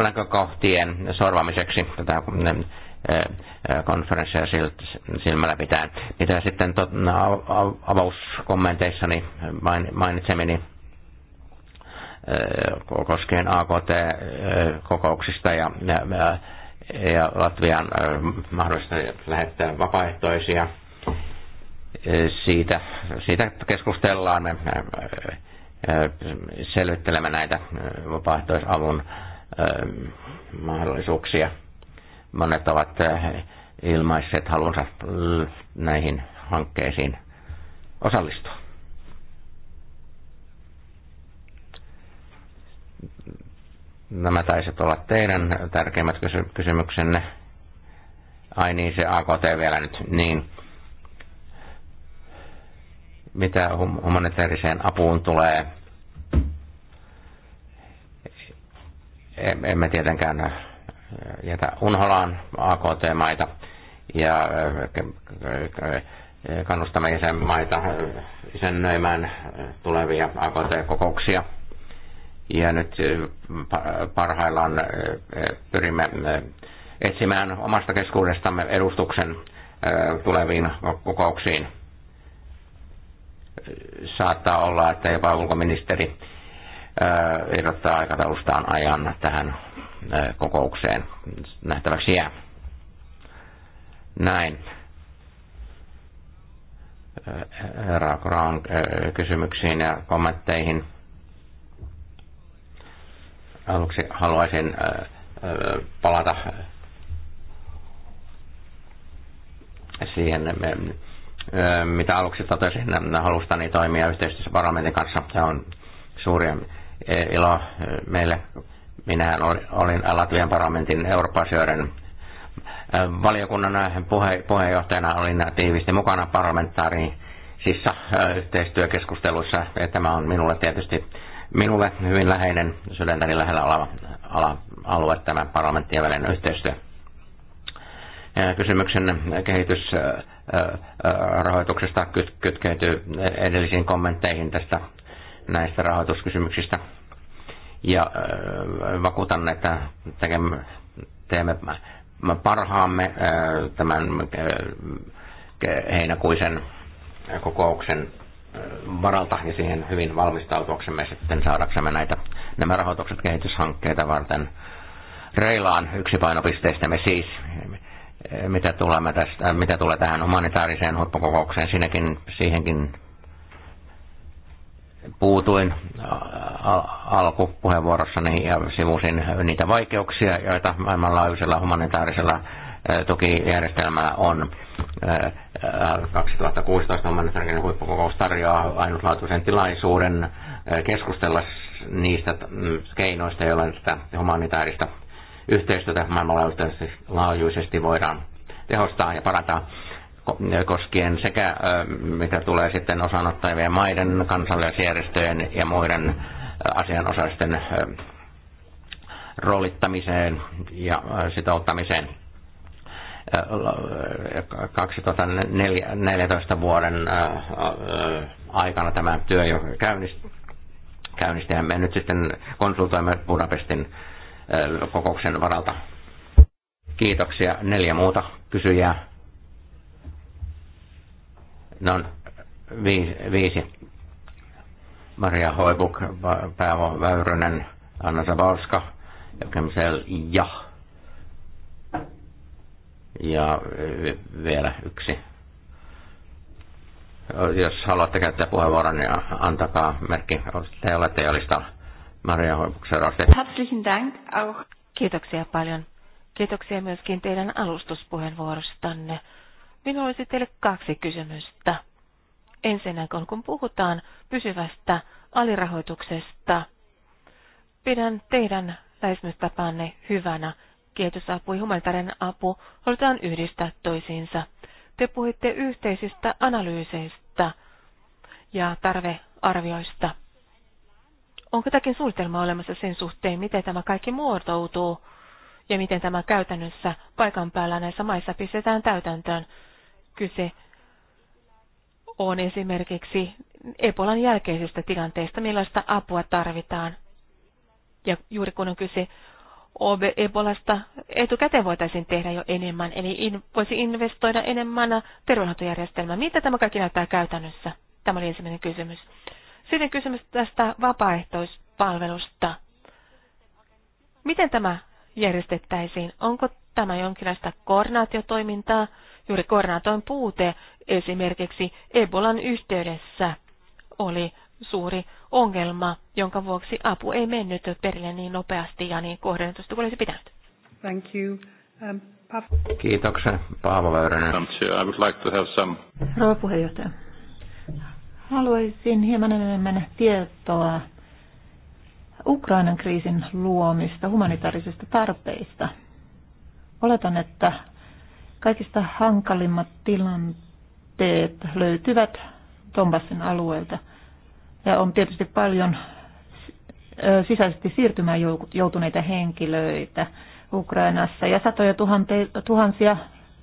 näkökohtien sorvamiseksi tätä Eh, konferensseja silmällä pitää. Mitä sitten tot, no, avauskommenteissani mainitsemini eh, koskien AKT-kokouksista eh, ja, ja, ja Latvian mahdollista lähettää vapaaehtoisia. Siitä, siitä keskustellaan. Me selvittelemme näitä vapaaehtoisavun mahdollisuuksia – Monet ovat eh, ilmaisseet halunsa näihin hankkeisiin osallistua. Nämä taiset olla teidän tärkeimmät kysymyksenne. Ai niin, se AKT vielä nyt. Niin. Mitä humanitaariseen apuun tulee? Emme tietenkään jätä unholaan AKT-maita ja äh, äh, kannustamme jäsenmaita äh, isännöimään tulevia AKT-kokouksia. Ja nyt parhaillaan pyrimme etsimään omasta keskuudestamme edustuksen tuleviin kokouksiin. Saattaa olla, että jopa ulkoministeri ehdottaa aikataulustaan ajan tähän kokoukseen. Nähtäväksi jää. Näin. Herra Graan kysymyksiin ja kommentteihin. Aluksi haluaisin palata siihen, mitä aluksi totesin, halustani toimia yhteistyössä parlamentin kanssa. Se on suuria ilo meille. Minä olin Latvian parlamentin Euroopan valiokunnan puheenjohtajana olin tiivisti mukana parlamentaarisissa yhteistyökeskusteluissa. Tämä on minulle tietysti minulle hyvin läheinen, sydäntäni lähellä oleva ala, alue tämä parlamenttien välinen yhteistyö. Kysymyksen kehitysrahoituksesta kytkeytyy edellisiin kommentteihin tästä näistä rahoituskysymyksistä. Ja äh, vakuutan, että teemme parhaamme äh, tämän äh, heinäkuisen kokouksen varalta ja siihen hyvin valmistautuaksemme sitten saadaksemme näitä, nämä rahoitukset kehityshankkeita varten reilaan yksi painopisteistämme siis, mitä, tulemme tästä, mitä tulee tähän humanitaariseen huippukokoukseen, siinäkin, siihenkin puutuin alkupuheenvuorossani ja sivusin niitä vaikeuksia, joita maailmanlaajuisella humanitaarisella tukijärjestelmällä on. 2016 humanitaarinen huippukokous tarjoaa ainutlaatuisen tilaisuuden keskustella niistä mm, keinoista, joilla tätä humanitaarista yhteistyötä maailmanlaajuisesti siis voidaan tehostaa ja parantaa koskien sekä mitä tulee sitten osanottajien maiden, kansallisjärjestöjen ja muiden asianosaisten roolittamiseen ja sitouttamiseen. 2014 vuoden aikana tämä työ jo käynnisti ja me nyt sitten konsultoimme Budapestin kokouksen varalta. Kiitoksia. Neljä muuta kysyjää No, viisi. viisi. Maria Hoibuk, Paavo Väyrynen, Anna Zabalska, Jokemsel ja. Ja vielä yksi. Jos haluatte käyttää puheenvuoron, niin antakaa merkki. Te olette jo listalla. Maria Hoibuk seuraavaksi. Herzlichen Dank auch. Kiitoksia paljon. Kiitoksia myöskin teidän alustuspuheenvuorostanne. Minulla olisi teille kaksi kysymystä. Ensinnäkin, kun puhutaan pysyvästä alirahoituksesta, pidän teidän lähestymistapanne hyvänä. Kehitysapu ja humanitaarinen apu halutaan yhdistää toisiinsa. Te puhuitte yhteisistä analyyseistä ja tarvearvioista. Onko jotakin suunnitelma olemassa sen suhteen, miten tämä kaikki muotoutuu ja miten tämä käytännössä paikan päällä näissä maissa pistetään täytäntöön? kyse on esimerkiksi Ebolan jälkeisestä tilanteesta, millaista apua tarvitaan. Ja juuri kun on kyse Ebolasta, etukäteen voitaisiin tehdä jo enemmän, eli in, voisi investoida enemmän terveydenhoitojärjestelmään. Mitä tämä kaikki näyttää käytännössä? Tämä oli ensimmäinen kysymys. Sitten kysymys tästä vapaaehtoispalvelusta. Miten tämä järjestettäisiin? Onko Tämä jonkinlaista koordinaatiotoimintaa, juuri koordinaatoin puute esimerkiksi Ebolan yhteydessä oli suuri ongelma, jonka vuoksi apu ei mennyt perille niin nopeasti ja niin kohdennetusti kuin olisi pitänyt. Thank you. Um, Pav- Kiitoksia. Paavo Väyrynen. Um, like some... Rouva puheenjohtaja. Haluaisin hieman enemmän tietoa Ukrainan kriisin luomista humanitaarisista tarpeista – Oletan, että kaikista hankalimmat tilanteet löytyvät Tombassin alueelta. Ja on tietysti paljon sisäisesti siirtymään joutuneita henkilöitä Ukrainassa ja satoja tuhansia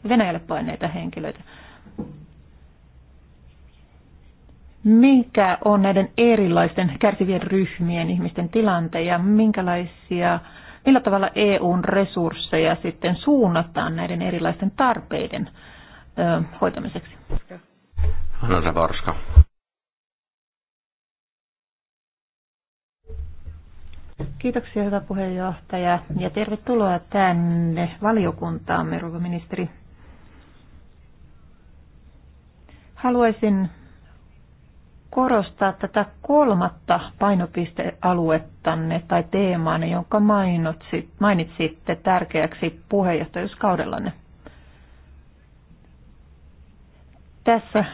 Venäjälle paineita henkilöitä. Mikä on näiden erilaisten kärsivien ryhmien ihmisten tilanteja? Minkälaisia millä tavalla EUn resursseja sitten suunnataan näiden erilaisten tarpeiden ö, hoitamiseksi? Anna Zaborska. Kiitoksia, hyvä puheenjohtaja, ja tervetuloa tänne valiokuntaan, ministeri. Haluaisin korostaa tätä kolmatta painopistealuettanne tai teemaanne, jonka mainitsitte tärkeäksi puheenjohtajuuskaudellanne. Tässä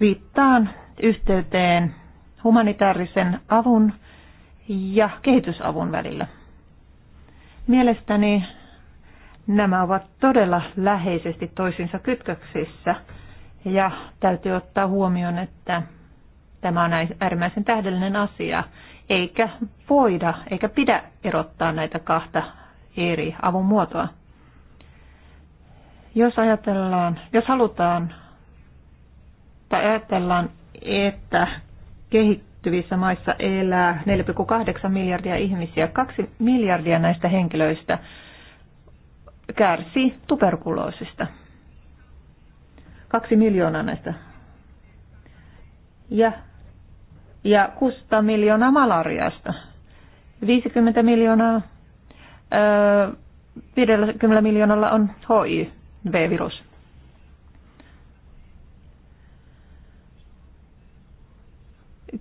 viittaan yhteyteen humanitaarisen avun ja kehitysavun välillä. Mielestäni nämä ovat todella läheisesti toisiinsa kytköksissä ja täytyy ottaa huomioon, että Tämä on äärimmäisen tähdellinen asia, eikä voida eikä pidä erottaa näitä kahta eri avun muotoa. Jos ajatellaan, jos halutaan tai ajatellaan, että kehittyvissä maissa elää 4,8 miljardia ihmisiä, kaksi miljardia näistä henkilöistä kärsii tuberkuloosista. Kaksi miljoonaa näistä. Ja ja 600 miljoonaa malariasta. 50 miljoonaa, 50 miljoonalla on HIV-virus.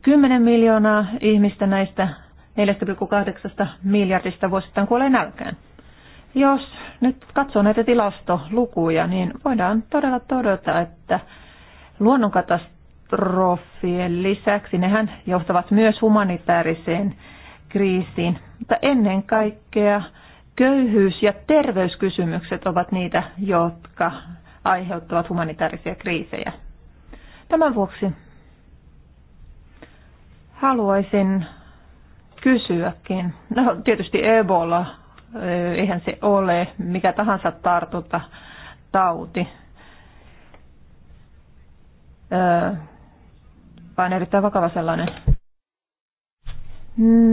Kymmenen miljoonaa ihmistä näistä 4,8 miljardista vuosittain kuolee nälkään. Jos nyt katsoo näitä tilastolukuja, niin voidaan todella todeta, että luonnonkatast- katastrofien lisäksi nehän johtavat myös humanitaariseen kriisiin. Mutta ennen kaikkea köyhyys ja terveyskysymykset ovat niitä, jotka aiheuttavat humanitaarisia kriisejä. Tämän vuoksi haluaisin kysyäkin. No tietysti Ebola, eh, eihän se ole mikä tahansa tartunta tauti. Eh, vaan erittäin vakava sellainen.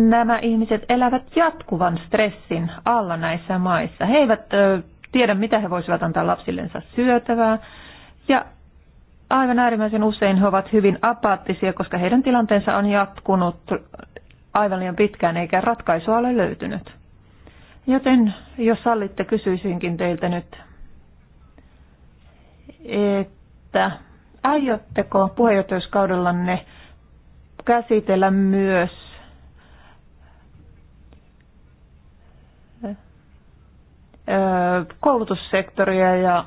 Nämä ihmiset elävät jatkuvan stressin alla näissä maissa. He eivät ö, tiedä, mitä he voisivat antaa lapsillensa syötävää. Ja aivan äärimmäisen usein he ovat hyvin apaattisia, koska heidän tilanteensa on jatkunut aivan liian pitkään eikä ratkaisua ole löytynyt. Joten jos sallitte, kysyisinkin teiltä nyt, että aiotteko puheenjohtajuuskaudellanne käsitellä myös koulutussektoria ja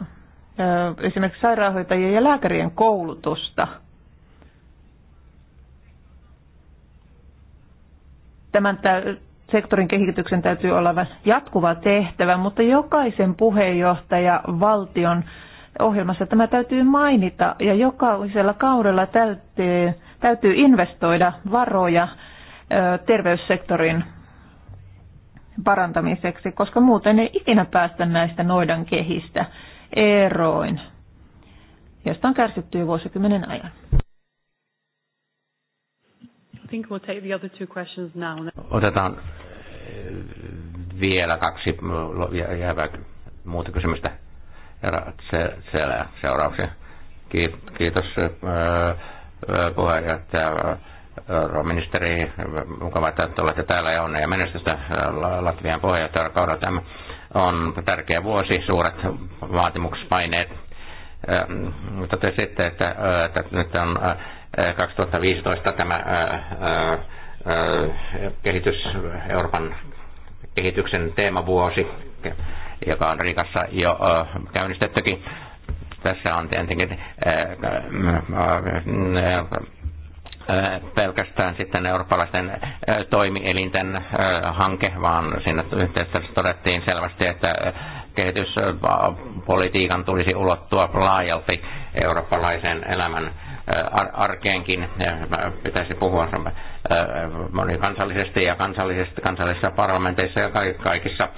esimerkiksi sairaanhoitajien ja lääkärien koulutusta. Tämän sektorin kehityksen täytyy olla jatkuvaa tehtävä, mutta jokaisen puheenjohtaja valtion ohjelmassa tämä täytyy mainita ja jokaisella kaudella täytyy, täytyy investoida varoja terveyssektorin parantamiseksi, koska muuten ei ikinä päästä näistä noidan kehistä eroin, josta on kärsitty jo vuosikymmenen ajan. Otetaan vielä kaksi jäävää muuta kysymystä herra Tselä seuraavaksi. Kiitos äh, äh, puheenjohtaja ministeri, mukava, että olette täällä ja onnea ja menestystä äh, Latvian puheenjohtajakaudella. Tämä on tärkeä vuosi, suuret mutta ähm, te että, että nyt on 2015 tämä kehitys, Euroopan kehityksen teemavuosi joka on Riikassa jo käynnistettykin. Tässä on tietenkin pelkästään sitten eurooppalaisten toimielinten hanke, vaan siinä yhteydessä todettiin selvästi, että kehityspolitiikan tulisi ulottua laajalti eurooppalaisen elämän Äh, arkeenkin äh, pitäisi puhua äh, monikansallisesti ja kansallisesti, kansallisissa parlamenteissa ja kaikissa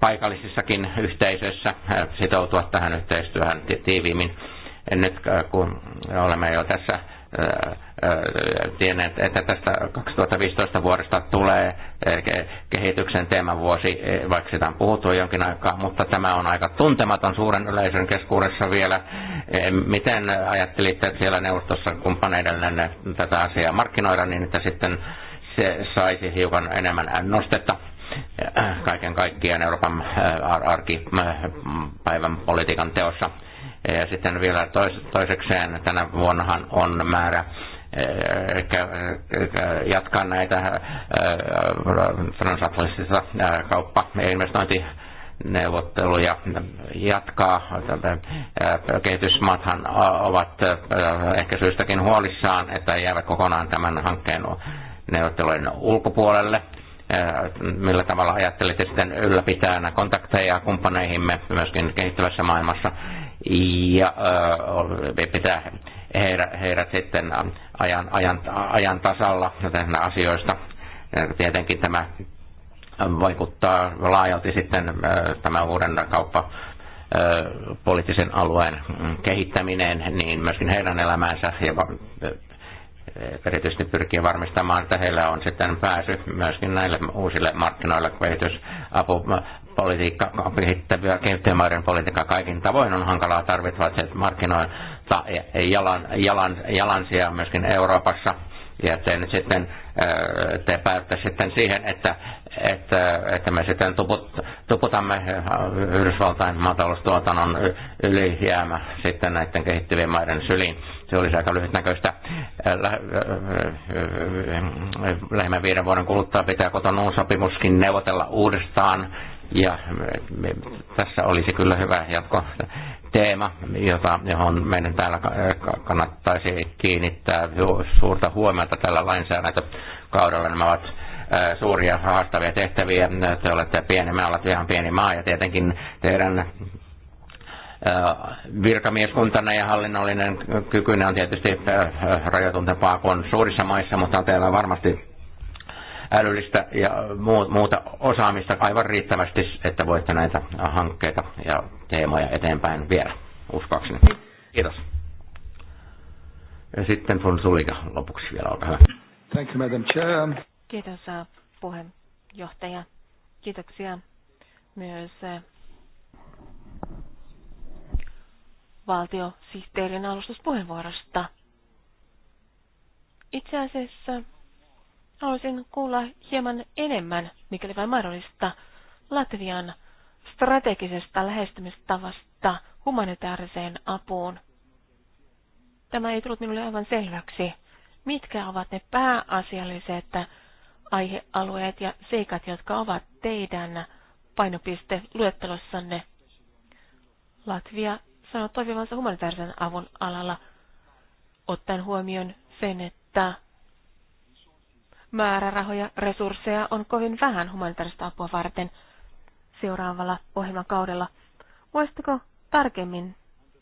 paikallisissakin yhteisöissä sitoutua tähän yhteistyöhön tiiviimmin. Nyt kun olemme jo tässä Äh, äh, tienneet, että tästä 2015 vuodesta tulee äh, kehityksen teemavuosi, vaikka sitä on puhuttu jonkin aikaa, mutta tämä on aika tuntematon suuren yleisön keskuudessa vielä. Miten ajattelitte että siellä neuvostossa kumppaneiden tätä asiaa markkinoida niin, että sitten se saisi hiukan enemmän nostetta kaiken kaikkiaan Euroopan arkipäivän politiikan teossa? Ja sitten vielä tois, toisekseen tänä vuonnahan on määrä eh, eh, eh, jatkaa näitä transatlanttista kauppa- ja investointineuvotteluja jatkaa. Kehitysmaathan ovat ehkä syystäkin huolissaan, että jäävät kokonaan tämän hankkeen neuvottelujen ulkopuolelle. Millä tavalla ajattelitte sitten ylläpitää kontakteja kumppaneihimme myöskin kehittyvässä maailmassa ja äh, pitää heidät, heidät sitten äh, ajan, ajan, ajan tasalla näistä asioista. Tietenkin tämä vaikuttaa laajalti sitten äh, tämän uuden kauppa poliittisen alueen mm, kehittäminen, niin myöskin heidän elämänsä ja erityisesti pyrkii varmistamaan, että heillä on sitten pääsy myöskin näille uusille markkinoille kehitysapu politiikka, kehittyvien maiden politiikka kaikin tavoin on hankalaa, tarvitsevat se markkinoita jalan, jalan, sijaa myöskin Euroopassa. Ja te nyt sitten te päätte sitten siihen, että, että, että me sitten tuput, tuputamme Yhdysvaltain maataloustuotannon ylijäämä sitten näiden kehittyvien maiden syliin. Se olisi aika lyhytnäköistä. Lähemmän viiden vuoden kuluttua pitää kotonuun sopimuskin neuvotella uudestaan ja tässä olisi kyllä hyvä jatko teema, jota, johon meidän täällä kannattaisi kiinnittää suurta huomiota tällä lainsäädäntökaudella. Nämä ovat suuria haastavia tehtäviä. Te olette pieni, me olette ihan pieni maa ja tietenkin teidän virkamieskuntana ja hallinnollinen kykyne on tietysti rajoituntempaa kuin suurissa maissa, mutta teillä on varmasti älyllistä ja muuta osaamista aivan riittävästi, että voitte näitä hankkeita ja teemoja eteenpäin viedä, uskoakseni. Kiitos. Ja sitten von Sulika lopuksi vielä, olkaa hyvä. Thank you, Madam Chair. Kiitos äh, puheenjohtaja. Kiitoksia myös äh, valtiosihteerin alustuspuheenvuorosta. Itse asiassa Haluaisin kuulla hieman enemmän, mikäli vain mahdollista, Latvian strategisesta lähestymistavasta humanitaariseen apuun. Tämä ei tullut minulle aivan selväksi. Mitkä ovat ne pääasialliset aihealueet ja seikat, jotka ovat teidän painopiste luettelossanne? Latvia sanoo toimivansa humanitaarisen avun alalla, ottaen huomioon sen, että määrärahoja, resursseja on kovin vähän humanitaarista apua varten seuraavalla ohjelmakaudella. Voisitteko tarkemmin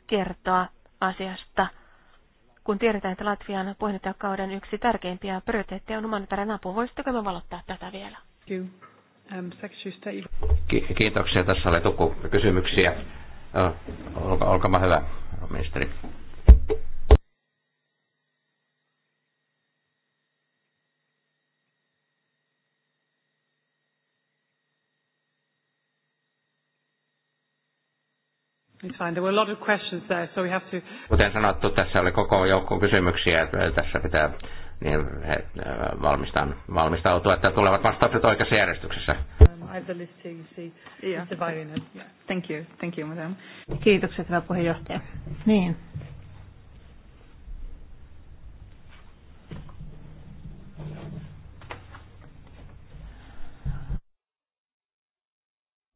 kertoa asiasta, kun tiedetään, että Latvian puheenjohtajakauden yksi tärkeimpiä prioriteetteja on humanitaarinen apu. Voisitteko me valottaa tätä vielä? Kiitoksia. Tässä oli tukku kysymyksiä. Olkaa, olkaa hyvä, ministeri. Kuten sanottu, tässä oli koko joukko kysymyksiä. Tässä pitää niin he, äh, valmistan, valmistautua, että tulevat vastaukset oikeassa järjestyksessä. Um, Thank you. Thank you, madam. Kiitokset, hyvä puheenjohtaja. Niin.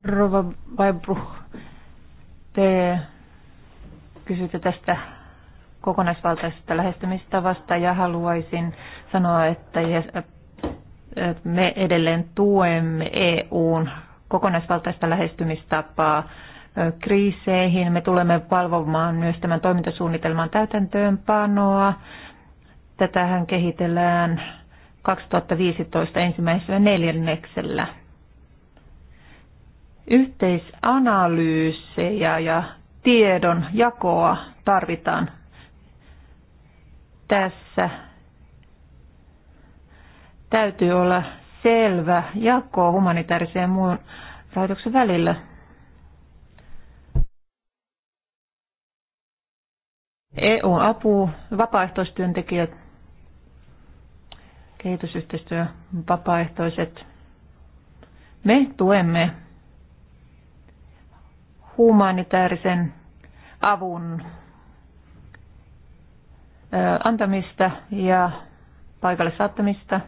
Rova Weibruch, te kysytte tästä kokonaisvaltaisesta lähestymistavasta ja haluaisin sanoa, että äh, äh, me edelleen tuemme EUn kokonaisvaltaista lähestymistapaa äh, kriiseihin. Me tulemme valvomaan myös tämän toimintasuunnitelman täytäntöönpanoa. Tätähän kehitellään 2015 ensimmäisellä neljänneksellä. Yhteisanalyysejä ja tiedon jakoa tarvitaan tässä. Täytyy olla selvä jako humanitaariseen ja muun rahoituksen välillä. EU-apu, vapaaehtoistyöntekijät, kehitysyhteistyö, vapaaehtoiset. Me tuemme humanitaarisen avun antamista ja paikalle saattamista.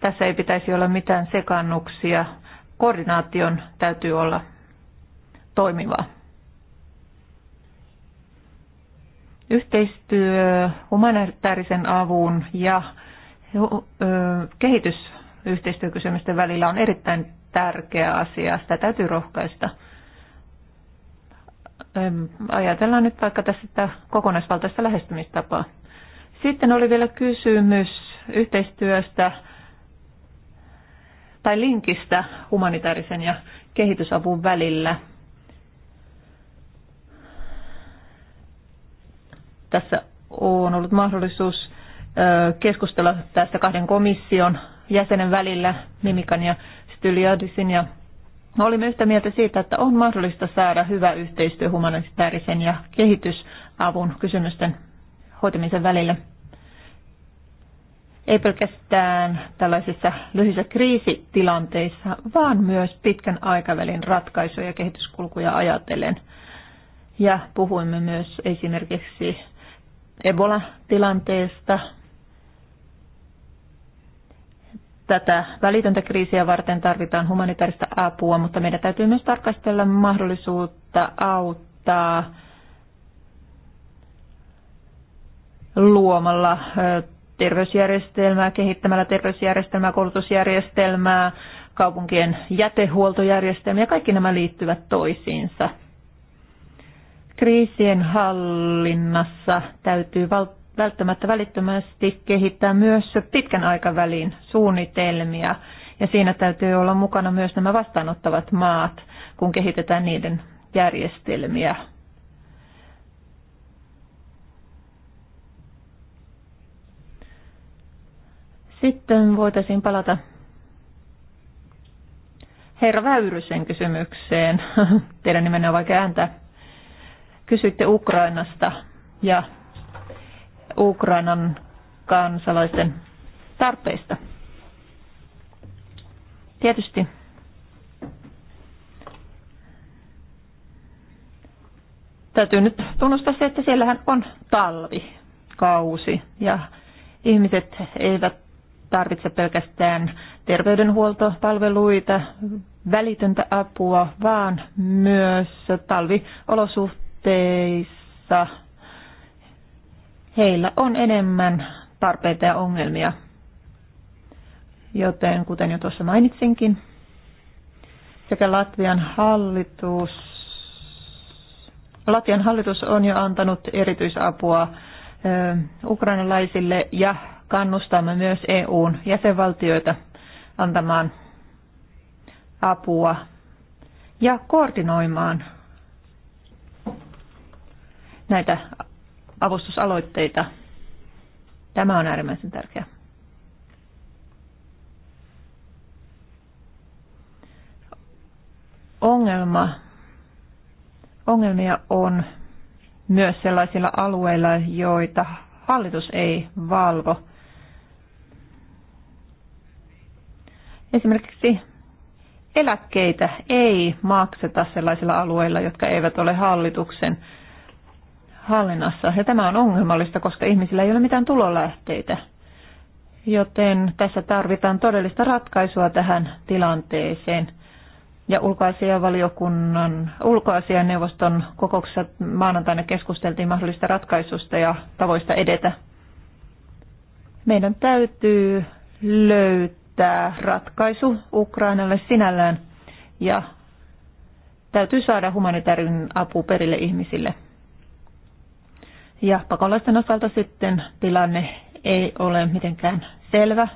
Tässä ei pitäisi olla mitään sekannuksia. Koordinaation täytyy olla toimiva. Yhteistyö humanitaarisen avun ja kehitysyhteistyökysymysten välillä on erittäin tärkeä asia. Sitä täytyy rohkaista ajatellaan nyt vaikka tässä kokonaisvaltaista lähestymistapaa. Sitten oli vielä kysymys yhteistyöstä tai linkistä humanitaarisen ja kehitysavun välillä. Tässä on ollut mahdollisuus keskustella tästä kahden komission jäsenen välillä, Mimikan ja Styliadisin ja Olimme yhtä mieltä siitä, että on mahdollista saada hyvä yhteistyö humanitaarisen ja kehitysavun kysymysten hoitamisen välillä. Ei pelkästään tällaisissa lyhyissä kriisitilanteissa, vaan myös pitkän aikavälin ratkaisuja ja kehityskulkuja ajatellen. Ja puhuimme myös esimerkiksi Ebola-tilanteesta Tätä välitöntä kriisiä varten tarvitaan humanitaarista apua, mutta meidän täytyy myös tarkastella mahdollisuutta auttaa luomalla terveysjärjestelmää, kehittämällä terveysjärjestelmää, koulutusjärjestelmää, kaupunkien jätehuoltojärjestelmää Ja kaikki nämä liittyvät toisiinsa. Kriisien hallinnassa täytyy valtaa välttämättä välittömästi kehittää myös pitkän aikavälin suunnitelmia. Ja siinä täytyy olla mukana myös nämä vastaanottavat maat, kun kehitetään niiden järjestelmiä. Sitten voitaisiin palata herra Väyrysen kysymykseen. Teidän nimenne on vaikea ääntää. Kysyitte Ukrainasta ja Ukrainan kansalaisten tarpeista. Tietysti täytyy nyt tunnustaa se, että siellähän on talvi, kausi ja ihmiset eivät tarvitse pelkästään terveydenhuoltopalveluita, välitöntä apua, vaan myös talviolosuhteissa heillä on enemmän tarpeita ja ongelmia. Joten kuten jo tuossa mainitsinkin, sekä Latvian hallitus, Latvian hallitus on jo antanut erityisapua ukrainalaisille ja kannustamme myös EUn jäsenvaltioita antamaan apua ja koordinoimaan näitä avustusaloitteita. Tämä on äärimmäisen tärkeää. Ongelma, ongelmia on myös sellaisilla alueilla, joita hallitus ei valvo. Esimerkiksi eläkkeitä ei makseta sellaisilla alueilla, jotka eivät ole hallituksen hallinnassa. Ja tämä on ongelmallista, koska ihmisillä ei ole mitään tulolähteitä. Joten tässä tarvitaan todellista ratkaisua tähän tilanteeseen. Ja ulkoasianvaliokunnan, ulkoasianneuvoston kokouksessa maanantaina keskusteltiin mahdollista ratkaisusta ja tavoista edetä. Meidän täytyy löytää ratkaisu Ukrainalle sinällään ja täytyy saada humanitaarinen apu perille ihmisille. Ja pakolaisten osalta sitten tilanne ei ole mitenkään selvä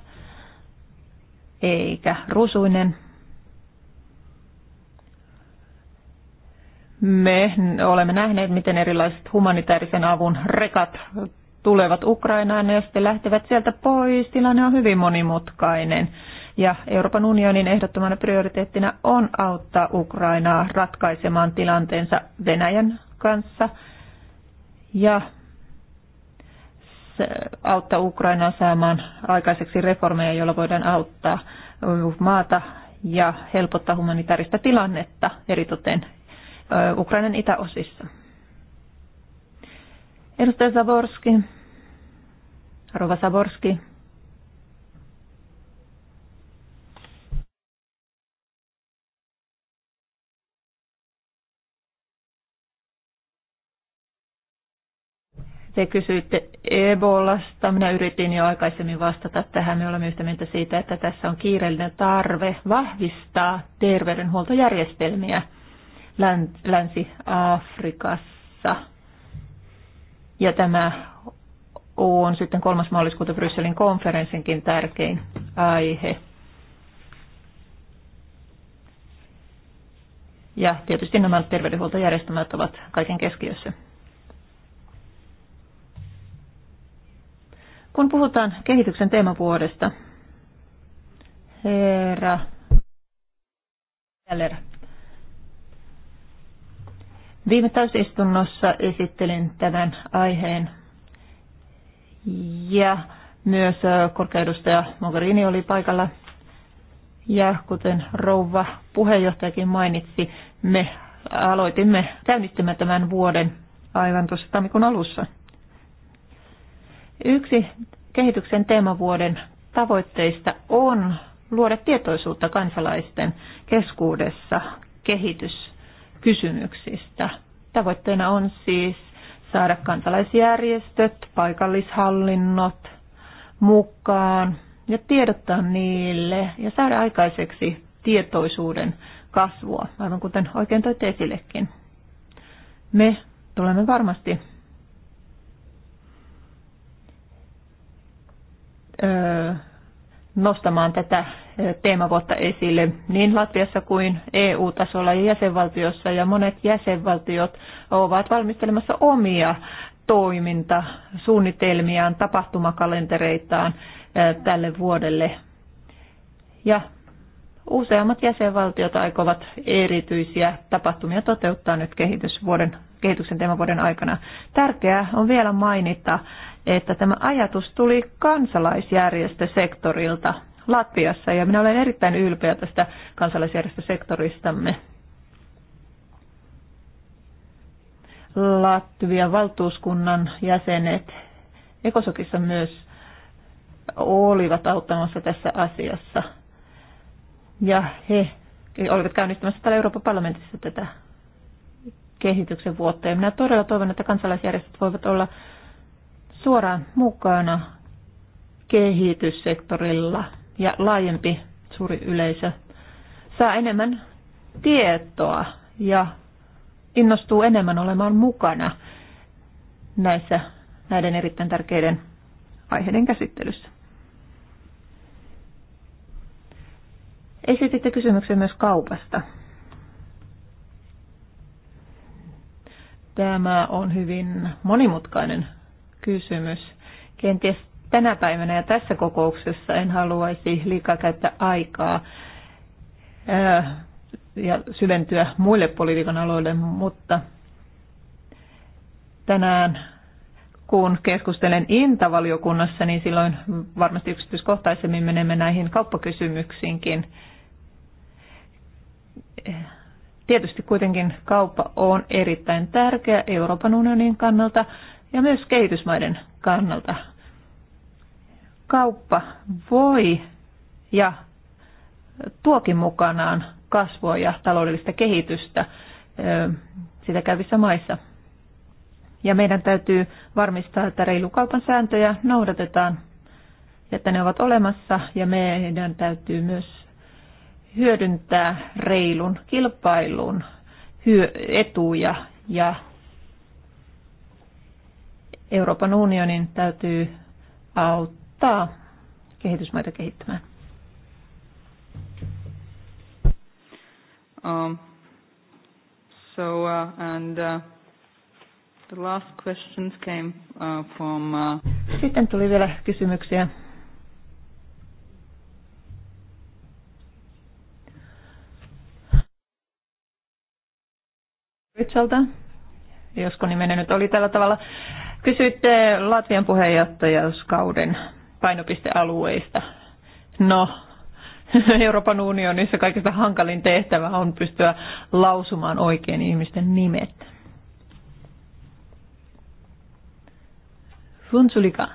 eikä rusuinen. Me olemme nähneet, miten erilaiset humanitaarisen avun rekat tulevat Ukrainaan ja sitten lähtevät sieltä pois. Tilanne on hyvin monimutkainen. Ja Euroopan unionin ehdottomana prioriteettina on auttaa Ukrainaa ratkaisemaan tilanteensa Venäjän kanssa ja auttaa Ukrainaa saamaan aikaiseksi reformeja, joilla voidaan auttaa maata ja helpottaa humanitaarista tilannetta eritoten Ukrainan itäosissa. Edustaja Zaborski, Rova Zaborski, Te kysyitte Ebolasta. Minä yritin jo aikaisemmin vastata tähän. Me olemme yhtä mieltä siitä, että tässä on kiireellinen tarve vahvistaa terveydenhuoltojärjestelmiä Länsi-Afrikassa. Ja tämä on sitten kolmas maaliskuuta Brysselin konferenssinkin tärkein aihe. Ja tietysti nämä terveydenhuoltojärjestelmät ovat kaiken keskiössä. Kun puhutaan kehityksen teemavuodesta, herra Jäller. Viime täysistunnossa esittelin tämän aiheen ja myös korkeudustaja Mogherini oli paikalla. Ja kuten rouva puheenjohtajakin mainitsi, me aloitimme, käynnistimme tämän vuoden aivan tuossa tammikuun alussa – Yksi kehityksen teemavuoden tavoitteista on luoda tietoisuutta kansalaisten keskuudessa kehityskysymyksistä. Tavoitteena on siis saada kansalaisjärjestöt, paikallishallinnot mukaan ja tiedottaa niille ja saada aikaiseksi tietoisuuden kasvua, aivan kuten oikein toitte esillekin. Me tulemme varmasti nostamaan tätä teemavuotta esille niin Latviassa kuin EU-tasolla ja jäsenvaltiossa. Ja monet jäsenvaltiot ovat valmistelemassa omia toimintasuunnitelmiaan, tapahtumakalentereitaan tälle vuodelle. Ja useammat jäsenvaltiot aikovat erityisiä tapahtumia toteuttaa nyt kehitysvuoden, kehityksen teemavuoden aikana. Tärkeää on vielä mainita että tämä ajatus tuli kansalaisjärjestösektorilta Latviassa ja minä olen erittäin ylpeä tästä kansalaisjärjestösektoristamme. Latvian valtuuskunnan jäsenet Ekosokissa myös olivat auttamassa tässä asiassa. Ja he olivat käynnistämässä täällä Euroopan parlamentissa tätä kehityksen vuotta. Ja minä todella toivon, että kansalaisjärjestöt voivat olla suoraan mukana kehityssektorilla ja laajempi suuri yleisö saa enemmän tietoa ja innostuu enemmän olemaan mukana näissä näiden erittäin tärkeiden aiheiden käsittelyssä. Esititte kysymyksen myös kaupasta. Tämä on hyvin monimutkainen kysymys. Kenties tänä päivänä ja tässä kokouksessa en haluaisi liikaa käyttää aikaa äh, ja syventyä muille politiikan aloille, mutta tänään kun keskustelen Intavaliokunnassa, niin silloin varmasti yksityiskohtaisemmin menemme näihin kauppakysymyksiinkin. Tietysti kuitenkin kauppa on erittäin tärkeä Euroopan unionin kannalta ja myös kehitysmaiden kannalta. Kauppa voi ja tuokin mukanaan kasvua ja taloudellista kehitystä sitä käyvissä maissa. Ja meidän täytyy varmistaa, että reilukaupan sääntöjä noudatetaan, että ne ovat olemassa ja meidän täytyy myös hyödyntää reilun kilpailun etuja ja Euroopan unionin täytyy auttaa kehitysmaita kehittämään. Um, so, uh, and, uh, the last questions came, uh, from, uh... Sitten tuli vielä kysymyksiä. Richalta, josko nimeni nyt oli tällä tavalla. Kysyitte Latvian puheenjohtajuuskauden painopistealueista. No, Euroopan unionissa kaikista hankalin tehtävä on pystyä lausumaan oikein ihmisten nimet. Funtsulika.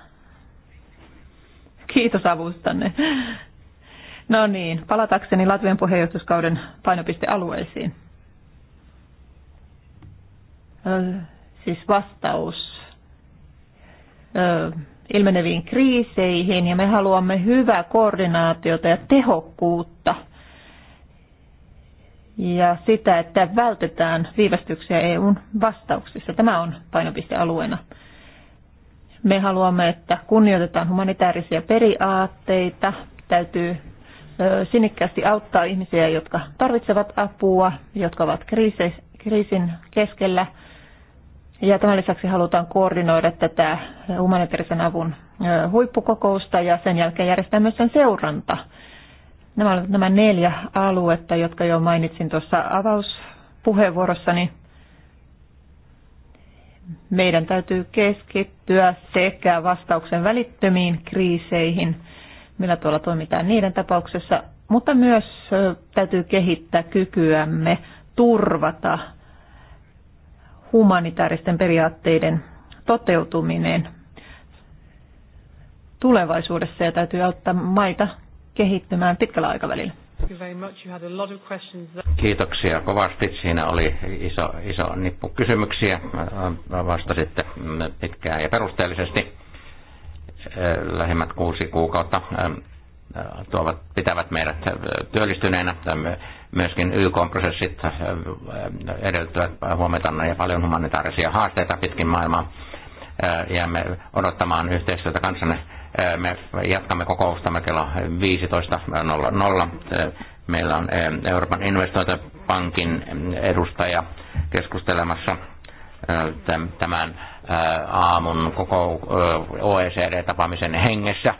Kiitos avustanne. No niin, palatakseni Latvian puheenjohtajuuskauden painopistealueisiin. Siis vastaus ilmeneviin kriiseihin ja me haluamme hyvää koordinaatiota ja tehokkuutta ja sitä, että vältetään viivästyksiä EUn vastauksissa. Tämä on painopistealueena. Me haluamme, että kunnioitetaan humanitaarisia periaatteita, täytyy sinnikkäästi auttaa ihmisiä, jotka tarvitsevat apua, jotka ovat kriisin keskellä – ja tämän lisäksi halutaan koordinoida tätä humanitaarisen avun huippukokousta ja sen jälkeen järjestää myös sen seuranta. Nämä ovat nämä neljä aluetta, jotka jo mainitsin tuossa avauspuheenvuorossani. Meidän täytyy keskittyä sekä vastauksen välittömiin kriiseihin, millä tuolla toimitaan niiden tapauksessa, mutta myös täytyy kehittää kykyämme turvata humanitaaristen periaatteiden toteutuminen tulevaisuudessa ja täytyy auttaa maita kehittymään pitkällä aikavälillä. Kiitoksia kovasti. Siinä oli iso, iso nippu kysymyksiä. Vastasitte pitkään ja perusteellisesti. Lähimmät kuusi kuukautta tuovat, pitävät meidät työllistyneenä myöskin YK-prosessit äh, äh, edellyttävät huomiota ja paljon humanitaarisia haasteita pitkin maailmaa. Äh, jäämme odottamaan yhteistyötä kanssanne. Me jatkamme kokoustamme kello 15.00. Meillä on Euroopan investointipankin edustaja keskustelemassa tämän aamun koko OECD-tapaamisen hengessä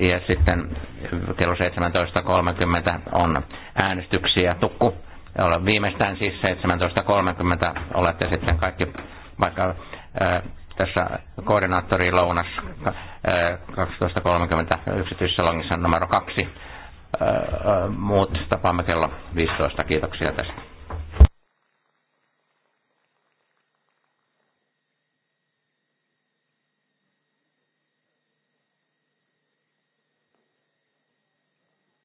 ja sitten kello 17.30 on äänestyksiä. Tukku, viimeistään siis 17.30 olette sitten kaikki, vaikka ää, tässä koordinaattori Lounas 12.30 yksityissalongissa numero kaksi. Ää, muut tapaamme kello 15. Kiitoksia tästä.